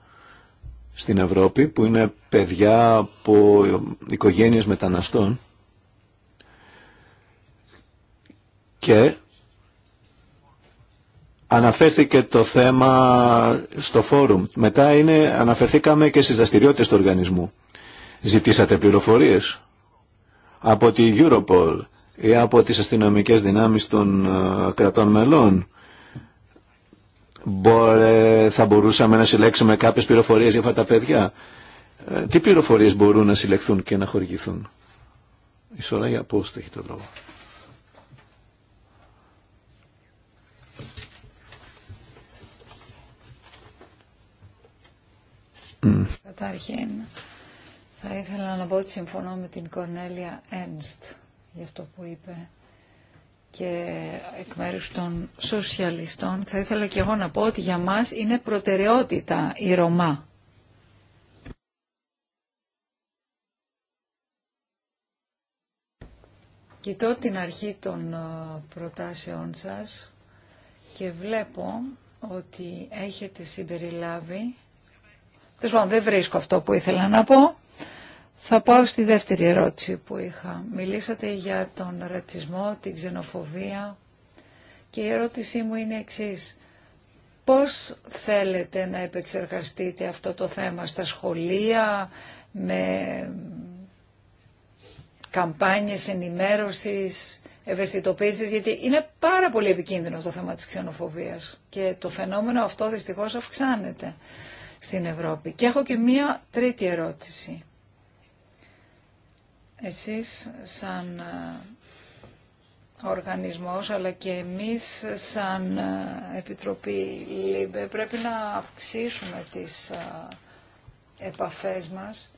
στην Ευρώπη που είναι παιδιά από οικογένειες μεταναστών και αναφέρθηκε το θέμα στο φόρουμ. Μετά είναι, αναφερθήκαμε και στις δραστηριότητες του οργανισμού. Ζητήσατε πληροφορίες από τη Europol ή από τις αστυνομικές δυνάμεις των ε, κρατών μελών. θα μπορούσαμε να συλλέξουμε κάποιες πληροφορίες για αυτά τα παιδιά. Ε, τι πληροφορίες μπορούν να συλλεχθούν και να χορηγηθούν. Η Σωράγια πώς έχει το λόγο. Καταρχήν, θα ήθελα να πω ότι συμφωνώ με την Κορνέλια Ένστ για αυτό που είπε και εκ μέρους των σοσιαλιστών θα ήθελα και εγώ να πω ότι για μας είναι προτεραιότητα η Ρωμά. Κοιτώ την αρχή των ε, προτάσεών σας και βλέπω ότι έχετε συμπεριλάβει δεν βρίσκω αυτό που ήθελα να πω. Θα πάω στη δεύτερη ερώτηση που είχα. Μιλήσατε για τον ρατσισμό, την ξενοφοβία και η ερώτησή μου είναι εξής. Πώς θέλετε να επεξεργαστείτε αυτό το θέμα στα σχολεία, με καμπάνιες ενημέρωσης, ευαισθητοποίησης, γιατί είναι πάρα πολύ επικίνδυνο το θέμα της ξενοφοβίας και το φαινόμενο αυτό δυστυχώς αυξάνεται στην Ευρώπη. Και έχω και μία τρίτη ερώτηση. Εσείς σαν ε, οργανισμός αλλά και εμείς σαν ε, Επιτροπή ΛΥΜΠΕ πρέπει να αυξήσουμε τις ε, επαφές μας.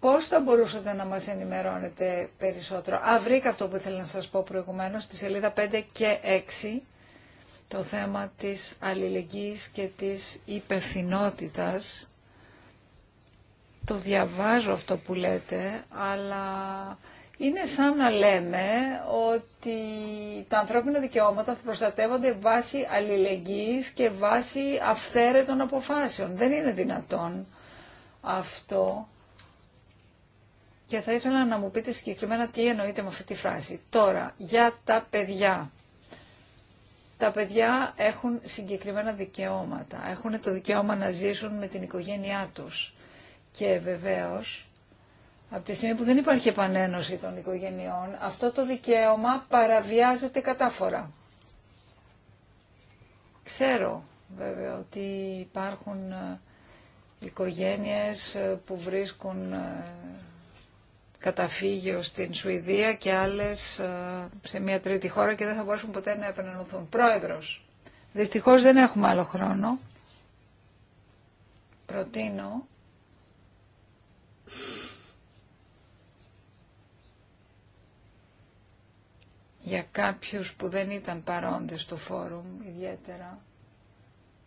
Πώς θα μπορούσατε να μας ενημερώνετε περισσότερο. Α, βρήκα αυτό που ήθελα να σας πω προηγουμένως στη σελίδα 5 και 6 το θέμα της αλληλεγγύης και της υπευθυνότητας το διαβάζω αυτό που λέτε, αλλά είναι σαν να λέμε ότι τα ανθρώπινα δικαιώματα θα προστατεύονται βάσει αλληλεγγύης και βάσει αυθαίρετων αποφάσεων. Δεν είναι δυνατόν αυτό. Και θα ήθελα να μου πείτε συγκεκριμένα τι εννοείτε με αυτή τη φράση. Τώρα, για τα παιδιά. Τα παιδιά έχουν συγκεκριμένα δικαιώματα. Έχουν το δικαίωμα να ζήσουν με την οικογένειά τους. Και βεβαίως, από τη στιγμή που δεν υπάρχει επανένωση των οικογενειών, αυτό το δικαίωμα παραβιάζεται κατάφορα. Ξέρω βέβαια ότι υπάρχουν ε, οικογένειες ε, που βρίσκουν ε, καταφύγιο στην Σουηδία και άλλες σε μια τρίτη χώρα και δεν θα μπορέσουν ποτέ να επανενωθούν. Πρόεδρος, δυστυχώς δεν έχουμε άλλο χρόνο. Προτείνω για κάποιους που δεν ήταν παρόντες στο φόρουμ ιδιαίτερα.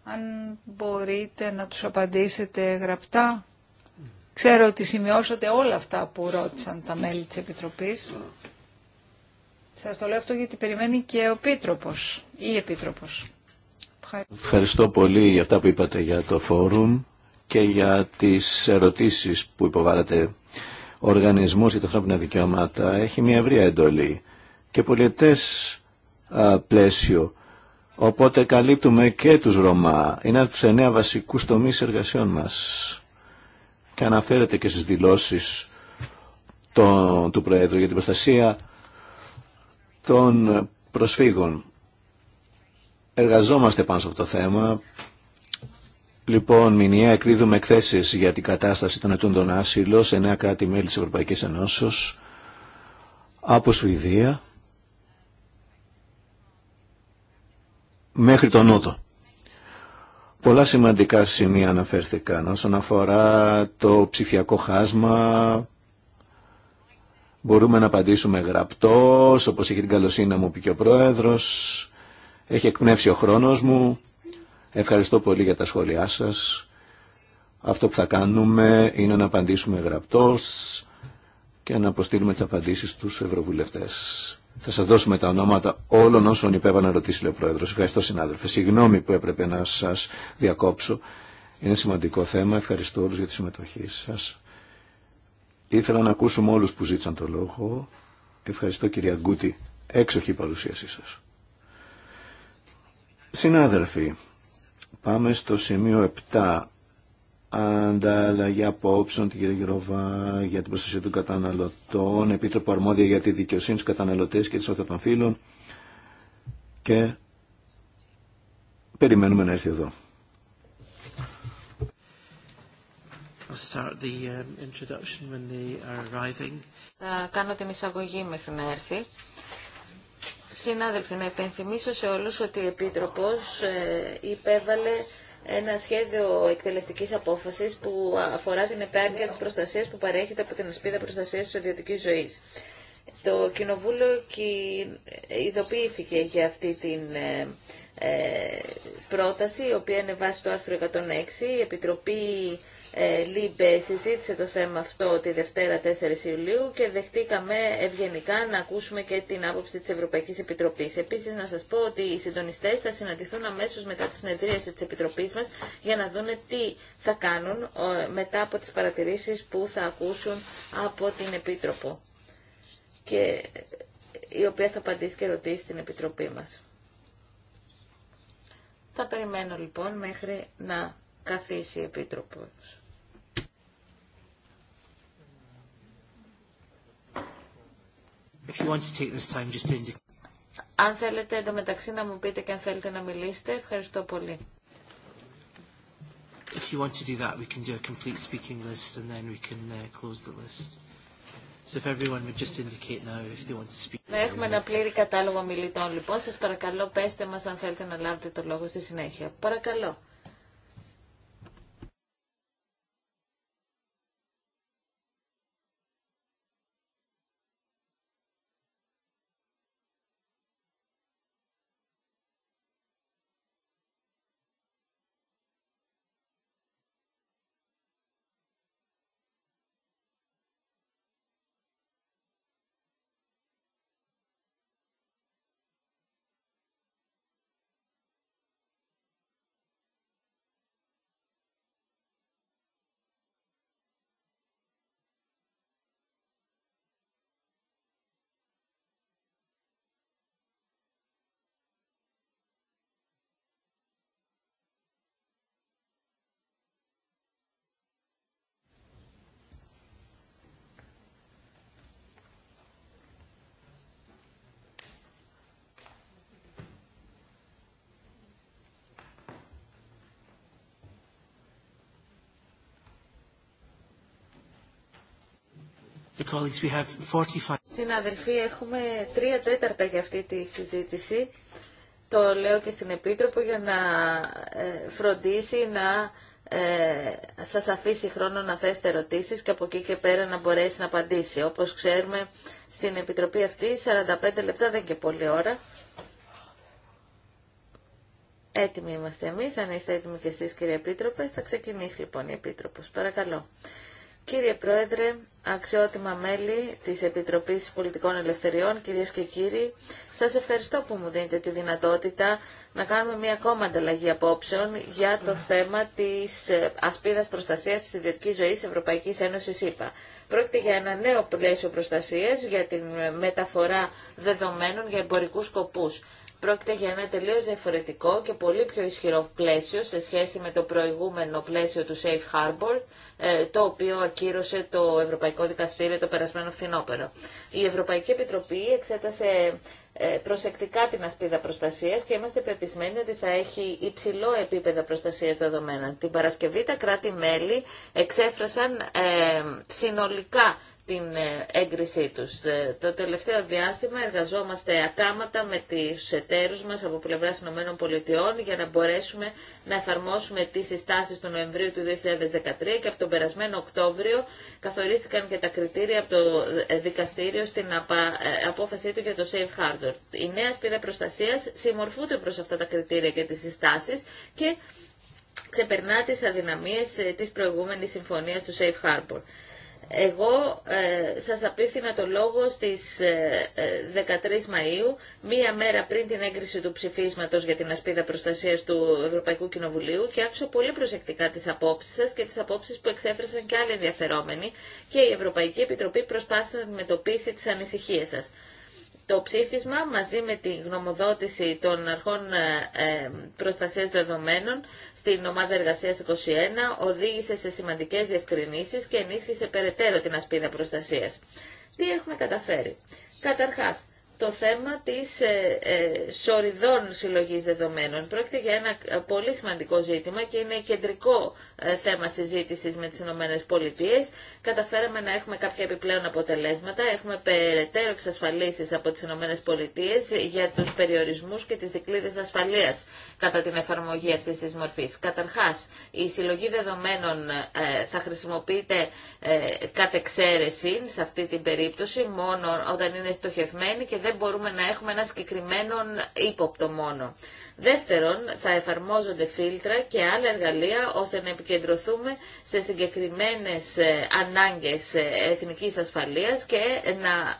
Αν μπορείτε να τους απαντήσετε γραπτά. Ξέρω ότι σημειώσατε όλα αυτά που ρώτησαν τα μέλη της Επιτροπής. Σας το λέω αυτό γιατί περιμένει και ο Επίτροπος ή Επίτροπος. Ευχαριστώ πολύ για αυτά που είπατε για το φόρουμ και για τις ερωτήσεις που υποβάλλεται Ο Οργανισμός για τα Ανθρώπινα Δικαιώματα έχει μια ευρία εντολή και πολιετές πλαίσιο. Οπότε καλύπτουμε και τους Ρωμά. Είναι από τους εννέα βασικούς τομείς εργασιών μας. Και αναφέρεται και στις δηλώσεις του Προέδρου για την προστασία των προσφύγων. Εργαζόμαστε πάνω σε αυτό το θέμα. Λοιπόν, μηνιαία εκδίδουμε εκθέσει για την κατάσταση των ετούντων άσυλο σε νέα κράτη-μέλη τη Ευρωπαϊκή Ενώσεω από Σουηδία μέχρι τον Νότο. Πολλά σημαντικά σημεία αναφέρθηκαν όσον αφορά το ψηφιακό χάσμα. Μπορούμε να απαντήσουμε γραπτός, όπως είχε την καλοσύνη να μου πει και ο Πρόεδρος. Έχει εκπνεύσει ο χρόνος μου. Ευχαριστώ πολύ για τα σχόλιά σας. Αυτό που θα κάνουμε είναι να απαντήσουμε γραπτός και να αποστείλουμε τις απαντήσεις στους ευρωβουλευτές. Θα σας δώσουμε τα ονόματα όλων όσων υπέβαλαν ερωτήσει, λέει ο Πρόεδρος. Ευχαριστώ, συνάδελφε. Συγγνώμη που έπρεπε να σας διακόψω. Είναι σημαντικό θέμα. Ευχαριστώ όλους για τη συμμετοχή σας. Ήθελα να ακούσουμε όλους που ζήτησαν το λόγο. Ευχαριστώ, κυρία Γκούτη. Έξοχη παρουσίασή σας. Συνάδελφοι, Πάμε στο σημείο 7. Ανταλλαγή απόψεων την κυρία Γερόβα για την προστασία των καταναλωτών, Επίτροπο Αρμόδια για τη δικαιοσύνη στους καταναλωτές και της όρθια των φίλων. και περιμένουμε να έρθει εδώ. Um, Θα κάνω την εισαγωγή μέχρι να έρθει. Συνάδελφοι, να υπενθυμίσω σε όλους ότι η Επίτροπος ε, υπέβαλε ένα σχέδιο εκτελεστικής απόφασης που αφορά την επάρκεια της προστασίας που παρέχεται από την ασπίδα Προστασίας της Ιδιωτική Ζωής. Το Κοινοβούλιο ειδοποιήθηκε για αυτή την ε, ε, πρόταση, η οποία είναι βάση του άρθρου 106. Η Επιτροπή ε, ΛΥΜΠΕ συζήτησε το θέμα αυτό τη Δευτέρα 4 Ιουλίου και δεχτήκαμε ευγενικά να ακούσουμε και την άποψη της Ευρωπαϊκής Επιτροπής. Επίσης να σας πω ότι οι συντονιστές θα συναντηθούν αμέσως μετά τη συνεδρίαση της Επιτροπής μας για να δούνε τι θα κάνουν ε, μετά από τις παρατηρήσεις που θα ακούσουν από την Επίτροπο και η οποία θα απαντήσει και ρωτήσει στην Επιτροπή μας. Θα περιμένω λοιπόν μέχρι να καθίσει η Επίτροπος. If you want to take this time, just indicate. Αν θέλετε εντωμεταξύ να μου πείτε και αν θέλετε να μιλήσετε, ευχαριστώ πολύ. If you want to do that, we can do a complete speaking list and then we can uh, close the list. So if everyone would just indicate now if they want to speak. Να έχουμε ένα πλήρη κατάλογο μιλητών λοιπόν. Σας παρακαλώ πέστε μας αν θέλετε να λάβετε το λόγο στη συνέχεια. Παρακαλώ. Συναδελφοί, έχουμε τρία τέταρτα για αυτή τη συζήτηση. Το λέω και στην Επίτροπο για να ε, φροντίσει να ε, σας αφήσει χρόνο να θέσετε ερωτήσεις και από εκεί και πέρα να μπορέσει να απαντήσει. Όπως ξέρουμε στην Επιτροπή αυτή 45 λεπτά δεν και πολλή ώρα. Έτοιμοι είμαστε εμείς, αν είστε έτοιμοι και εσείς κύριε Επίτροπε, θα ξεκινήσει λοιπόν η Επίτροπος. Παρακαλώ. Κύριε Πρόεδρε, αξιότιμα μέλη της Επιτροπής Πολιτικών Ελευθεριών, κυρίες και κύριοι, σας ευχαριστώ που μου δίνετε τη δυνατότητα να κάνουμε μια ακόμα ανταλλαγή απόψεων για το θέμα της ε, ασπίδας προστασίας της ιδιωτικής ζωής Ευρωπαϊκής Ένωσης είπα. Πρόκειται για ένα νέο πλαίσιο προστασίας για την μεταφορά δεδομένων για εμπορικούς σκοπούς. Πρόκειται για ένα τελείως διαφορετικό και πολύ πιο ισχυρό πλαίσιο σε σχέση με το προηγούμενο πλαίσιο του Safe Harbor, ε, το οποίο ακύρωσε το Ευρωπαϊκό Δικαστήριο το περασμένο φθινόπερο. Η Ευρωπαϊκή Επιτροπή εξέτασε ε, προσεκτικά την ασπίδα προστασίας και είμαστε πεπισμένοι ότι θα έχει υψηλό επίπεδο προστασίας δεδομένα. Την Παρασκευή τα κράτη-μέλη εξέφρασαν ε, συνολικά την ε, έγκρισή τους. Ε, το τελευταίο διάστημα εργαζόμαστε ακάματα με τις εταίρους μας από πλευράς ΗΠΑ για να μπορέσουμε να εφαρμόσουμε τις συστάσεις του Νοεμβρίου του 2013 και από τον περασμένο Οκτώβριο καθορίστηκαν και τα κριτήρια από το ε, δικαστήριο στην απόφασή του για το Safe Harbor. Η νέα σπίδα προστασίας συμμορφούνται προς αυτά τα κριτήρια και τις συστάσεις και ξεπερνά τις αδυναμίες της προηγούμενης συμφωνίας του Safe Harbor. Εγώ ε, σας απίθυνα το λόγο στις 13 ε, ε, Μαΐου, μία μέρα πριν την έγκριση του ψηφίσματος για την ασπίδα προστασίας του Ευρωπαϊκού Κοινοβουλίου και άκουσα πολύ προσεκτικά τις απόψεις σας και τις απόψεις που εξέφρασαν και άλλοι ενδιαφερόμενοι και η Ευρωπαϊκή Επιτροπή προσπάθησε να αντιμετωπίσει τις ανησυχίες σας. Το ψήφισμα μαζί με τη γνωμοδότηση των αρχών ε, ε, προστασίας δεδομένων στην ομάδα εργασίας 21 οδήγησε σε σημαντικές διευκρινήσεις και ενίσχυσε περαιτέρω την ασπίδα προστασίας. Τι έχουμε καταφέρει. Καταρχάς, το θέμα της ε, ε, συλλογής δεδομένων. Πρόκειται για ένα πολύ σημαντικό ζήτημα και είναι κεντρικό ε, θέμα συζήτησης με τις Ηνωμένες Πολιτείες. Καταφέραμε να έχουμε κάποια επιπλέον αποτελέσματα. Έχουμε περαιτέρω εξασφαλίσεις από τις Ηνωμένες Πολιτείες για τους περιορισμούς και τις δικλείδες ασφαλείας κατά την εφαρμογή αυτή της μορφής. Καταρχάς, η συλλογή δεδομένων ε, θα χρησιμοποιείται ε, κατ' εξαίρεση σε αυτή την περίπτωση μόνο όταν είναι στοχευμένη και δεν μπορούμε να έχουμε ένα συγκεκριμένο ύποπτο μόνο. Δεύτερον, θα εφαρμόζονται φίλτρα και άλλα εργαλεία ώστε να επικεντρωθούμε σε συγκεκριμένες ε, ανάγκες εθνικής ασφαλείας και να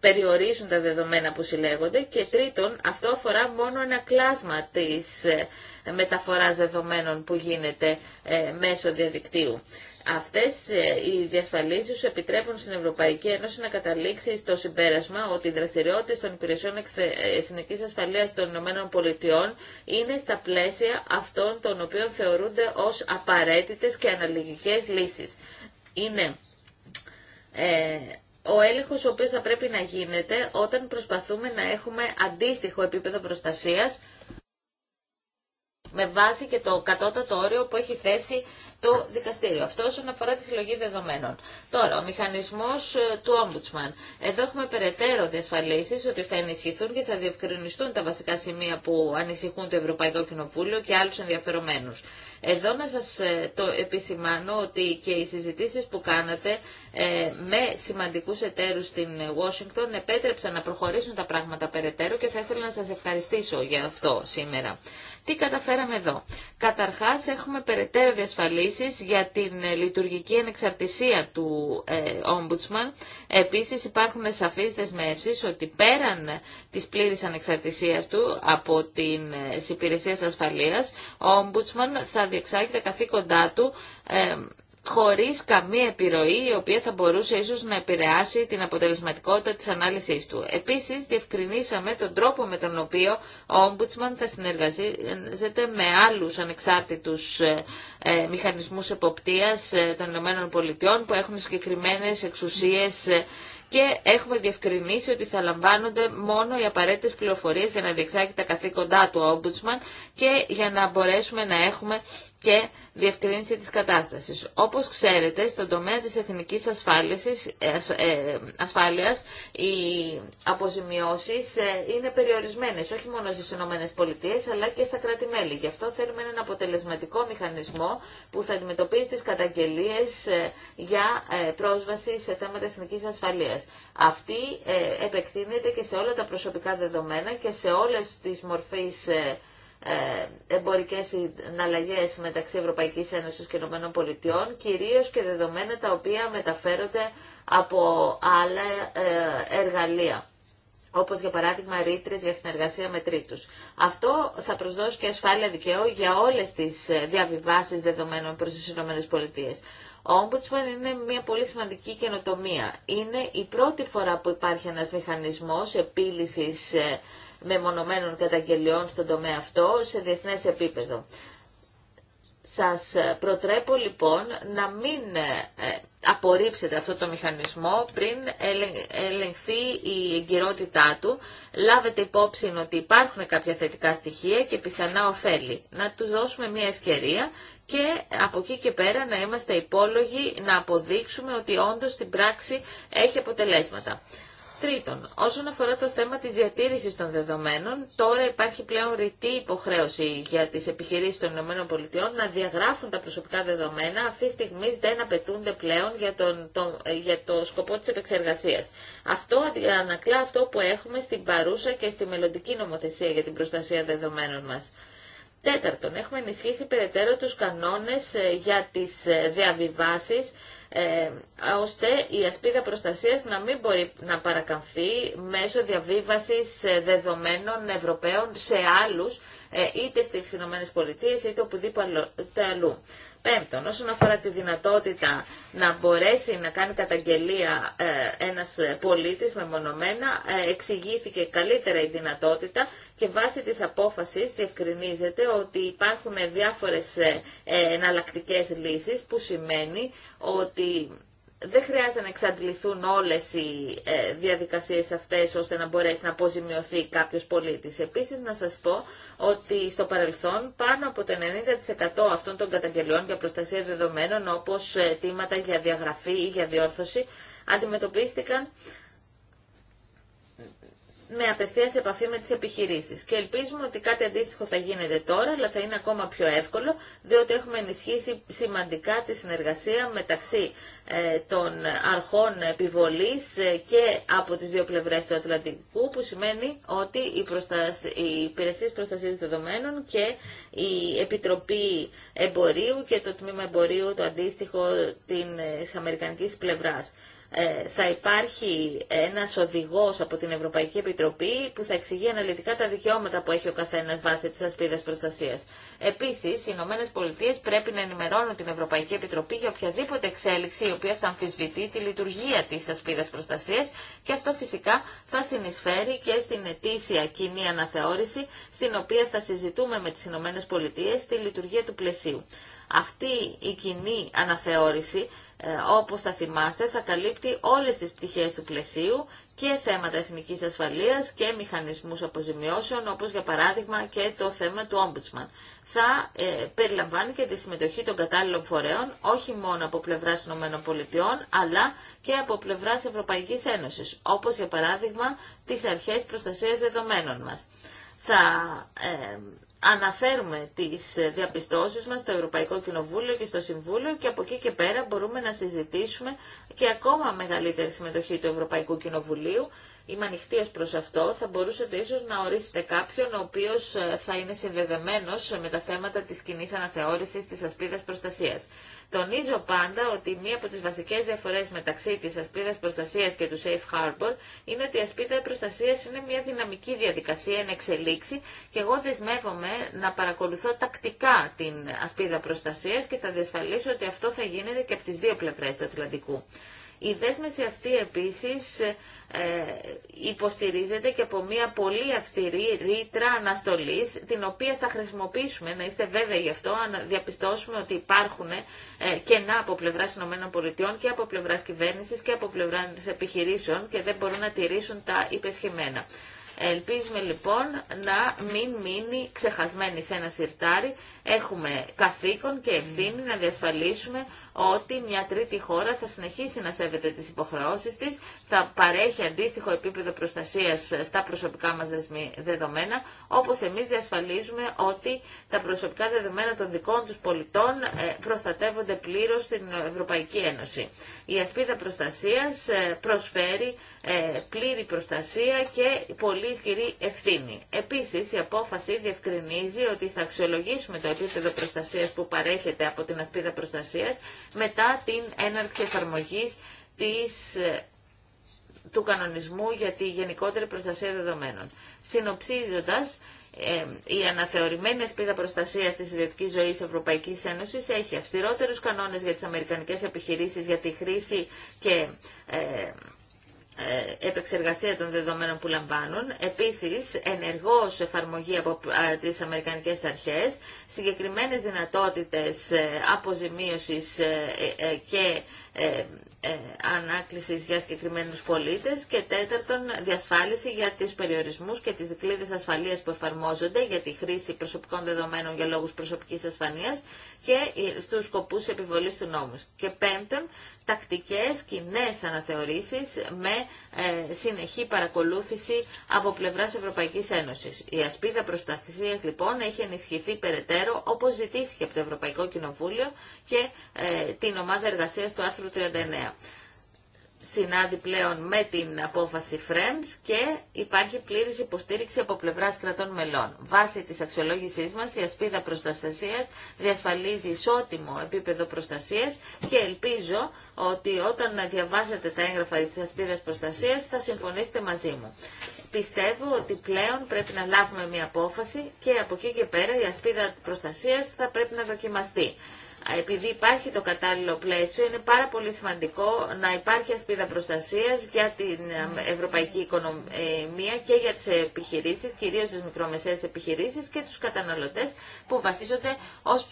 περιορίζουν τα δεδομένα που συλλέγονται και τρίτον, αυτό αφορά μόνο ένα κλάσμα της ε, μεταφοράς δεδομένων που γίνεται ε, μέσω διαδικτύου. Αυτές ε, οι διασφαλίσεις επιτρέπουν στην Ευρωπαϊκή Ένωση να καταλήξει στο συμπέρασμα ότι οι δραστηριότητες των υπηρεσιών εθνικής ασφαλείας των Ηνωμένων Πολιτειών είναι στα πλαίσια αυτών των οποίων θεωρούνται ως απαραίτητες και αναλυγικές λύσεις. Είναι ο έλεγχος ο οποίος θα πρέπει να γίνεται όταν προσπαθούμε να έχουμε αντίστοιχο επίπεδο προστασίας με βάση και το κατώτατο όριο που έχει θέσει το δικαστήριο. Αυτό όσον αφορά τη συλλογή δεδομένων. Τώρα, ο μηχανισμό ε, του Ombudsman. Εδώ έχουμε περαιτέρω διασφαλίσει ότι θα ενισχυθούν και θα διευκρινιστούν τα βασικά σημεία που ανησυχούν το Ευρωπαϊκό Κοινοβούλιο και άλλου ενδιαφερομένου. Εδώ να σας ε, το επισημάνω ότι και οι συζητήσεις που κάνατε ε, με σημαντικούς εταίρους στην Washington επέτρεψαν να προχωρήσουν τα πράγματα περαιτέρω και θα ήθελα να σας ευχαριστήσω για αυτό σήμερα. Τι καταφέραμε εδώ. Καταρχάς έχουμε περαιτέρω διασφαλίσεις για την ε, λειτουργική ανεξαρτησία του ε, Ombudsman. Επίσης υπάρχουν σαφείς δεσμεύσεις ότι πέραν της πλήρης ανεξαρτησίας του από την υπηρεσία ασφαλείας, ο Ombudsman θα διεξάγει τα καθήκοντά του ε, χωρίς καμία επιρροή η οποία θα μπορούσε ίσως να επηρεάσει την αποτελεσματικότητα της ανάλυσης του. Επίσης, διευκρινίσαμε τον τρόπο με τον οποίο ο Ombudsman θα συνεργαζεται με άλλους ανεξάρτητους ε, ε μηχανισμούς εποπτείας ε, των ΗΠΑ που έχουν συγκεκριμένες εξουσίες ε, και έχουμε διευκρινίσει ότι θα λαμβάνονται μόνο οι απαραίτητες πληροφορίες για να διεξάγει τα καθήκοντά του ο και για να μπορέσουμε να έχουμε και διευκρίνηση της κατάστασης. Όπως ξέρετε, στον τομέα της εθνικής ε, ε, ασφάλειας οι αποζημιώσεις ε, είναι περιορισμένες, όχι μόνο στις ΗΠΑ αλλά και στα κράτη-μέλη. Γι' αυτό θέλουμε έναν αποτελεσματικό μηχανισμό που θα αντιμετωπίζει τις καταγγελίες για πρόσβαση σε θέματα εθνικής ασφαλείας. Αυτή επεκτείνεται και σε όλα τα προσωπικά δεδομένα και σε όλες τις μορφές ε, εμπορικές συναλλαγές μεταξύ Ευρωπαϊκής Ένωσης και Ηνωμένων Πολιτειών, κυρίως και δεδομένα τα οποία μεταφέρονται από άλλα ε, εργαλεία όπω για παράδειγμα ρήτρε για συνεργασία με τρίτου. Αυτό θα προσδώσει και ασφάλεια δικαίου για όλε τι ε, διαβιβάσει δεδομένων προς τι ΗΠΑ. Ο Ombudsman είναι μια πολύ σημαντική καινοτομία. Είναι η πρώτη φορά που υπάρχει ένας μηχανισμός επίλυσης μεμονωμένων καταγγελιών στον τομέα αυτό σε διεθνές επίπεδο. Σας ε, προτρέπω λοιπόν να μην ε, ε, απορρίψετε αυτό το μηχανισμό πριν ελεγχθεί η εγκυρότητά του. Λάβετε υπόψη ότι υπάρχουν κάποια θετικά στοιχεία και πιθανά ωφέλη. Να τους δώσουμε μια ευκαιρία και από εκεί και πέρα να είμαστε υπόλογοι να αποδείξουμε ότι όντως στην πράξη έχει αποτελέσματα. Τρίτον, όσον αφορά το θέμα της διατήρησης των δεδομένων, τώρα υπάρχει πλέον ρητή υποχρέωση για τις επιχειρήσεις των ΗΠΑ να διαγράφουν τα προσωπικά δεδομένα, αυτή τη στιγμή δεν απαιτούνται πλέον για, τον, για το σκοπό της επεξεργασίας. Αυτό ανακλά αυτό που έχουμε στην παρούσα και στη μελλοντική νομοθεσία για την προστασία δεδομένων μας. Τέταρτον, έχουμε ενισχύσει περαιτέρω τους κανόνες ε, για τις ε, διαβιβάσεις, ε, ώστε η ασπίδα προστασίας να μην μπορεί να παρακαμφθεί μέσω διαβίβασης ε, δεδομένων Ευρωπαίων σε άλλους, ε, είτε στις ΗΠΑ είτε οπουδήποτε αλλού. Πέμπτον, όσον αφορά τη δυνατότητα να μπορέσει να κάνει καταγγελία ε, ένας ε, πολίτης μεμονωμένα, ε, εξηγήθηκε καλύτερα η δυνατότητα και βάσει της απόφασης διευκρινίζεται ότι υπάρχουν διάφορες εναλλακτικές λύσεις που σημαίνει ότι δεν χρειάζεται να εξαντληθούν όλες οι ε, διαδικασίες αυτές ώστε να μπορέσει να αποζημιωθεί κάποιος πολίτης. Επίσης να σας πω ότι στο παρελθόν πάνω από το 90% αυτών των καταγγελιών για προστασία δεδομένων όπως ε, αιτήματα για διαγραφή ή για διόρθωση αντιμετωπίστηκαν με απευθεία επαφή με τις επιχειρήσεις. Και ελπίζουμε ότι κάτι αντίστοιχο θα γίνεται τώρα, αλλά θα είναι ακόμα πιο εύκολο, διότι έχουμε ενισχύσει σημαντικά τη συνεργασία μεταξύ ε, των αρχών επιβολής ε, και από τις δύο πλευρές του Ατλαντικού, που σημαίνει ότι οι, προστασ... οι υπηρεσίες προστασίας δεδομένων και η Επιτροπή Εμπορίου και το Τμήμα Εμπορίου το αντίστοιχο τη ε, αμερικανική πλευρά. Ε, θα υπάρχει ένας οδηγός από την Ευρωπαϊκή Επιτροπή που θα εξηγεί αναλυτικά τα δικαιώματα που έχει ο καθένας βάσει της ασπίδας προστασίας. Επίσης, οι Ηνωμένε Πολιτείες πρέπει να ενημερώνουν την Ευρωπαϊκή Επιτροπή για οποιαδήποτε εξέλιξη η οποία θα αμφισβητεί τη λειτουργία της ασπίδας προστασίας και αυτό φυσικά θα συνεισφέρει και στην ετήσια κοινή αναθεώρηση στην οποία θα συζητούμε με τις Ηνωμένε Πολιτείες τη λειτουργία του πλαισίου. Αυτή η κοινή αναθεώρηση ε, όπως θα θυμάστε, θα καλύπτει όλες τις πτυχές του πλαισίου και θέματα εθνικής ασφαλείας και μηχανισμούς αποζημιώσεων, όπως για παράδειγμα και το θέμα του Ombudsman. Θα ε, περιλαμβάνει και τη συμμετοχή των κατάλληλων φορέων, όχι μόνο από πλευράς ΗΠΑ, αλλά και από πλευράς Ευρωπαϊκής Ένωσης, όπως για παράδειγμα τις αρχές προστασίας δεδομένων μας. Θα ε, αναφέρουμε τις διαπιστώσεις μας στο Ευρωπαϊκό Κοινοβούλιο και στο Συμβούλιο και από εκεί και πέρα μπορούμε να συζητήσουμε και ακόμα μεγαλύτερη συμμετοχή του Ευρωπαϊκού Κοινοβουλίου είμαι ανοιχτή προς αυτό, θα μπορούσατε ίσως να ορίσετε κάποιον ο οποίος ε, θα είναι συνδεδεμένος με τα θέματα της κοινή αναθεώρησης της ασπίδας προστασίας. Τονίζω πάντα ότι μία από τις βασικές διαφορές μεταξύ της ασπίδας προστασίας και του safe harbor είναι ότι η ασπίδα προστασίας είναι μια δυναμική διαδικασία εν εξελίξη και εγώ δεσμεύομαι να παρακολουθώ τακτικά την ασπίδα προστασίας και θα διασφαλίσω ότι αυτό θα γίνεται και από τις δύο πλευρές του Ατλαντικού. Η δέσμευση αυτή επίσης ε, ε, υποστηρίζεται και από μια πολύ αυστηρή ρήτρα αναστολής, την οποία θα χρησιμοποιήσουμε, να είστε βέβαιοι γι' αυτό, αν διαπιστώσουμε ότι υπάρχουν ε, κενά από πλευρά ΗΠΑ και από πλευρά κυβέρνηση και από πλευρά επιχειρήσεων και δεν μπορούν να τηρήσουν τα υπεσχημένα. Ελπίζουμε λοιπόν να μην μείνει ξεχασμένη σε ένα σιρτάρι Έχουμε καθήκον και ευθύνη να διασφαλίσουμε ότι μια τρίτη χώρα θα συνεχίσει να σέβεται τις υποχρεώσεις της, θα παρέχει αντίστοιχο επίπεδο προστασίας στα προσωπικά μας δεδομένα, όπως εμείς διασφαλίζουμε ότι τα προσωπικά δεδομένα των δικών τους πολιτών ε, προστατεύονται πλήρως στην Ευρωπαϊκή Ένωση. Η ασπίδα προστασίας ε, προσφέρει ε, πλήρη προστασία και πολύ ισχυρή ευθύνη. Επίσης, η απόφαση διευκρινίζει ότι θα αξιολογήσουμε το επίπεδο προστασίας που παρέχεται από την ασπίδα προστασίας μετά την έναρξη εφαρμογής ε, του κανονισμού για τη γενικότερη προστασία δεδομένων. Συνοψίζοντας, ε, η αναθεωρημένη ασπίδα προστασία τη ιδιωτική ζωή Ευρωπαϊκή Ένωση έχει αυστηρότερου κανόνε για τι αμερικανικέ επιχειρήσει για τη χρήση και ε, επεξεργασία των δεδομένων που λαμβάνουν. Επίσης, ενεργός εφαρμογή από τις Αμερικανικές Αρχές, συγκεκριμένες δυνατότητες ε, αποζημίωσης ε, και ε, ανάκλησης για συγκεκριμένους πολίτες και τέταρτον διασφάλιση για τις περιορισμούς και τις δικλείδες ασφαλείας που εφαρμόζονται για τη χρήση προσωπικών δεδομένων για λόγους προσωπικής ασφαλείας και ε, στους σκοπούς επιβολής του νόμου. Και πέμπτον, τακτικές κοινέ αναθεωρήσεις με ε, συνεχή παρακολούθηση από πλευράς Ευρωπαϊκής Ένωσης. Η ασπίδα προστασίας λοιπόν έχει ενισχυθεί περαιτέρω όπως ζητήθηκε από το Ευρωπαϊκό Κοινοβούλιο και ε, την ομάδα εργασίας του άρθρου 39 συνάδει πλέον με την απόφαση FREMS και υπάρχει πλήρης υποστήριξη από πλευράς κρατών μελών. Βάσει της αξιολόγησής μας, η ασπίδα προστασίας διασφαλίζει ισότιμο επίπεδο προστασίας και ελπίζω ότι όταν διαβάζετε τα έγγραφα της ασπίδας προστασίας θα συμφωνήσετε μαζί μου. Πιστεύω ότι πλέον πρέπει να λάβουμε μια απόφαση και από εκεί και πέρα η ασπίδα προστασίας θα πρέπει να δοκιμαστεί επειδή υπάρχει το κατάλληλο πλαίσιο, είναι πάρα πολύ σημαντικό να υπάρχει ασπίδα προστασίας για την ε, ευρωπαϊκή οικονομία και για τις επιχειρήσεις, κυρίως τις μικρομεσαίες επιχειρήσεις και τους καταναλωτές που βασίζονται ως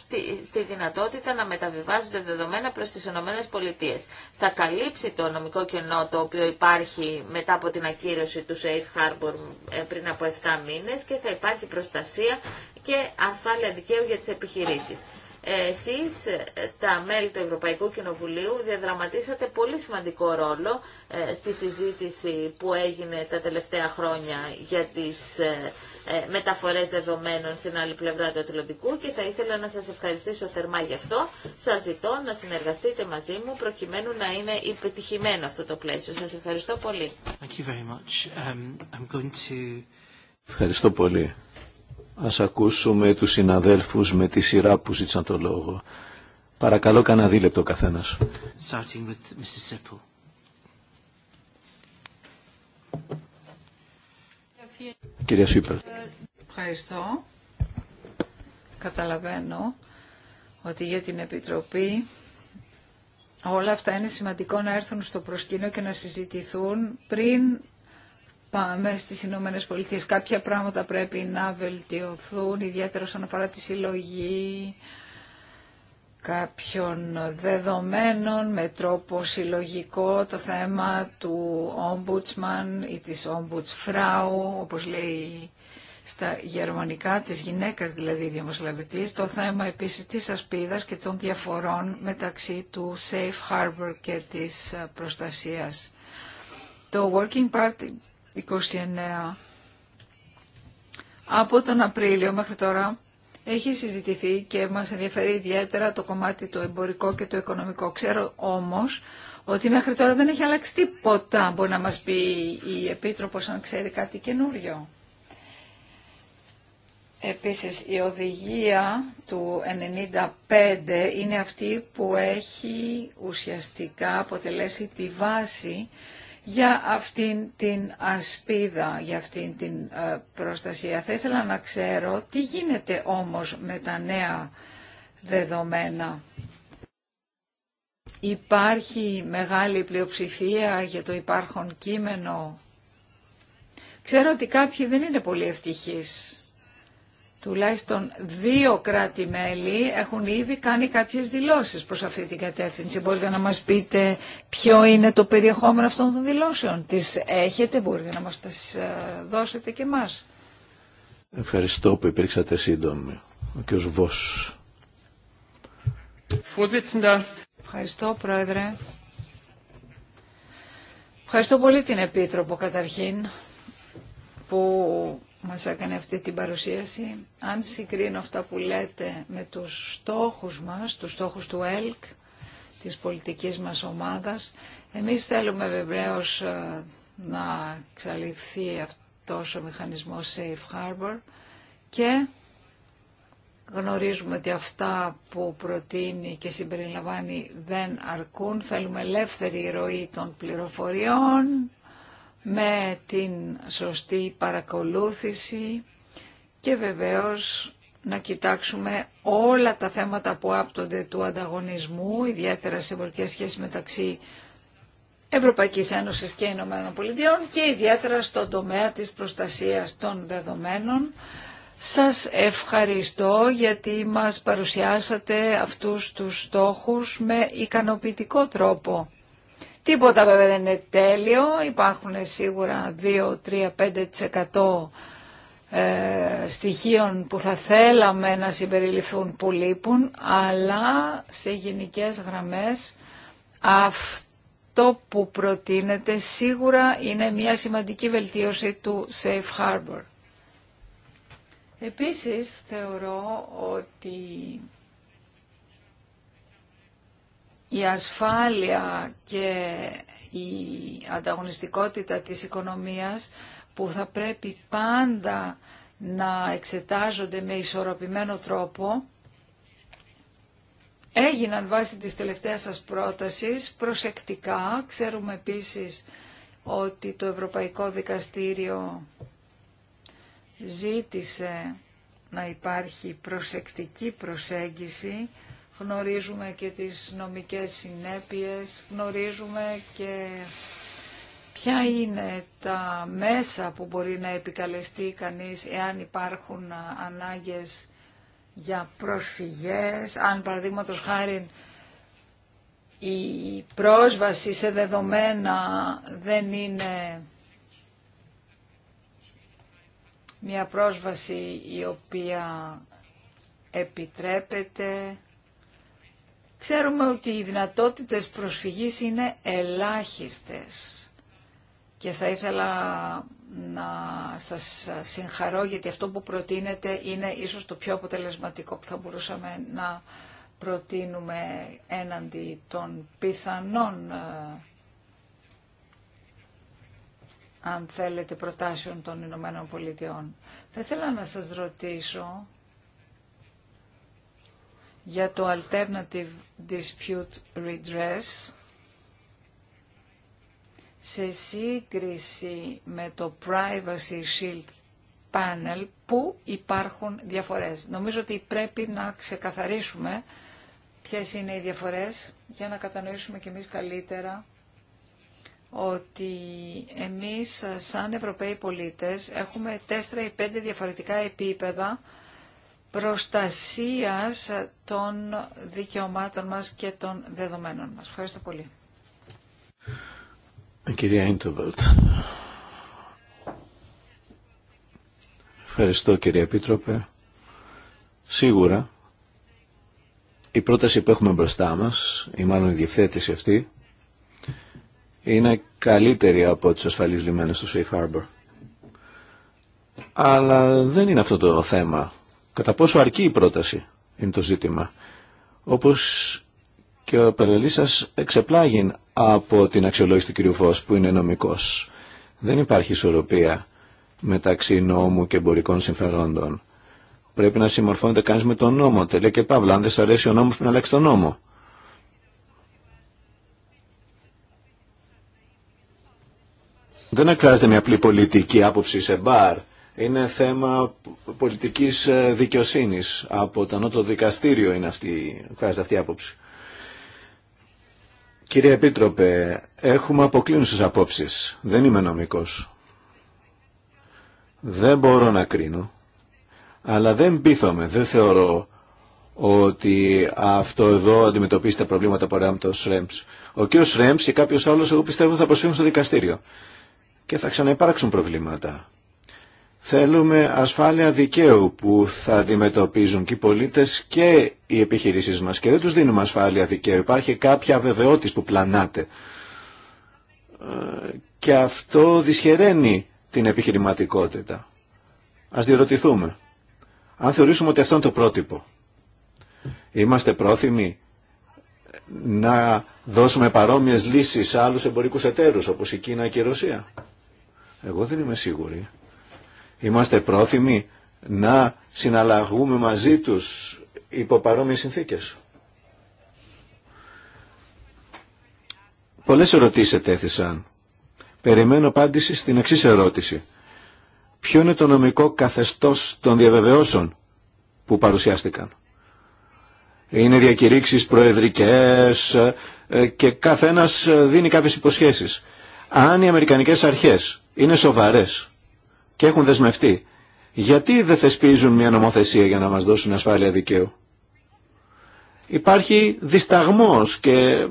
στη δυνατότητα να μεταβιβάζονται δεδομένα προς τις ΗΠΑ. Θα καλύψει το νομικό κενό το οποίο υπάρχει μετά από την ακύρωση του Safe Harbor ε, πριν από 7 μήνες και θα υπάρχει προστασία και ασφάλεια δικαίου για τις επιχειρήσεις. Εσείς, ε, τα μέλη του Ευρωπαϊκού Κοινοβουλίου, διαδραματίσατε πολύ σημαντικό ρόλο ε, στη συζήτηση που έγινε τα τελευταία χρόνια για τις ε, μεταφορές δεδομένων στην άλλη πλευρά του Ατλαντικού και θα ήθελα να σας ευχαριστήσω θερμά γι' αυτό. Σας ζητώ να συνεργαστείτε μαζί μου προκειμένου να είναι υπετυχημένο αυτό το πλαίσιο. Σας ευχαριστώ πολύ. Um, ευχαριστώ πολύ. Ας ακούσουμε τους συναδέλφους με τη σειρά που ζήτησαν το λόγο. Παρακαλώ κανένα δίλεπτο ο καθένας. Κυρία Σίπελ. Ευχαριστώ. Καταλαβαίνω ότι για την Επιτροπή όλα αυτά είναι σημαντικό να έρθουν στο προσκήνιο και να συζητηθούν πριν πάμε στις Ηνωμένες Πολιτείες. Κάποια πράγματα πρέπει να βελτιωθούν, ιδιαίτερα όσον αφορά τη συλλογή κάποιων δεδομένων με τρόπο συλλογικό το θέμα του Ombudsman ή της Ombudsfrau, όπως λέει στα γερμανικά, της γυναίκας δηλαδή διαμοσλαβητής, το θέμα επίσης της ασπίδας και των διαφορών μεταξύ του Safe Harbor και της προστασίας. Το Working Party 29. Από τον Απρίλιο μέχρι τώρα έχει συζητηθεί και μας ενδιαφέρει ιδιαίτερα το κομμάτι το εμπορικό και το οικονομικό. Ξέρω όμως ότι μέχρι τώρα δεν έχει αλλάξει τίποτα, μπορεί να μας πει η Επίτροπος αν ξέρει κάτι καινούριο. Επίσης η οδηγία του 95 είναι αυτή που έχει ουσιαστικά αποτελέσει τη βάση για αυτήν την ασπίδα, για αυτήν την ε, προστασία. Θα ήθελα να ξέρω τι γίνεται όμως με τα νέα δεδομένα. Υπάρχει μεγάλη πλειοψηφία για το υπάρχον κείμενο. Ξέρω ότι κάποιοι δεν είναι πολύ ευτυχείς τουλάχιστον δύο κράτη-μέλη έχουν ήδη κάνει κάποιες δηλώσεις προς αυτή την κατεύθυνση. Μπορείτε να μας πείτε ποιο είναι το περιεχόμενο αυτών των δηλώσεων. Τις έχετε, μπορείτε να μας τις ε, δώσετε και μας. Ευχαριστώ που υπήρξατε σύντομοι. Ο κ. Βος. Ευχαριστώ, Πρόεδρε. Ευχαριστώ πολύ την Επίτροπο, καταρχήν, που μας έκανε αυτή την παρουσίαση. Αν συγκρίνω αυτά που λέτε με τους στόχους μας, τους στόχους του ΕΛΚ, της πολιτικής μας ομάδας, εμείς θέλουμε βεβαίως ε, να εξαλειφθεί αυτός ο μηχανισμός Safe Harbor και γνωρίζουμε ότι αυτά που προτείνει και συμπεριλαμβάνει δεν αρκούν. Θέλουμε ελεύθερη ροή των πληροφοριών, με την σωστή παρακολούθηση και βεβαίως να κοιτάξουμε όλα τα θέματα που άπτονται του ανταγωνισμού, ιδιαίτερα σε εμπορικέ σχέσεις μεταξύ Ευρωπαϊκής Ένωσης και Ηνωμένων Πολιτειών και ιδιαίτερα στον τομέα της προστασίας των δεδομένων. Σας ευχαριστώ γιατί μας παρουσιάσατε αυτούς τους στόχους με ικανοποιητικό τρόπο. Τίποτα βέβαια δεν είναι τέλειο. Υπάρχουν σίγουρα 2, 3, 5% στοιχείων που θα θέλαμε να συμπεριληφθούν που λείπουν, αλλά σε γενικές γραμμές αυτό που προτείνεται σίγουρα είναι μια σημαντική βελτίωση του Safe Harbor. Επίσης θεωρώ ότι η ασφάλεια και η ανταγωνιστικότητα της οικονομίας που θα πρέπει πάντα να εξετάζονται με ισορροπημένο τρόπο έγιναν βάσει της τελευταίας σας πρότασης προσεκτικά. Ξέρουμε επίσης ότι το Ευρωπαϊκό Δικαστήριο ζήτησε να υπάρχει προσεκτική προσέγγιση γνωρίζουμε και τις νομικές συνέπειες, γνωρίζουμε και ποια είναι τα μέσα που μπορεί να επικαλεστεί κανείς εάν υπάρχουν ανάγκες για προσφυγές, αν παραδείγματο χάρη η πρόσβαση σε δεδομένα δεν είναι μια πρόσβαση η οποία επιτρέπεται Ξέρουμε ότι οι δυνατότητες προσφυγής είναι ελάχιστες και θα ήθελα να σας συγχαρώ γιατί αυτό που προτείνετε είναι ίσως το πιο αποτελεσματικό που θα μπορούσαμε να προτείνουμε έναντι των πιθανών ε, αν θέλετε προτάσεων των Ηνωμένων Πολιτειών. Θα ήθελα να σας ρωτήσω για το Alternative Dispute Redress σε σύγκριση με το Privacy Shield Panel που υπάρχουν διαφορές. Νομίζω ότι πρέπει να ξεκαθαρίσουμε ποιες είναι οι διαφορές για να κατανοήσουμε και εμείς καλύτερα ότι εμείς σαν Ευρωπαίοι πολίτες έχουμε τέσσερα ή πέντε διαφορετικά επίπεδα προστασίας των δικαιωμάτων μας και των δεδομένων μας. Ευχαριστώ πολύ. Κυρία Ιντεβελτ. Ευχαριστώ κύριε Επίτροπε. Σίγουρα η πρόταση που έχουμε μπροστά μας, ή μάλλον η διευθέτηση αυτή, είναι καλύτερη από τις ασφαλείς λιμένες του Safe Harbor. Αλλά δεν είναι αυτό το θέμα Κατά πόσο αρκεί η πρόταση είναι το ζήτημα. Όπως και ο πελελής σα εξεπλάγει από την αξιολόγηση του κ. Φως που είναι νομικός. Δεν υπάρχει ισορροπία μεταξύ νόμου και εμπορικών συμφερόντων. Πρέπει να συμμορφώνεται κανεί με τον νόμο. Τελεία και παύλα. Αν δεν σα αρέσει ο νόμο, πρέπει να αλλάξει τον νόμο. Δεν εκφράζεται μια απλή πολιτική άποψη σε μπαρ είναι θέμα πολιτικής ε, δικαιοσύνης. Από το νότο δικαστήριο είναι αυτή, χρειάζεται αυτή η άποψη. Κύριε Επίτροπε, έχουμε αποκλίνουσε απόψει. Δεν είμαι νομικός. Δεν μπορώ να κρίνω. Αλλά δεν πείθομαι, δεν θεωρώ ότι αυτό εδώ αντιμετωπίζει τα προβλήματα που με το ΣΡΕΜΣ. Ο κ. ΣΡΕΜΣ και κάποιο άλλο, εγώ πιστεύω, θα προσφύγουν στο δικαστήριο. Και θα ξαναυπάρξουν προβλήματα. Θέλουμε ασφάλεια δικαίου που θα αντιμετωπίζουν και οι πολίτες και οι επιχειρήσεις μας και δεν τους δίνουμε ασφάλεια δικαίου. Υπάρχει κάποια βεβαιότητα που πλανάται ε, και αυτό δυσχεραίνει την επιχειρηματικότητα. Ας διερωτηθούμε. Αν θεωρήσουμε ότι αυτό είναι το πρότυπο, είμαστε πρόθυμοι να δώσουμε παρόμοιες λύσεις σε άλλους εμπορικούς εταίρους όπως η Κίνα και η Ρωσία. Εγώ δεν είμαι σίγουρη. Είμαστε πρόθυμοι να συναλλαγούμε μαζί τους υπό παρόμοιες συνθήκες. Πολλές ερωτήσεις ετέθησαν. Περιμένω απάντηση στην εξή ερώτηση. Ποιο είναι το νομικό καθεστώς των διαβεβαιώσεων που παρουσιάστηκαν. Είναι διακηρύξεις προεδρικές ε, ε, και κάθενας ε, δίνει κάποιες υποσχέσεις. Αν οι Αμερικανικές αρχές είναι σοβαρές και έχουν δεσμευτεί. Γιατί δεν θεσπίζουν μια νομοθεσία για να μας δώσουν ασφάλεια δικαίου. Υπάρχει δισταγμός και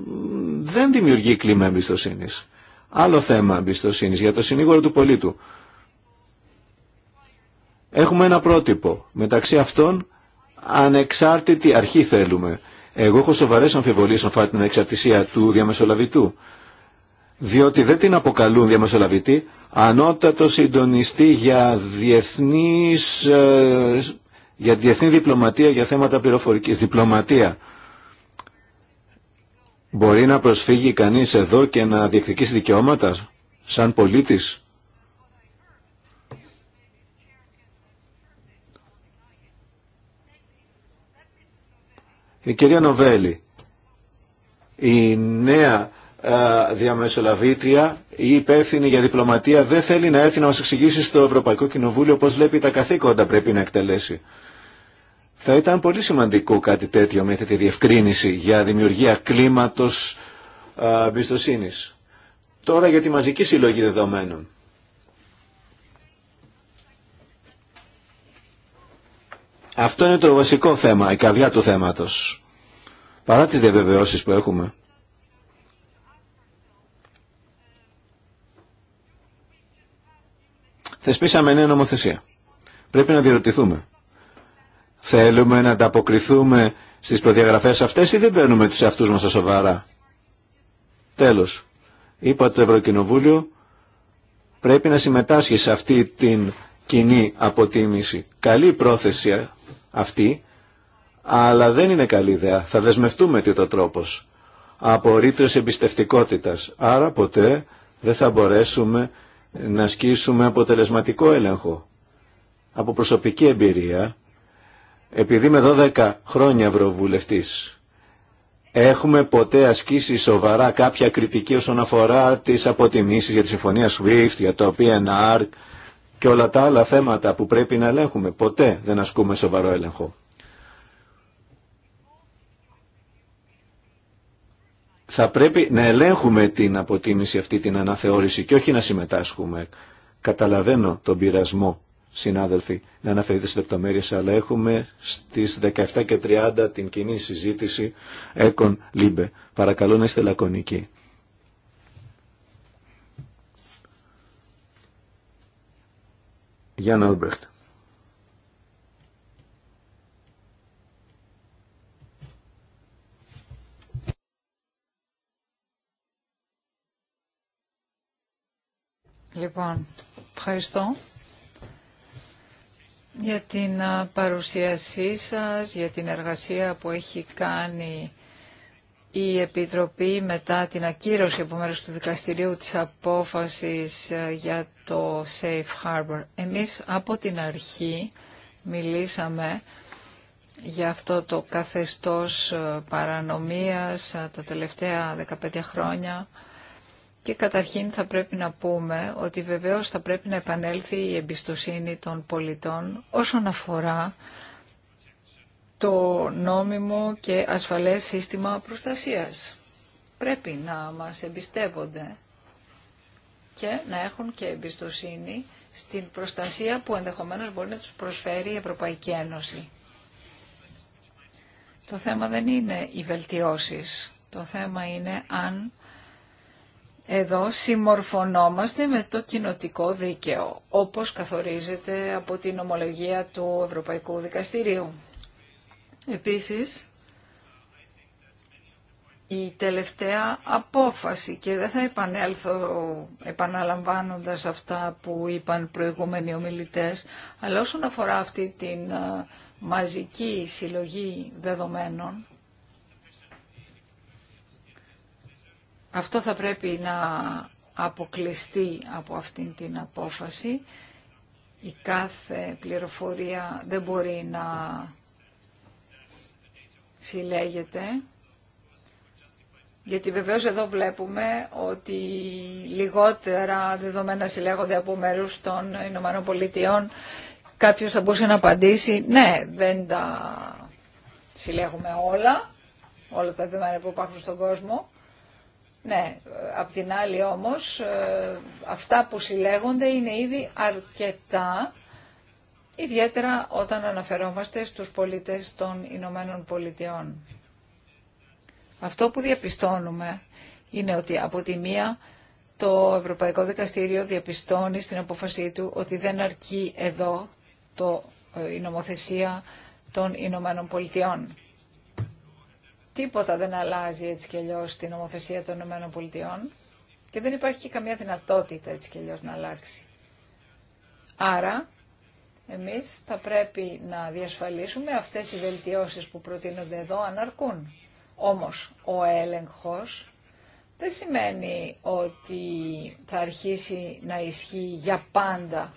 δεν δημιουργεί κλίμα εμπιστοσύνη. Άλλο θέμα εμπιστοσύνη για το συνήγορο του πολίτου. Έχουμε ένα πρότυπο. Μεταξύ αυτών ανεξάρτητη αρχή θέλουμε. Εγώ έχω σοβαρές αμφιβολίες φάει την εξαρτησία του διαμεσολαβητού. Διότι δεν την αποκαλούν διαμεσολαβητή, ανώτατο συντονιστή για, διεθνής, ε, για διεθνή διπλωματία για θέματα πληροφορικής. Διπλωματία. Μπορεί να προσφύγει κανείς εδώ και να διεκδικήσει δικαιώματα σαν πολίτης. Η κυρία Νοβέλη, η νέα ε, διαμεσολαβήτρια ή υπεύθυνη για διπλωματία δεν θέλει να έρθει να μας εξηγήσει στο Ευρωπαϊκό Κοινοβούλιο πώς βλέπει τα καθήκοντα πρέπει να εκτελέσει. Θα ήταν πολύ σημαντικό κάτι τέτοιο με τη διευκρίνηση για δημιουργία κλίματος ε, εμπιστοσύνη. Τώρα για τη μαζική συλλογή δεδομένων. Αυτό είναι το βασικό θέμα, η καρδιά του θέματος. Παρά τις διαβεβαιώσεις που έχουμε. θεσπίσαμε νέα νομοθεσία. Πρέπει να διερωτηθούμε. Θέλουμε να ανταποκριθούμε στις προδιαγραφές αυτές ή δεν παίρνουμε τους εαυτούς μας σοβαρά. Τέλος, είπα το Ευρωκοινοβούλιο πρέπει να συμμετάσχει σε αυτή την κοινή αποτίμηση. Καλή πρόθεση αυτή, αλλά δεν είναι καλή ιδέα. Θα δεσμευτούμε τι το τρόπος. Από ρήτρες Άρα ποτέ δεν θα μπορέσουμε να ασκήσουμε αποτελεσματικό έλεγχο. Από προσωπική εμπειρία, επειδή με 12 χρόνια ευρωβουλευτή έχουμε ποτέ ασκήσει σοβαρά κάποια κριτική όσον αφορά τις αποτιμήσεις για τη συμφωνία SWIFT, για το PNR και όλα τα άλλα θέματα που πρέπει να ελέγχουμε. Ποτέ δεν ασκούμε σοβαρό έλεγχο. θα πρέπει να ελέγχουμε την αποτίμηση αυτή την αναθεώρηση και όχι να συμμετάσχουμε. Καταλαβαίνω τον πειρασμό, συνάδελφοι, να αναφερθείτε στις λεπτομέρειες, αλλά έχουμε στις 17 και 30 την κοινή συζήτηση Έκον Λίμπε. Παρακαλώ να είστε λακωνικοί. Γιάννα Ολμπρέχτ. Λοιπόν, ευχαριστώ για την παρουσίασή σας, για την εργασία που έχει κάνει η Επιτροπή μετά την ακύρωση από μέρους του δικαστηρίου της απόφασης για το Safe Harbor. Εμείς από την αρχή μιλήσαμε για αυτό το καθεστώς παρανομίας τα τελευταία 15 χρόνια και καταρχήν θα πρέπει να πούμε ότι βεβαίως θα πρέπει να επανέλθει η εμπιστοσύνη των πολιτών όσον αφορά το νόμιμο και ασφαλές σύστημα προστασίας. Πρέπει να μας εμπιστεύονται και να έχουν και εμπιστοσύνη στην προστασία που ενδεχομένως μπορεί να τους προσφέρει η Ευρωπαϊκή Ένωση. Το θέμα δεν είναι οι βελτιώσεις. Το θέμα είναι αν εδώ συμμορφωνόμαστε με το κοινοτικό δίκαιο, όπως καθορίζεται από την ομολογία του Ευρωπαϊκού Δικαστηρίου. Επίσης, η τελευταία απόφαση και δεν θα επανέλθω επαναλαμβάνοντας αυτά που είπαν προηγούμενοι ομιλητές, αλλά όσον αφορά αυτή την ε, μαζική συλλογή δεδομένων, Αυτό θα πρέπει να αποκλειστεί από αυτήν την απόφαση. Η κάθε πληροφορία δεν μπορεί να συλλέγεται. Γιατί βεβαίως εδώ βλέπουμε ότι λιγότερα δεδομένα συλλέγονται από μέρους των Ηνωμένων Πολιτειών. Κάποιος θα μπορούσε να απαντήσει, ναι, δεν τα συλλέγουμε όλα, όλα τα δεδομένα που υπάρχουν στον κόσμο. Ναι, απ' την άλλη όμως ε, αυτά που συλλέγονται είναι ήδη αρκετά, ιδιαίτερα όταν αναφερόμαστε στους πολίτες των Ηνωμένων Πολιτειών. Αυτό που διαπιστώνουμε είναι ότι από τη μία το Ευρωπαϊκό Δικαστήριο διαπιστώνει στην αποφασή του ότι δεν αρκεί εδώ το, ε, η νομοθεσία των Ηνωμένων Πολιτειών. Τίποτα δεν αλλάζει έτσι και αλλιώ στην νομοθεσία των ΗΠΑ και δεν υπάρχει καμία δυνατότητα έτσι και αλλιώς να αλλάξει. Άρα, εμείς θα πρέπει να διασφαλίσουμε αυτές οι βελτιώσεις που προτείνονται εδώ αν αρκούν. Όμως, ο έλεγχος δεν σημαίνει ότι θα αρχίσει να ισχύει για πάντα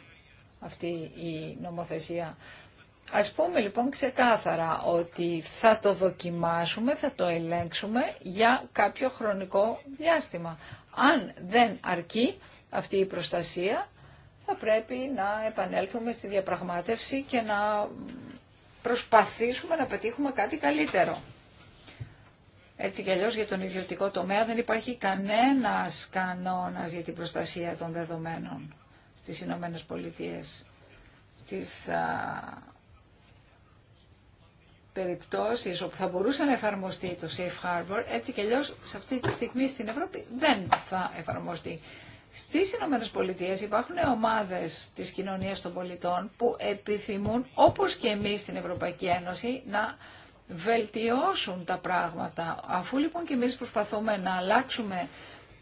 αυτή η νομοθεσία. Ας πούμε λοιπόν ξεκάθαρα ότι θα το δοκιμάσουμε, θα το ελέγξουμε για κάποιο χρονικό διάστημα. Αν δεν αρκεί αυτή η προστασία, θα πρέπει να επανέλθουμε στη διαπραγμάτευση και να προσπαθήσουμε να πετύχουμε κάτι καλύτερο. Έτσι κι αλλιώς για τον ιδιωτικό τομέα δεν υπάρχει κανένας κανόνας για την προστασία των δεδομένων στις Ηνωμένε Πολιτείες. Στις όπου θα μπορούσε να εφαρμοστεί το Safe Harbor, έτσι και αλλιώ σε αυτή τη στιγμή στην Ευρώπη δεν θα εφαρμοστεί. Στις Ηνωμένε Πολιτείε υπάρχουν ομάδε της κοινωνίας των πολιτών που επιθυμούν, όπως και εμείς στην Ευρωπαϊκή Ένωση, να βελτιώσουν τα πράγματα. Αφού λοιπόν και εμείς προσπαθούμε να αλλάξουμε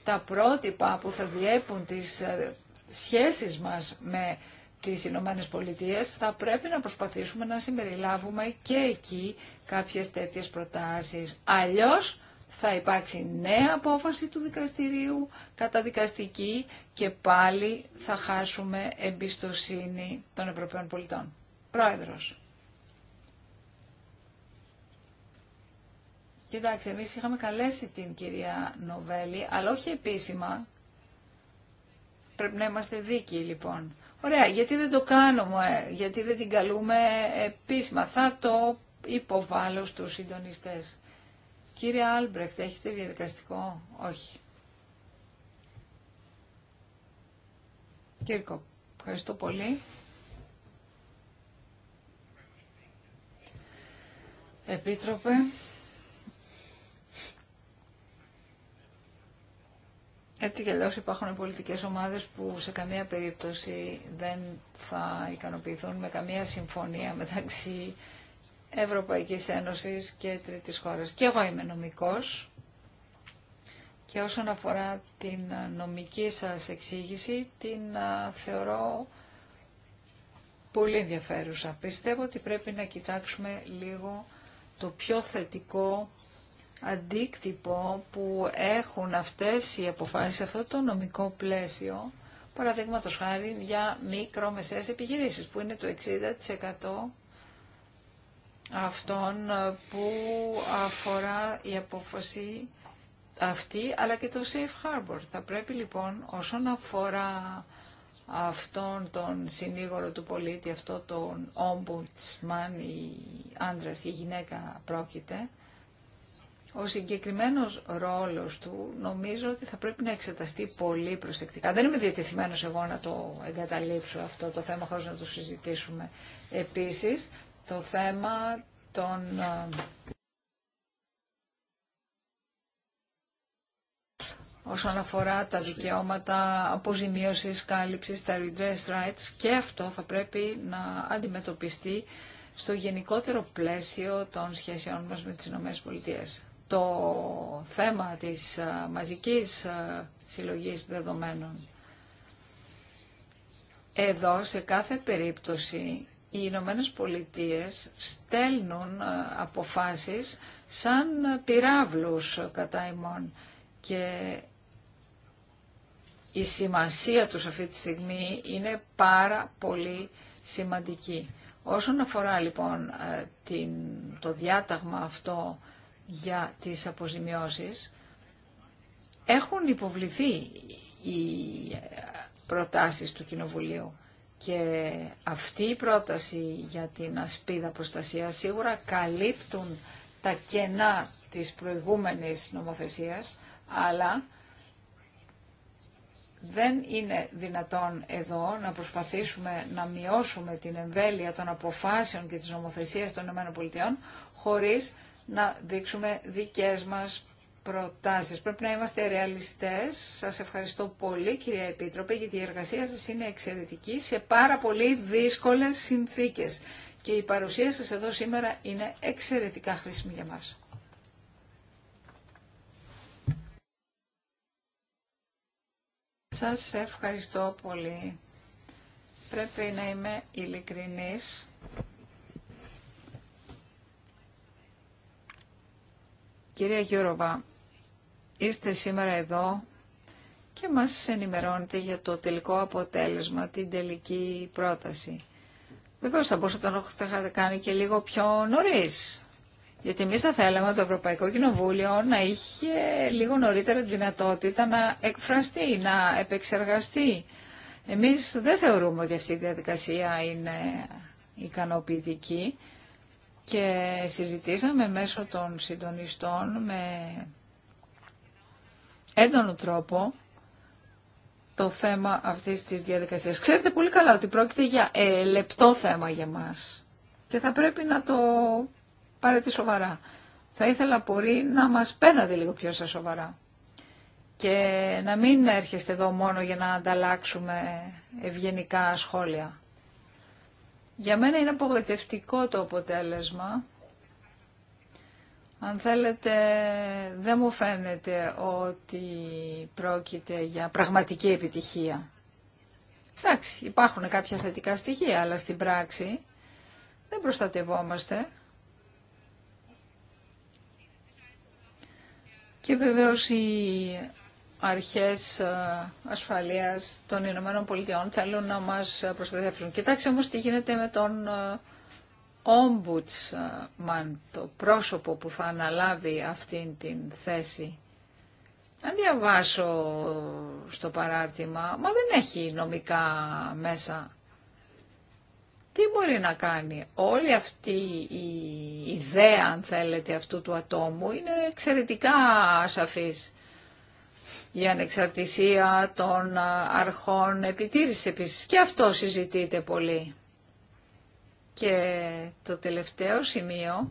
τα πρότυπα που θα διέπουν τις ε, σχέσεις μας με τις Ηνωμένε Πολιτείε, θα πρέπει να προσπαθήσουμε να συμπεριλάβουμε και εκεί κάποιες τέτοιες προτάσεις. Αλλιώς θα υπάρξει νέα απόφαση του δικαστηρίου καταδικαστική και πάλι θα χάσουμε εμπιστοσύνη των Ευρωπαίων πολιτών. Πρόεδρος. Κοιτάξτε, εμείς είχαμε καλέσει την κυρία Νοβέλη, αλλά όχι επίσημα. Πρέπει να είμαστε δίκοι λοιπόν. Ωραία, γιατί δεν το κάνουμε, γιατί δεν την καλούμε επίσημα. Θα το υποβάλλω στους συντονιστές. Κύριε Άλμπρεχτ, έχετε διαδικαστικό. Όχι. Κύρκο, ευχαριστώ πολύ. Επίτροπε. Έτσι και αλλιώς υπάρχουν πολιτικές ομάδες που σε καμία περίπτωση δεν θα ικανοποιηθούν με καμία συμφωνία μεταξύ Ευρωπαϊκής Ένωσης και τρίτης χώρας. Και εγώ είμαι νομικός και όσον αφορά την νομική σας εξήγηση την θεωρώ πολύ ενδιαφέρουσα. Πιστεύω ότι πρέπει να κοιτάξουμε λίγο το πιο θετικό αντίκτυπο που έχουν αυτές οι αποφάσεις, αυτό το νομικό πλαίσιο, παραδείγματος χάρη για μικρομεσαίες επιχειρήσεις, που είναι το 60% αυτών που αφορά η απόφαση αυτή, αλλά και το safe harbor. Θα πρέπει λοιπόν όσον αφορά αυτόν τον συνήγορο του πολίτη, αυτό τον ombudsman, η άντρας η γυναίκα πρόκειται, ο συγκεκριμένο ρόλος του νομίζω ότι θα πρέπει να εξεταστεί πολύ προσεκτικά. Δεν είμαι διατεθειμένος εγώ να το εγκαταλείψω αυτό το θέμα χωρί να το συζητήσουμε. Επίσης, το θέμα των... Ε, όσον αφορά τα δικαιώματα αποζημιώση κάλυψη, τα redress rights και αυτό θα πρέπει να αντιμετωπιστεί στο γενικότερο πλαίσιο των σχέσεών μας με τις ΗΠΑ το θέμα της ε, μαζικής ε, συλλογής δεδομένων. Εδώ σε κάθε περίπτωση οι Ηνωμένε Πολιτείε στέλνουν ε, αποφάσεις σαν πυράβλους κατά ημών και η σημασία τους αυτή τη στιγμή είναι πάρα πολύ σημαντική. Όσον αφορά λοιπόν το διάταγμα αυτό για τις αποζημιώσεις. Έχουν υποβληθεί οι προτάσεις του Κοινοβουλίου και αυτή η πρόταση για την ασπίδα προστασία σίγουρα καλύπτουν τα κενά της προηγούμενης νομοθεσίας, αλλά δεν είναι δυνατόν εδώ να προσπαθήσουμε να μειώσουμε την εμβέλεια των αποφάσεων και της νομοθεσίας των ΗΠΑ χωρίς να δείξουμε δικές μας προτάσεις. Πρέπει να είμαστε ρεαλιστές. Σας ευχαριστώ πολύ κυρία Επίτροπε γιατί η εργασία σας είναι εξαιρετική σε πάρα πολύ δύσκολες συνθήκες. Και η παρουσία σας εδώ σήμερα είναι εξαιρετικά χρήσιμη για μας. Σας ευχαριστώ πολύ. Πρέπει να είμαι ειλικρινής. Κυρία Γιώροβα, είστε σήμερα εδώ και μας ενημερώνετε για το τελικό αποτέλεσμα, την τελική πρόταση. Βεβαίω θα μπορούσατε να το κάνει και λίγο πιο νωρί. Γιατί εμεί θα θέλαμε το Ευρωπαϊκό Κοινοβούλιο να είχε λίγο νωρίτερα τη δυνατότητα να εκφραστεί, να επεξεργαστεί. Εμείς δεν θεωρούμε ότι αυτή η διαδικασία είναι ικανοποιητική και συζητήσαμε μέσω των συντονιστών με έντονο τρόπο το θέμα αυτής της διαδικασίας. Ξέρετε πολύ καλά ότι πρόκειται για ε, λεπτό θέμα για μας και θα πρέπει να το πάρετε σοβαρά. Θα ήθελα πολύ να μας παίρνατε λίγο πιο στα σοβαρά και να μην έρχεστε εδώ μόνο για να ανταλλάξουμε ευγενικά σχόλια. Για μένα είναι απογοητευτικό το αποτέλεσμα. Αν θέλετε, δεν μου φαίνεται ότι πρόκειται για πραγματική επιτυχία. Εντάξει, υπάρχουν κάποια θετικά στοιχεία, αλλά στην πράξη δεν προστατευόμαστε. Και βεβαίως αρχές ε, ασφαλείας των Ηνωμένων Πολιτειών θέλουν να μας προστατεύσουν. Κοιτάξτε όμως τι γίνεται με τον ε, Ombudsman, το πρόσωπο που θα αναλάβει αυτήν την θέση. Αν διαβάσω στο παράρτημα, μα δεν έχει νομικά μέσα. Τι μπορεί να κάνει. Όλη αυτή η ιδέα, αν θέλετε, αυτού του ατόμου είναι εξαιρετικά σαφής η ανεξαρτησία των αρχών επιτήρησης επίσης. Και αυτό συζητείται πολύ. Και το τελευταίο σημείο,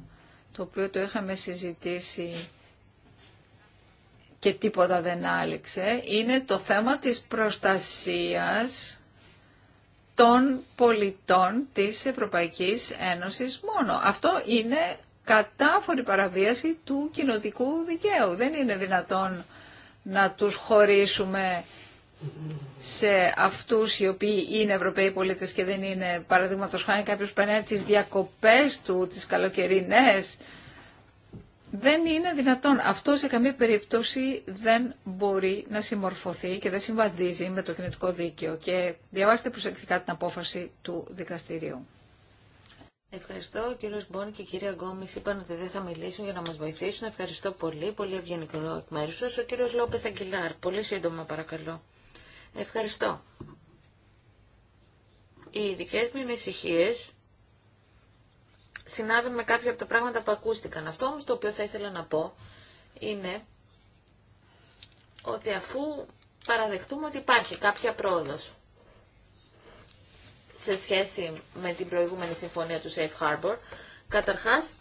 το οποίο το είχαμε συζητήσει και τίποτα δεν άλεξε, είναι το θέμα της προστασίας των πολιτών της Ευρωπαϊκής Ένωσης μόνο. Αυτό είναι κατάφορη παραβίαση του κοινοτικού δικαίου. Δεν είναι δυνατόν να τους χωρίσουμε σε αυτούς οι οποίοι είναι Ευρωπαίοι πολίτες και δεν είναι παραδείγματος χάνει κάποιος περνάει τις διακοπές του, τις καλοκαιρινές. Δεν είναι δυνατόν. Αυτό σε καμία περίπτωση δεν μπορεί να συμμορφωθεί και δεν συμβαδίζει με το κοινωτικό δίκαιο. Και διαβάστε προσεκτικά την απόφαση του δικαστηρίου. Ευχαριστώ. Ο κύριος Μπόν και η κυρία Γκόμη είπαν ότι δεν θα μιλήσουν για να μας βοηθήσουν. Ευχαριστώ πολύ. Πολύ ευγενικό εκ μέρους σας. Ο κύριος Λόπεθ Αγγιλάρ. Πολύ σύντομα παρακαλώ. Ευχαριστώ. Οι δικέ μου ανησυχίε συνάδουν με κάποια από τα πράγματα που ακούστηκαν. Αυτό όμως το οποίο θα ήθελα να πω είναι ότι αφού παραδεχτούμε ότι υπάρχει κάποια πρόοδος σε σχέση με την προηγούμενη συμφωνία του Safe Harbor. Καταρχάς,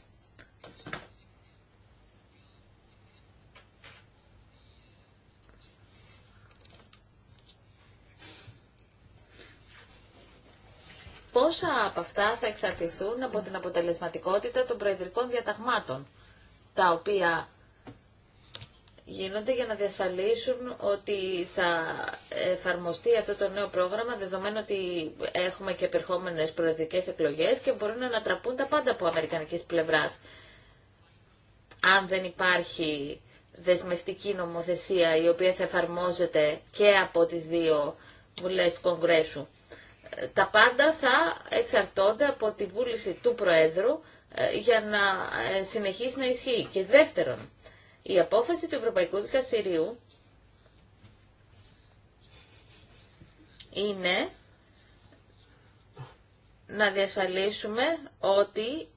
πόσα από αυτά θα εξαρτηθούν από την αποτελεσματικότητα των προεδρικών διαταγμάτων, τα οποία γίνονται για να διασφαλίσουν ότι θα εφαρμοστεί αυτό το νέο πρόγραμμα, δεδομένου ότι έχουμε και επερχόμενες προεδρικές εκλογές και μπορούν να ανατραπούν τα πάντα από αμερικανικής πλευράς. Αν δεν υπάρχει δεσμευτική νομοθεσία η οποία θα εφαρμόζεται και από τις δύο βουλέ του Κογκρέσου. Τα πάντα θα εξαρτώνται από τη βούληση του Προέδρου ε, για να ε, συνεχίσει να ισχύει. Και δεύτερον, η απόφαση του Ευρωπαϊκού Δικαστηρίου είναι να διασφαλίσουμε ότι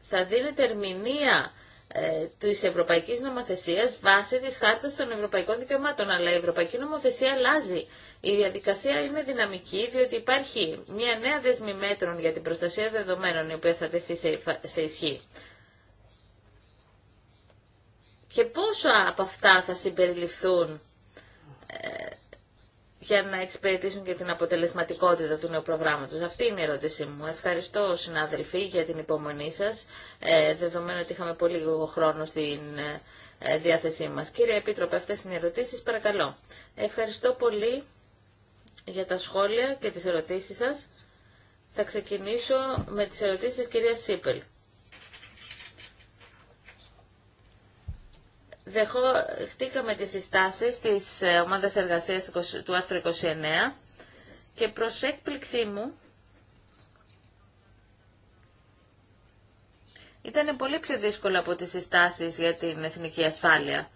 θα δίνεται ερμηνεία ε, της Ευρωπαϊκής Νομοθεσίας βάσει της Χάρτας των Ευρωπαϊκών Δικαιωμάτων. Αλλά η Ευρωπαϊκή Νομοθεσία αλλάζει. Η διαδικασία είναι δυναμική διότι υπάρχει μια νέα δεσμή μέτρων για την προστασία δεδομένων η οποία θα τεθεί σε ισχύ και πόσο από αυτά θα συμπεριληφθούν ε, για να εξυπηρετήσουν και την αποτελεσματικότητα του νέου προγράμματος. Αυτή είναι η ερώτησή μου. Ευχαριστώ, συνάδελφοι, για την υπομονή σας, ε, δεδομένου ότι είχαμε πολύ λίγο χρόνο στην ε, διάθεσή μας. Κύριε Επίτροπε, αυτές είναι οι ερωτήσεις. Παρακαλώ. Ευχαριστώ πολύ για τα σχόλια και τις ερωτήσεις σας. Θα ξεκινήσω με τις ερωτήσεις της κυρίας Σίπελ. δεχτήκαμε τις συστάσεις της ε, ομάδας εργασίας του άρθρου 29 και προς έκπληξή μου ήταν πολύ πιο δύσκολο από τις συστάσεις για την εθνική ασφάλεια.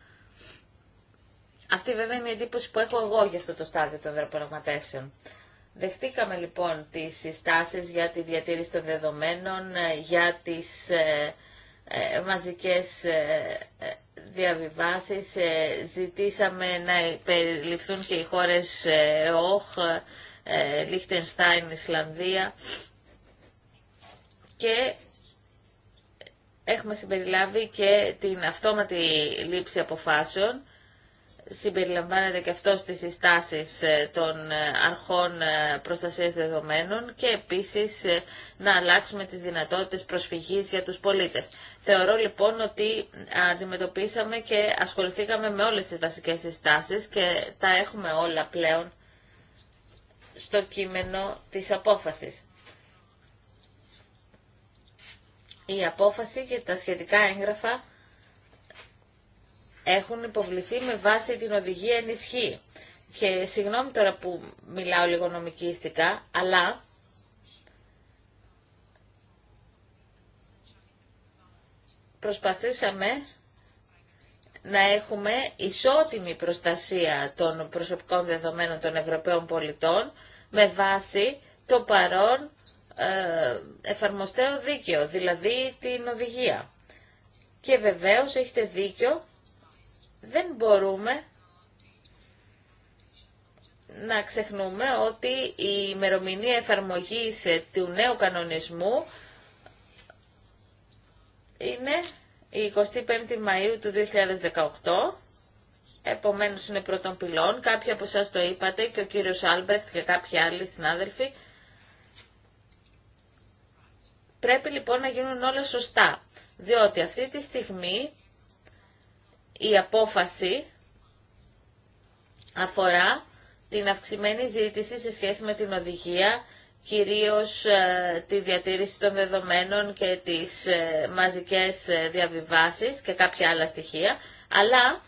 Αυτή βέβαια είναι η εντύπωση που έχω εγώ για αυτό το στάδιο των διαπραγματεύσεων. Δεχτήκαμε λοιπόν τις συστάσεις για τη διατήρηση των δεδομένων, ε, για τις ε, ε, μαζικές ε, ε, διαβιβάσεις. Ζητήσαμε να περιληφθούν και οι χώρες ΟΧ, Λίχτενστάιν, Ισλανδία και έχουμε συμπεριλάβει και την αυτόματη λήψη αποφάσεων. Συμπεριλαμβάνεται και αυτό στις συστάσεις των αρχών προστασίας δεδομένων και επίσης να αλλάξουμε τις δυνατότητες προσφυγής για τους πολίτες. Θεωρώ λοιπόν ότι αντιμετωπίσαμε και ασχοληθήκαμε με όλες τις βασικές συστάσεις και τα έχουμε όλα πλέον στο κείμενο της απόφασης. Η απόφαση και τα σχετικά έγγραφα έχουν υποβληθεί με βάση την οδηγία ενισχύ. Και συγγνώμη τώρα που μιλάω λίγο νομικιστικά, αλλά προσπαθήσαμε να έχουμε ισότιμη προστασία των προσωπικών δεδομένων των Ευρωπαίων πολιτών με βάση το παρόν ε, εφαρμοστέο δίκαιο, δηλαδή την οδηγία. Και βεβαίως έχετε δίκιο, δεν μπορούμε να ξεχνούμε ότι η ημερομηνία εφαρμογής του νέου κανονισμού είναι η 25η Μαΐου του 2018. Επομένως είναι πρώτον πυλών. Κάποιοι από εσάς το είπατε και ο κύριος Άλμπρεχτ και κάποιοι άλλοι συνάδελφοι. Πρέπει λοιπόν να γίνουν όλα σωστά. Διότι αυτή τη στιγμή η απόφαση αφορά την αυξημένη ζήτηση σε σχέση με την οδηγία κυρίως ε, τη διατήρηση των δεδομένων και τις ε, μαζικές ε, διαβιβάσεις και κάποια άλλα στοιχεία, αλλά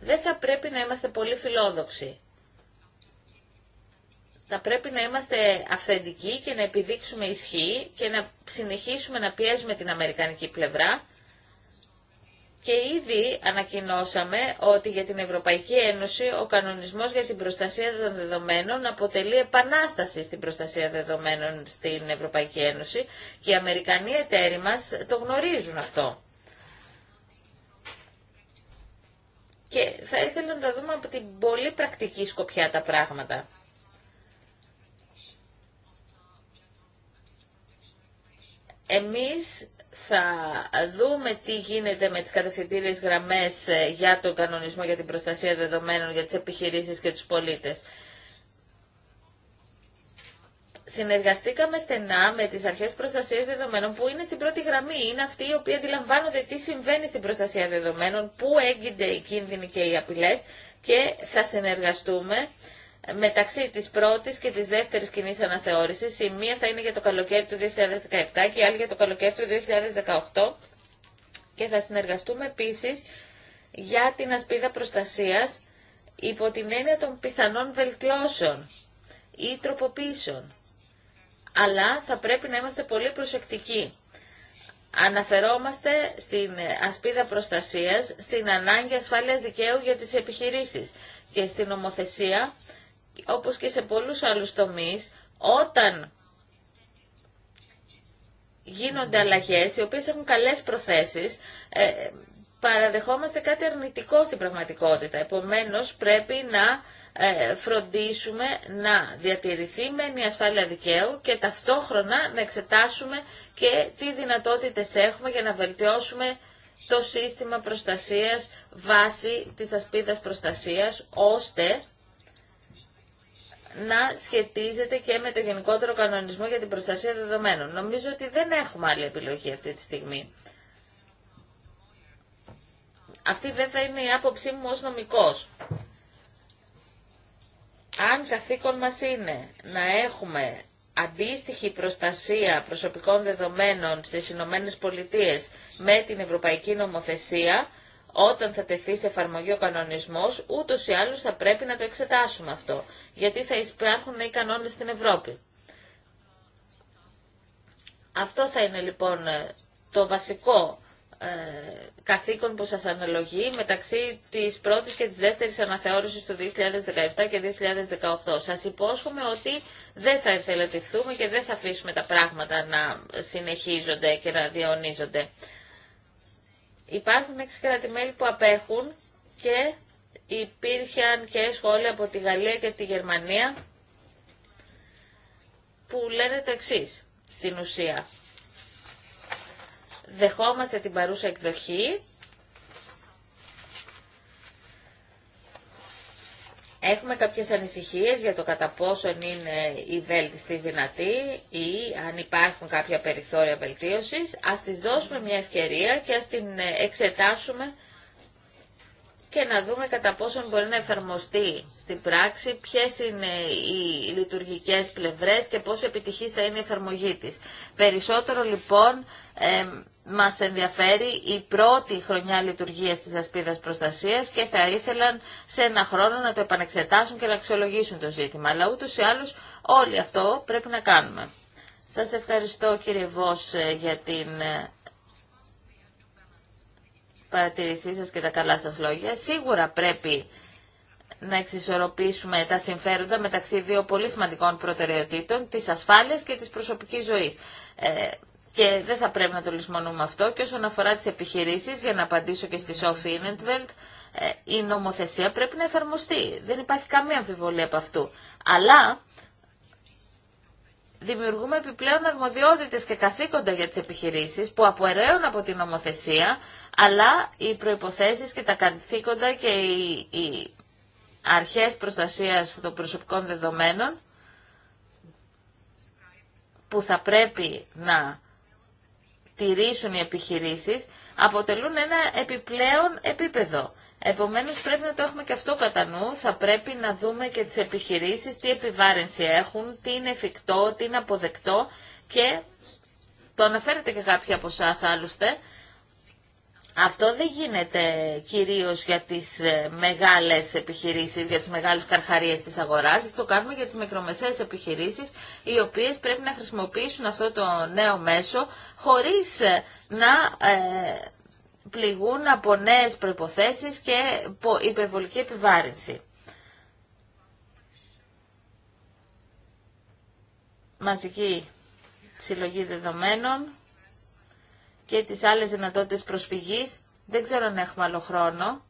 δεν θα πρέπει να είμαστε πολύ φιλόδοξοι. Θα πρέπει να είμαστε αυθεντικοί και να επιδείξουμε ισχύ και να συνεχίσουμε να πιέζουμε την αμερικανική πλευρά και ήδη ανακοινώσαμε ότι για την Ευρωπαϊκή Ένωση ο κανονισμός για την προστασία των δεδομένων αποτελεί επανάσταση στην προστασία δεδομένων στην Ευρωπαϊκή Ένωση και οι Αμερικανοί εταίροι μας το γνωρίζουν αυτό. Και θα ήθελα να τα δούμε από την πολύ πρακτική σκοπιά τα πράγματα. Εμείς θα δούμε τι γίνεται με τις κατευθυντήριες γραμμές ε, για τον κανονισμό για την προστασία δεδομένων για τις επιχειρήσεις και τους πολίτες. Συνεργαστήκαμε στενά με τις αρχές προστασίας δεδομένων που είναι στην πρώτη γραμμή. Είναι αυτοί οι οποίοι αντιλαμβάνονται τι συμβαίνει στην προστασία δεδομένων, πού έγκυνται οι κίνδυνοι και οι απειλές και θα συνεργαστούμε μεταξύ της πρώτης και της δεύτερης κοινή αναθεώρησης. Η μία θα είναι για το καλοκαίρι του 2017 και η άλλη για το καλοκαίρι του 2018 και θα συνεργαστούμε επίσης για την ασπίδα προστασίας υπό την έννοια των πιθανών βελτιώσεων ή τροποποίησεων. Αλλά θα πρέπει να είμαστε πολύ προσεκτικοί. Αναφερόμαστε στην ασπίδα προστασίας, στην ανάγκη ασφάλειας δικαίου για τις επιχειρήσεις και στην ομοθεσία όπως και σε πολλούς άλλους τομείς, όταν γίνονται αλλαγές οι οποίες έχουν καλές προθέσεις, ε, παραδεχόμαστε κάτι αρνητικό στην πραγματικότητα. Επομένως, πρέπει να ε, φροντίσουμε να διατηρηθεί με μια ασφάλεια δικαίου και ταυτόχρονα να εξετάσουμε και τι δυνατότητες έχουμε για να βελτιώσουμε το σύστημα προστασίας βάσει της ασπίδας προστασίας, ώστε να σχετίζεται και με το γενικότερο κανονισμό για την προστασία δεδομένων. Νομίζω ότι δεν έχουμε άλλη επιλογή αυτή τη στιγμή. Αυτή βέβαια είναι η άποψή μου ως νομικός. Αν καθήκον μας είναι να έχουμε αντίστοιχη προστασία προσωπικών δεδομένων στις Ηνωμένε Πολιτείες με την Ευρωπαϊκή Νομοθεσία, όταν θα τεθεί σε εφαρμογή ο κανονισμός, ούτω ή άλλω θα πρέπει να το εξετάσουμε αυτό, γιατί θα υπάρχουν οι κανόνε στην Ευρώπη. Αυτό θα είναι λοιπόν το βασικό ε, καθήκον που σας αναλογεί μεταξύ της πρώτης και της δεύτερης αναθεώρησης του 2017 και 2018. Σας υπόσχομαι ότι δεν θα εθελετηθούμε και δεν θα αφήσουμε τα πράγματα να συνεχίζονται και να διαιωνίζονται. Υπάρχουν έξι που απέχουν και υπήρχαν και σχόλια από τη Γαλλία και τη Γερμανία που λένε το εξή στην ουσία. Δεχόμαστε την παρούσα εκδοχή Έχουμε κάποιες ανησυχίες για το κατά πόσον είναι η βέλτιστη δυνατή ή αν υπάρχουν κάποια περιθώρια βελτίωσης. Ας τις δώσουμε μια ευκαιρία και ας την εξετάσουμε και να δούμε κατά πόσο μπορεί να εφαρμοστεί στην πράξη, ποιες είναι οι λειτουργικές πλευρές και πόσο επιτυχή θα είναι η εφαρμογή της. Περισσότερο λοιπόν ε, μας ενδιαφέρει η πρώτη χρονιά λειτουργίας της ασπίδας προστασίας και θα ήθελαν σε ένα χρόνο να το επανεξετάσουν και να αξιολογήσουν το ζήτημα. Αλλά ούτως ή άλλως όλοι αυτό πρέπει να κάνουμε. Σας ευχαριστώ κύριε Βος ε, για την ε, παρατηρήσεις σας και τα καλά σας λόγια. Σίγουρα πρέπει να εξισορροπήσουμε τα συμφέροντα μεταξύ δύο πολύ σημαντικών προτεραιοτήτων, της ασφάλειας και της προσωπικής ζωής. Ε, και δεν θα πρέπει να το λησμονούμε αυτό. Και όσον αφορά τις επιχειρήσεις, για να απαντήσω και στη Σόφη Ινεντβελτ, η νομοθεσία πρέπει να εφαρμοστεί. Δεν υπάρχει καμία αμφιβολία από αυτού. Αλλά δημιουργούμε επιπλέον αρμοδιότητες και καθήκοντα για τις επιχειρήσεις που απορρέουν από την νομοθεσία αλλά οι προϋποθέσεις και τα καθήκοντα και οι, οι αρχές προστασίας των προσωπικών δεδομένων που θα πρέπει να τηρήσουν οι επιχειρήσεις αποτελούν ένα επιπλέον επίπεδο. Επομένως πρέπει να το έχουμε και αυτό κατά νου, θα πρέπει να δούμε και τις επιχειρήσεις, τι επιβάρυνση έχουν, τι είναι εφικτό, τι είναι αποδεκτό και το αναφέρετε και κάποιοι από εσά άλλωστε, αυτό δεν γίνεται κυρίως για τις ε, μεγάλες επιχειρήσεις, για τις μεγάλους καρχαρίες της αγοράς, το κάνουμε για τις μικρομεσαίες επιχειρήσεις, οι οποίες πρέπει να χρησιμοποιήσουν αυτό το νέο μέσο χωρίς ε, να ε, πληγούν από νέες προϋποθέσεις και υπερβολική επιβάρυνση. Μαζική συλλογή δεδομένων και τις άλλες δυνατότητες προσφυγής. Δεν ξέρω αν έχουμε άλλο χρόνο.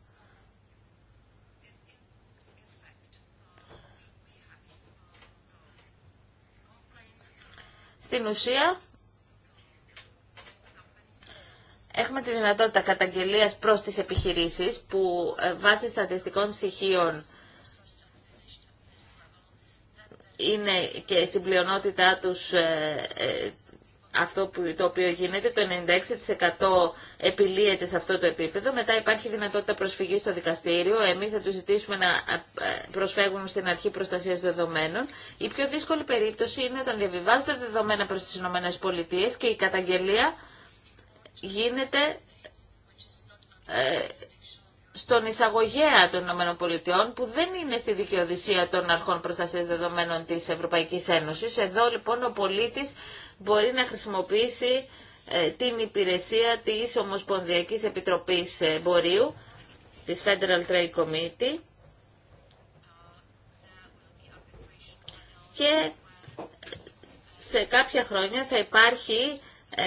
Στην ουσία, έχουμε τη δυνατότητα καταγγελίας προς τις επιχειρήσεις που ε, βάσει στατιστικών στοιχείων είναι και στην πλειονότητά τους ε, ε, αυτό που, το οποίο γίνεται, το 96% επιλύεται σε αυτό το επίπεδο. Μετά υπάρχει δυνατότητα προσφυγή στο δικαστήριο. Εμεί θα του ζητήσουμε να ε, προσφεύγουν στην αρχή προστασία δεδομένων. Η πιο δύσκολη περίπτωση είναι όταν διαβιβάζονται δεδομένα προ τι ΗΠΑ και η καταγγελία γίνεται ε, στον εισαγωγέα των ΗΠΑ που δεν είναι στη δικαιοδοσία των αρχών προστασίας δεδομένων της Ευρωπαϊκής Ένωσης. Εδώ λοιπόν ο πολίτης μπορεί να χρησιμοποιήσει ε, την υπηρεσία της Ομοσπονδιακής Επιτροπής Εμπορίου, της Federal Trade Committee και σε κάποια χρόνια θα υπάρχει ε,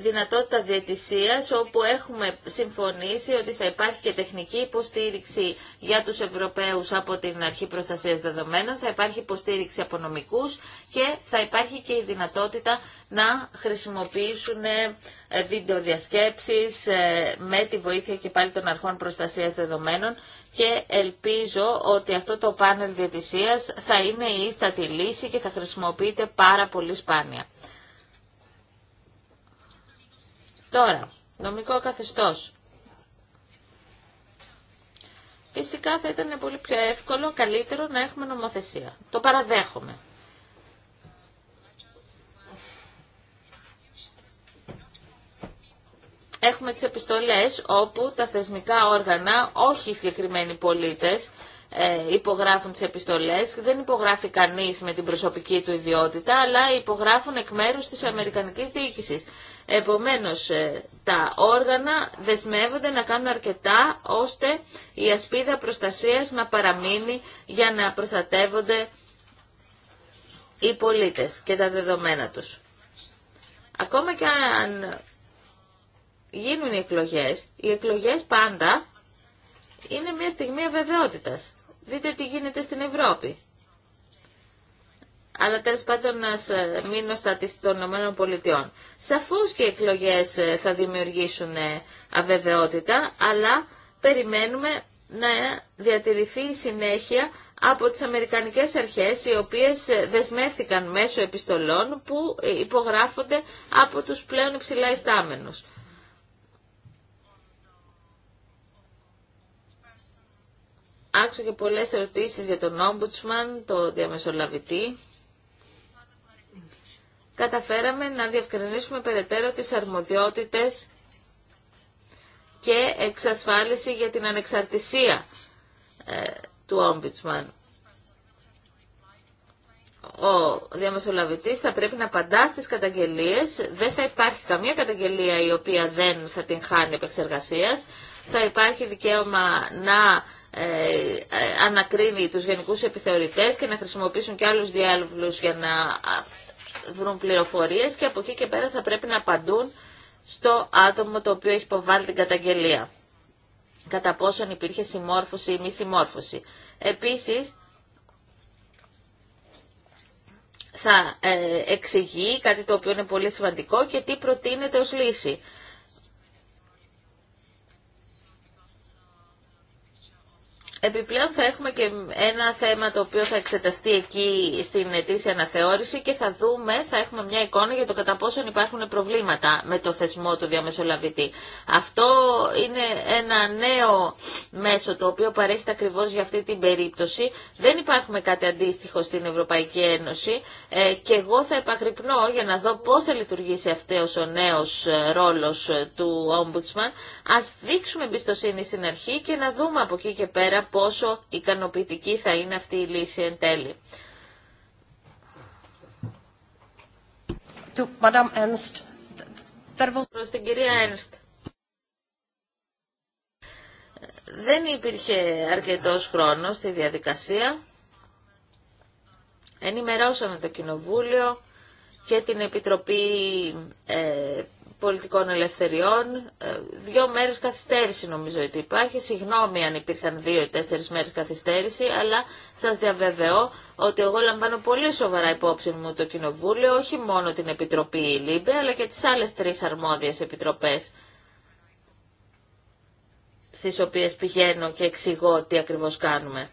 δυνατότητα διαιτησίας όπου έχουμε συμφωνήσει ότι θα υπάρχει και τεχνική υποστήριξη για τους Ευρωπαίους από την Αρχή Προστασίας Δεδομένων, θα υπάρχει υποστήριξη από νομικούς και θα υπάρχει και η δυνατότητα να χρησιμοποιήσουν ε, βίντεο διασκέψεις ε, με τη βοήθεια και πάλι των Αρχών Προστασίας Δεδομένων και ελπίζω ότι αυτό το πάνελ διαιτησίας θα είναι η ίστατη λύση και θα χρησιμοποιείται πάρα πολύ σπάνια. Τώρα, νομικό καθεστώς. Φυσικά θα ήταν πολύ πιο εύκολο, καλύτερο να έχουμε νομοθεσία. Το παραδέχομαι. Έχουμε τις επιστολές όπου τα θεσμικά όργανα, όχι οι συγκεκριμένοι πολίτες, ε, υπογράφουν τις επιστολές. Δεν υπογράφει κανείς με την προσωπική του ιδιότητα, αλλά υπογράφουν εκ μέρους της Αμερικανικής Διοίκησης. Επομένως, ε, τα όργανα δεσμεύονται να κάνουν αρκετά ώστε η ασπίδα προστασίας να παραμείνει για να προστατεύονται οι πολίτες και τα δεδομένα τους. Ακόμα και αν γίνουν οι εκλογές, οι εκλογές πάντα είναι μια στιγμή αβεβαιότητας. Δείτε τι γίνεται στην Ευρώπη. Αλλά τέλο πάντων να ε, μείνω στα της των ΗΠΑ. Σαφώς και οι εκλογές ε, θα δημιουργήσουν ε, αβεβαιότητα, αλλά περιμένουμε να διατηρηθεί η συνέχεια από τις Αμερικανικές αρχές οι οποίες δεσμεύθηκαν μέσω επιστολών που υπογράφονται από τους πλέον υψηλά ιστάμενους. Άκουσα και πολλές ερωτήσεις για τον Ombudsman, το διαμεσολαβητή. Καταφέραμε να διευκρινίσουμε περαιτέρω τις αρμοδιότητες και εξασφάλιση για την ανεξαρτησία ε, του Ombudsman. Ο διαμεσολαβητής θα πρέπει να απαντά στις καταγγελίες. Δεν θα υπάρχει καμία καταγγελία η οποία δεν θα την χάνει επεξεργασίας. Θα υπάρχει δικαίωμα να ε, ε, ανακρίνει τους γενικούς επιθεωρητές και να χρησιμοποιήσουν και άλλους διάλογους για να βρουν πληροφορίες και από εκεί και πέρα θα πρέπει να απαντούν στο άτομο το οποίο έχει υποβάλει την καταγγελία. Κατά πόσον υπήρχε συμμόρφωση ή μη συμμόρφωση. Επίσης, θα ε, εξηγεί κάτι το οποίο είναι πολύ σημαντικό και τι προτείνεται ως λύση. Επιπλέον θα έχουμε και ένα θέμα το οποίο θα εξεταστεί εκεί στην ετήσια αναθεώρηση και θα δούμε, θα έχουμε μια εικόνα για το κατά πόσον υπάρχουν προβλήματα με το θεσμό του διαμεσολαβητή. Αυτό είναι ένα νέο μέσο το οποίο παρέχεται ακριβώ για αυτή την περίπτωση. Δεν υπάρχουμε κάτι αντίστοιχο στην Ευρωπαϊκή Ένωση ε, και εγώ θα επακρυπνώ για να δω πώς θα λειτουργήσει αυτό ο νέος ε, ρόλος ε, του Ombudsman. Α δείξουμε εμπιστοσύνη στην αρχή και να δούμε από εκεί και πέρα πόσο ικανοποιητική θα είναι αυτή η λύση εν τέλει. την κυρία Ένστ. Δεν υπήρχε αρκετός χρόνος στη διαδικασία. Ενημερώσαμε το Κοινοβούλιο και την Επιτροπή ε, πολιτικών ελευθεριών. Ε, δύο μέρες καθυστέρηση νομίζω ότι υπάρχει. Συγγνώμη αν υπήρχαν δύο ή τέσσερις μέρες καθυστέρηση, αλλά σας διαβεβαιώ ότι εγώ λαμβάνω πολύ σοβαρά υπόψη μου το Κοινοβούλιο, όχι μόνο την Επιτροπή ΛΥΜΠΕ, αλλά και τις άλλες τρεις αρμόδιες επιτροπές στις οποίες πηγαίνω και εξηγώ τι ακριβώς κάνουμε.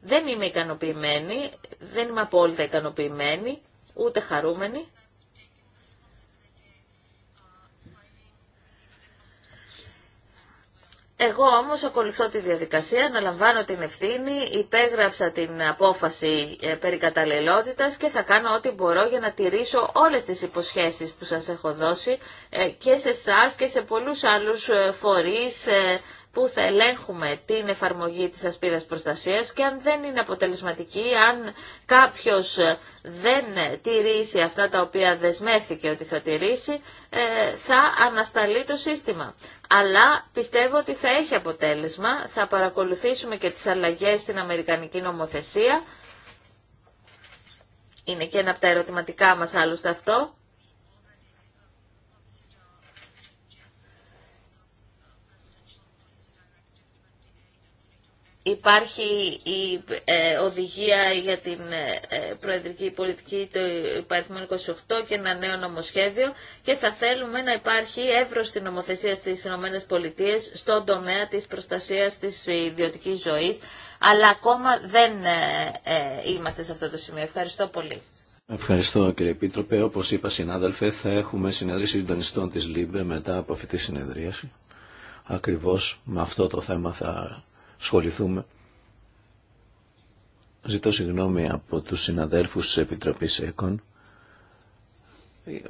Δεν είμαι ικανοποιημένη, δεν είμαι απόλυτα ικανοποιημένη, ούτε χαρούμενη. Εγώ όμως ακολουθώ τη διαδικασία, αναλαμβάνω την ευθύνη, υπέγραψα την απόφαση ε, περί καταλληλότητας και θα κάνω ό,τι μπορώ για να τηρήσω όλες τις υποσχέσεις που σας έχω δώσει ε, και σε εσά και σε πολλούς άλλους ε, φορείς, που θα ελέγχουμε την εφαρμογή της ασπίδας προστασίας και αν δεν είναι αποτελεσματική, αν κάποιος ε, δεν τηρήσει αυτά τα οποία δεσμεύθηκε ότι θα τηρήσει, ε, θα ανασταλεί το σύστημα. Αλλά πιστεύω ότι θα έχει αποτέλεσμα, θα παρακολουθήσουμε και τις αλλαγές στην Αμερικανική νομοθεσία. Είναι και ένα από τα ερωτηματικά μας άλλωστε αυτό. Υπάρχει η ε, οδηγία για την ε, ε, προεδρική πολιτική το υπαριθμό 28 και ένα νέο νομοσχέδιο και θα θέλουμε να υπάρχει εύρος στην νομοθεσία στις ΗΠΑ στον τομέα της προστασίας της ιδιωτικής ζωής, αλλά ακόμα δεν είμαστε σε αυτό το σημείο. Ευχαριστώ πολύ. Ευχαριστώ κύριε Επίτροπε. Όπως είπα συνάδελφε θα έχουμε των συντονιστών της ΛΥΜΠΕ μετά από αυτή τη συνεδρίαση. Ακριβώς με αυτό το θέμα θα Σχοληθούμε, Ζητώ συγγνώμη από τους συναδέλφους της Επιτροπής ΕΚΟΝ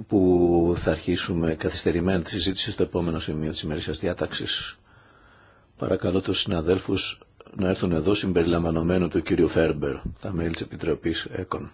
που θα αρχίσουμε καθυστερημένα τη συζήτηση στο επόμενο σημείο της ημερήσιας διάταξης. Παρακαλώ τους συναδέλφους να έρθουν εδώ συμπεριλαμβανομένου του κύριου Φέρμπερ, τα μέλη της Επιτροπής ΕΚΟΝ.